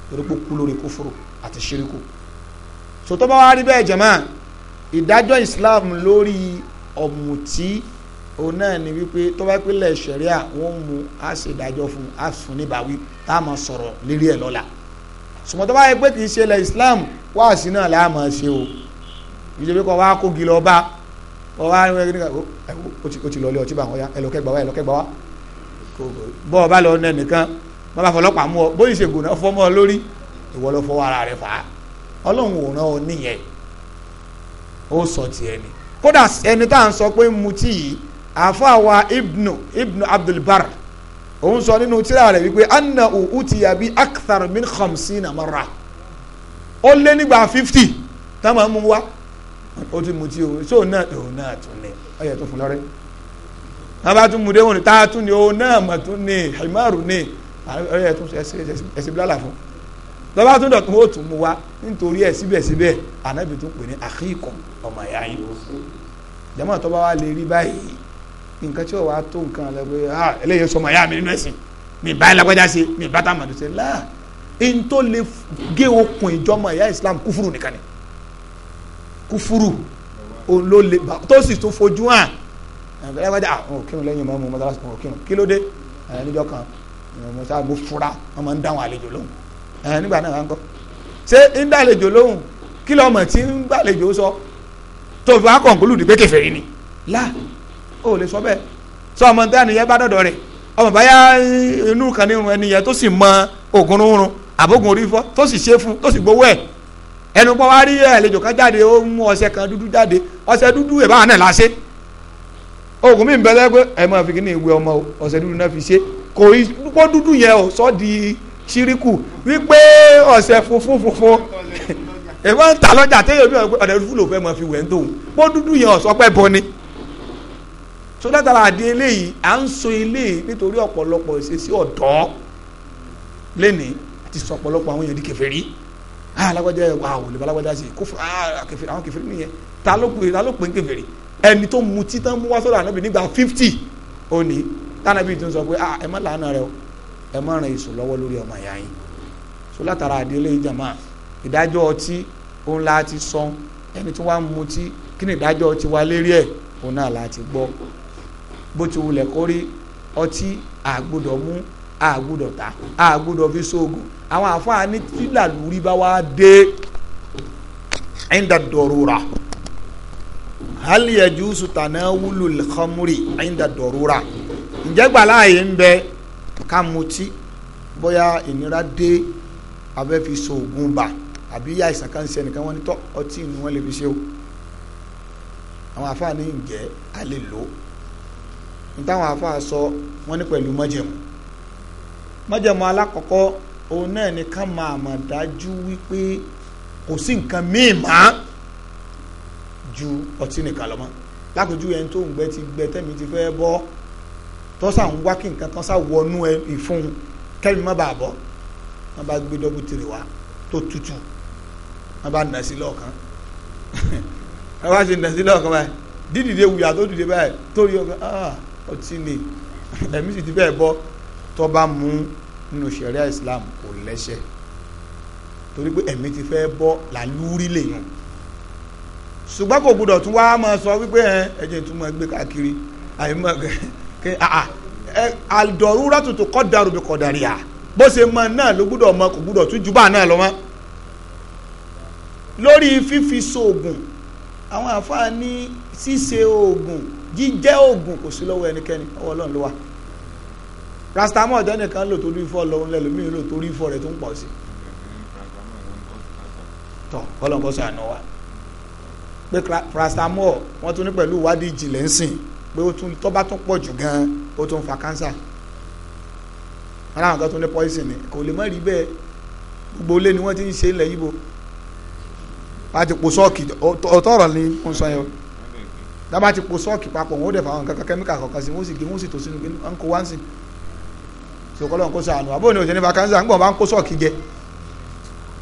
Speaker 1: torí pé kú lórí kófòrò àti ṣíríkù sọtọ́ba wa rí bẹ́ẹ̀ jẹ̀mọ́ ìdájọ́ Islam lórí ọ̀mùtí òun náà ni wípé tó bá pínlẹ̀ ṣẹ̀ríà wọ́n mú a ṣe ìdájọ́ fún a fún níbàwí tá a máa sọ̀rọ̀ lérí ẹ̀ lọ́la ṣùgbọ́n tó bá yẹ pé kì í ṣe ilẹ̀ Islam wáàsí náà la máa ṣe o ìjọba kọ́ wa kó gilọ bá wọ́n wá ẹgbẹ́ nígbà ó ti lọlé ọtí bá wọn ya ẹlọ́kẹ́gbà wa ẹlọ́kẹ́gbà wa bọ́ ọ bá lọ nẹ nìkan wọ́n bá fọlọ́pàá mú ọ bóyì ṣègùn náà fọ́ mọ́ ọ àfa wa ibnu ibnu abdulbar òun sọ nínú tírà rẹ̀ wípé anna utiya bi akthar min khamsina marra ó lé nígbà fifty tá máa mú wá ó ti mutí o ṣé òun náà òun náà tún ní ó yẹ tó fún lọ́rẹ́ náà bá tún mu dé wọn tá a tún ní òun náà mà tún ní himaru ní ó yẹ tún ẹsẹ bílálà fún lọ́ba tún dọ̀tún ó tún mu wá nítorí ẹ̀ síbẹ̀síbẹ̀ ànábì tún pè ní àkíkọ̀ ọmọ ìyá yín jàmọ́ tó bá wà lè rí báyìí nǹkan tí wàá tó nǹkan alẹ́ pé ah eléyìí sọmọ ayá mi nínú ẹ̀sìn mi bá ẹlẹ́gbẹ́já ṣe mi bá tá a màdùn ṣe láà n tó lè gé okùn ìjọmọ ìyá Islam kúfúrú nìkan ni kúfúrú òun ló lè bá tó sì tún fojú hàn ẹlẹ́gbẹ́já ah òkìrun lẹ́yìn mọ́ mu mọ́tàlásì òkìrun kí ló dé ẹ̀ níjọ́ kan mo sáà mo fura wọn máa ń dáhùn àlejò lóhùn ẹ̀ nígbà náà ń kọ́ ṣé ń dálejò lóhùn kí lọ́mọ tí ń gbàlejò sọ tó fi wá kọ̀ǹkúlù dìgbé yìí ni láà ò lè sọ bẹ́ẹ̀ sọ ọmọ tí àníyàn bá dọ̀dọ̀ rẹ̀ ọmọ báyà inú kan nírun ẹniyẹn tó sì mọ ògùn rúnrún àbógun orí fọ́ tó sì ṣe fún tó sì gbowó ẹ̀ ẹnu pọ́ wá rí àlejò kan jáde ó mú ọṣẹ kan dúdú jáde ọṣẹ dúdú ẹ̀ báwọn náà la ṣe oògùn mi ń bẹ lẹ́gbẹ́ ẹ̀ máa fi kíní ìwé ọmọ ọṣẹ dúdú náà fi ṣe kò kó dúdú yẹn ò sọ di ṣíríkù wípé ọṣẹ funfun funfun èèwọ̀n ń ta lọ́jà téèyàn bí ọ̀dẹ̀ fúlò fẹ́ máa fi wẹ̀ ń tóun kó dúdú yẹn ò sọ pẹ́ bọ́ ni so látara àdé eléyìí à ń so eléyìí nítorí ọ̀pọ̀lọpọ̀ ìṣesí ọ̀dọ́ lẹ́nìí àti sọ ọ̀pọ̀lọpọ̀ àwọn èèyàn di kèfèrí alágbájá wà wò lè balágbájá sí kó fún kèfèrí àwọn kèfèrí nìyẹn ta ló pè ta ló pè ń kèfèrí ẹni tó mutí tán mú wá sọ́dọ̀ nígbà fifty òní tana tó ń sọ pé ẹ má làánà rẹ o ẹ má ràn èso lọ́wọ́ lórí ọmọ ìyá yín so látara àdé eléyìí jàmá ìdájọ́ ọtí òun la ti sọ ẹni tó wá mutí kí ni ìdájọ́ ọtí wa lérí ẹ̀ òun náà la ti gbọ́ bó ti wulẹ̀ kó rí ọtí àgbọ́dọ̀ mú àgbọ́dọ̀ ta àgbọ́dọ̀ fi sóògùn àwọn àfáà ní tí làlùrí bá wá dé inda dorura hali yajusu tanawulu lkhamri inda dorura ǹjẹ́ gbàláàyè ń bẹ ká mutí bóyá ìnira dé abẹ́ fi sóògùn bá àbí àìsàn kan ṣe ẹnìkan wọ́n ní tọ́ ọtí ni wọ́n lè fi ṣe o àwọn àfáà ní ǹjẹ́ a lè lò ó nítawọn afáà sọ wọ́n ní pẹ̀lú májẹ̀mú májẹ̀mú alákọ̀ọ́kọ́ òun náà ni ká máa mọ̀ dájú wípé kò sí nǹkan míì má ju ọtí nìkan lọ mọ́ lákòójú ẹni tó ń gbẹ ti gbẹ ti fẹ́ bọ́ tọ́sà ń wá kí nǹkan kan sá wọnú ẹ ìfun kẹ́mi má bàa bọ́ wọ́n bá gbé dọ́gbù tèrè wá tó tutù wọ́n bá nà sí lọ́ọ̀kan wọ́n ọtí ni ẹ̀mí sì ti bẹ́ẹ̀ bọ́ tó bá mú nínú ṣẹ̀ríà Islam kò lẹ́ṣẹ̀ torí pé ẹ̀mí ti fẹ́ bọ́ làlúrí lèèyàn ṣùgbọ́n kò gbọdọ̀ tún wá máa sọ wípé ẹ̀jẹ̀ tún máa gbé káàkiri àìmọ̀ kẹ́ àdọ̀rúra tuntun kọ́ darú bí kọ́ darí à bó ṣe mọ náà ló gbọdọ̀ mọ kò gbọdọ̀ tún jùbá náà lọ mọ́ lórí fífi ṣoògùn àwọn àfáà ní ṣíṣe oògùn jíjẹ́ oògùn kò sí lọ́wọ́ ẹnikẹ́ni ọwọ́ ọlọ́run ló wà rastamol ọjọ́ nìkan lò torí ifọ̀ lọ́wọ́ lẹ́lòmíì lò torí ifọ̀ rẹ̀ tó ń pọ̀ sí tọ kọ́lọ́n kọ́ sọ àná wa pé rastamol wọ́n tún ní pẹ̀lú ìwádìí ìjìnlẹ̀ ń sìn pé ó tún tọ́ bá tún pọ̀ jù gan-an ó tún fa kánsà aláwọn kan tún ní poison ni kò lè má rí bẹ́ẹ̀ gbogbo ilé ni wọ́n ti ń ṣe ilẹ̀ yíbo láti pò sọ́ọ̀kì ọ̀tọ̀ọ̀rọ̀ ni mo sọ yẹn o dábàá ti po sọ́ọ̀kì papọ̀ wọn ó dẹ̀ fà àwọn nǹkan kẹ́míkà kọ̀ọ̀kan sí wọn ó sì gé wọn ó sì tó sínú kí wọn kó wá sí sokolo nko ṣàánú abo ni o jẹni vakansa ngbọ ba nko sọọki jẹ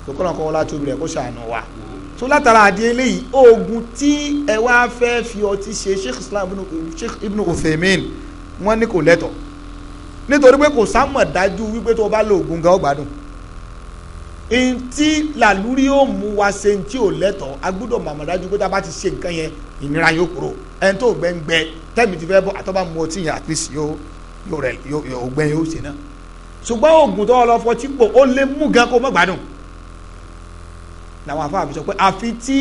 Speaker 1: sokolo nko wọlá tóbi rẹ kó ṣàánú wa tó látara àdé eléyìí oògùn tí ẹ wá fẹ́ fi ọtí ṣe sheikh islam sheikh ibn uthaymin wọ́n ní kò lẹ́tọ̀ nítorí pé kò sámọ̀ dájú wípé tó o bá lo oògùn gan ó ntí làlúrí ó mú wa ṣe ntí ò lẹ́tọ̀ a gbọ́dọ̀ màmá dájú pé tá a bá ti ṣe nǹkan yẹn ìnira yóò kúrò ẹni tó gbẹ́ngbẹ́ tẹ́mi ti fẹ́ bọ́ àtọ́ bá mu ọtí yẹn at least yóò yóò rẹ yóò ògbẹ́ yóò ṣe náà ṣùgbọ́n oògùn tó lọ fọ tí kò ó lè mú gan kó má gbádùn làwọn afáàmì sọ pé àfi tí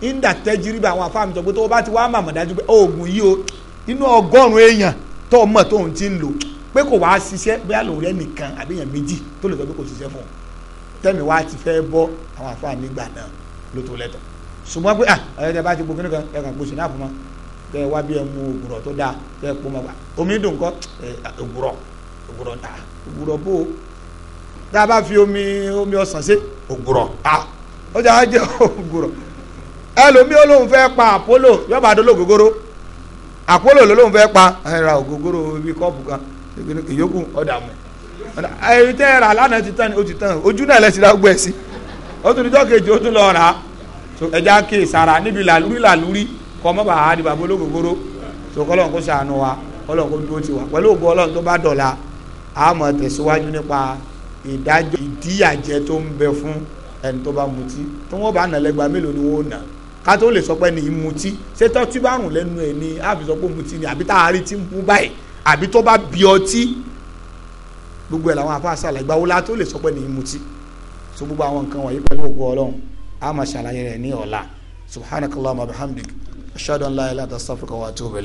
Speaker 1: ìndà tẹ́jírí bá àwọn afáàmì sọ pé tó bá ti wá màmá pé oògùn yìí o inú ọgọ́rùn-ún èèyàn tó mọ̀ tóun ti ń lò pé kò wá ṣiṣẹ́ bóyá lòun nìkan àbí méjì tó lè sọ pé kò ṣiṣẹ́ fún un tẹ́mi wá ti fẹ́ bọ́ àwọn àfa nígbà náà ló tó lẹ́tọ̀ ṣùgbọ́n pé ọ̀rẹ́ tẹ bá ti gbogbo nìkan ẹ̀kan gbòsì náà fún wọn kẹ wá bí ẹmu ògùrọ̀ tó dáa kẹ kó ma gbà omi dùn kọ́ ògùrọ̀ ògùrọ̀ ta ògùrọ̀ bó o tá a bá fi omi omi ọsàn sí ògùrọ̀ ta ó jà á jẹ ògùrọ̀ ẹlòmí olóhùn fẹ́ pa àpólò yọba àdó lògógóró àpólò lòlóhùn fẹ́ pa ẹ̀ra ògógóró ibi kọ́ọ̀pù kan ìyókù ọ̀dà mọ́ ẹ̀yin tẹ́ ẹ rà lánàá ti tán o ó ti tán ojú náà lẹ́sìn náà gbọ́ ẹ̀ sí ó tún ní dọ́kejì ó tún lọ rà á so ẹja ké sara níbi làlúrí làlúrí kọ́ mọ́ bàá di bàbá ológogoro so kọ́lọ́n kó ṣàánú wa kọ́lọ́n kó dúró ti wa pẹ̀lú ògbó ọlọ́run tó bá dọ̀la a máa tẹ̀síwájú nípa ìdájọ́ ìdíyàjẹ tó ń bẹ fún ẹni tó bá mutí tó wọ́n bá nà lẹ́gba mélòó ni wọ́n nà ká tó lè sọ pé ní ìmutí ṣé tọ́tí bá rùn lẹ́nu ẹ̀ ni àfi sọ pé mutí ni àbí tá a rí tí mú báyìí àbí tó bá bí ọtí gbogbo ẹ̀ làwọn afa àṣàlà ìgbà wo la tó lè sọ pé nìyí mutí so gbogbo àwọn nǹkan wọ̀nyí pẹ̀lú ògo ọlọ́run a máa ṣàlàyé rẹ̀ ní ọ̀la subhanakallahumma bihamdik ashhadu an la ilaha illa anta astaghfiruka wa atubu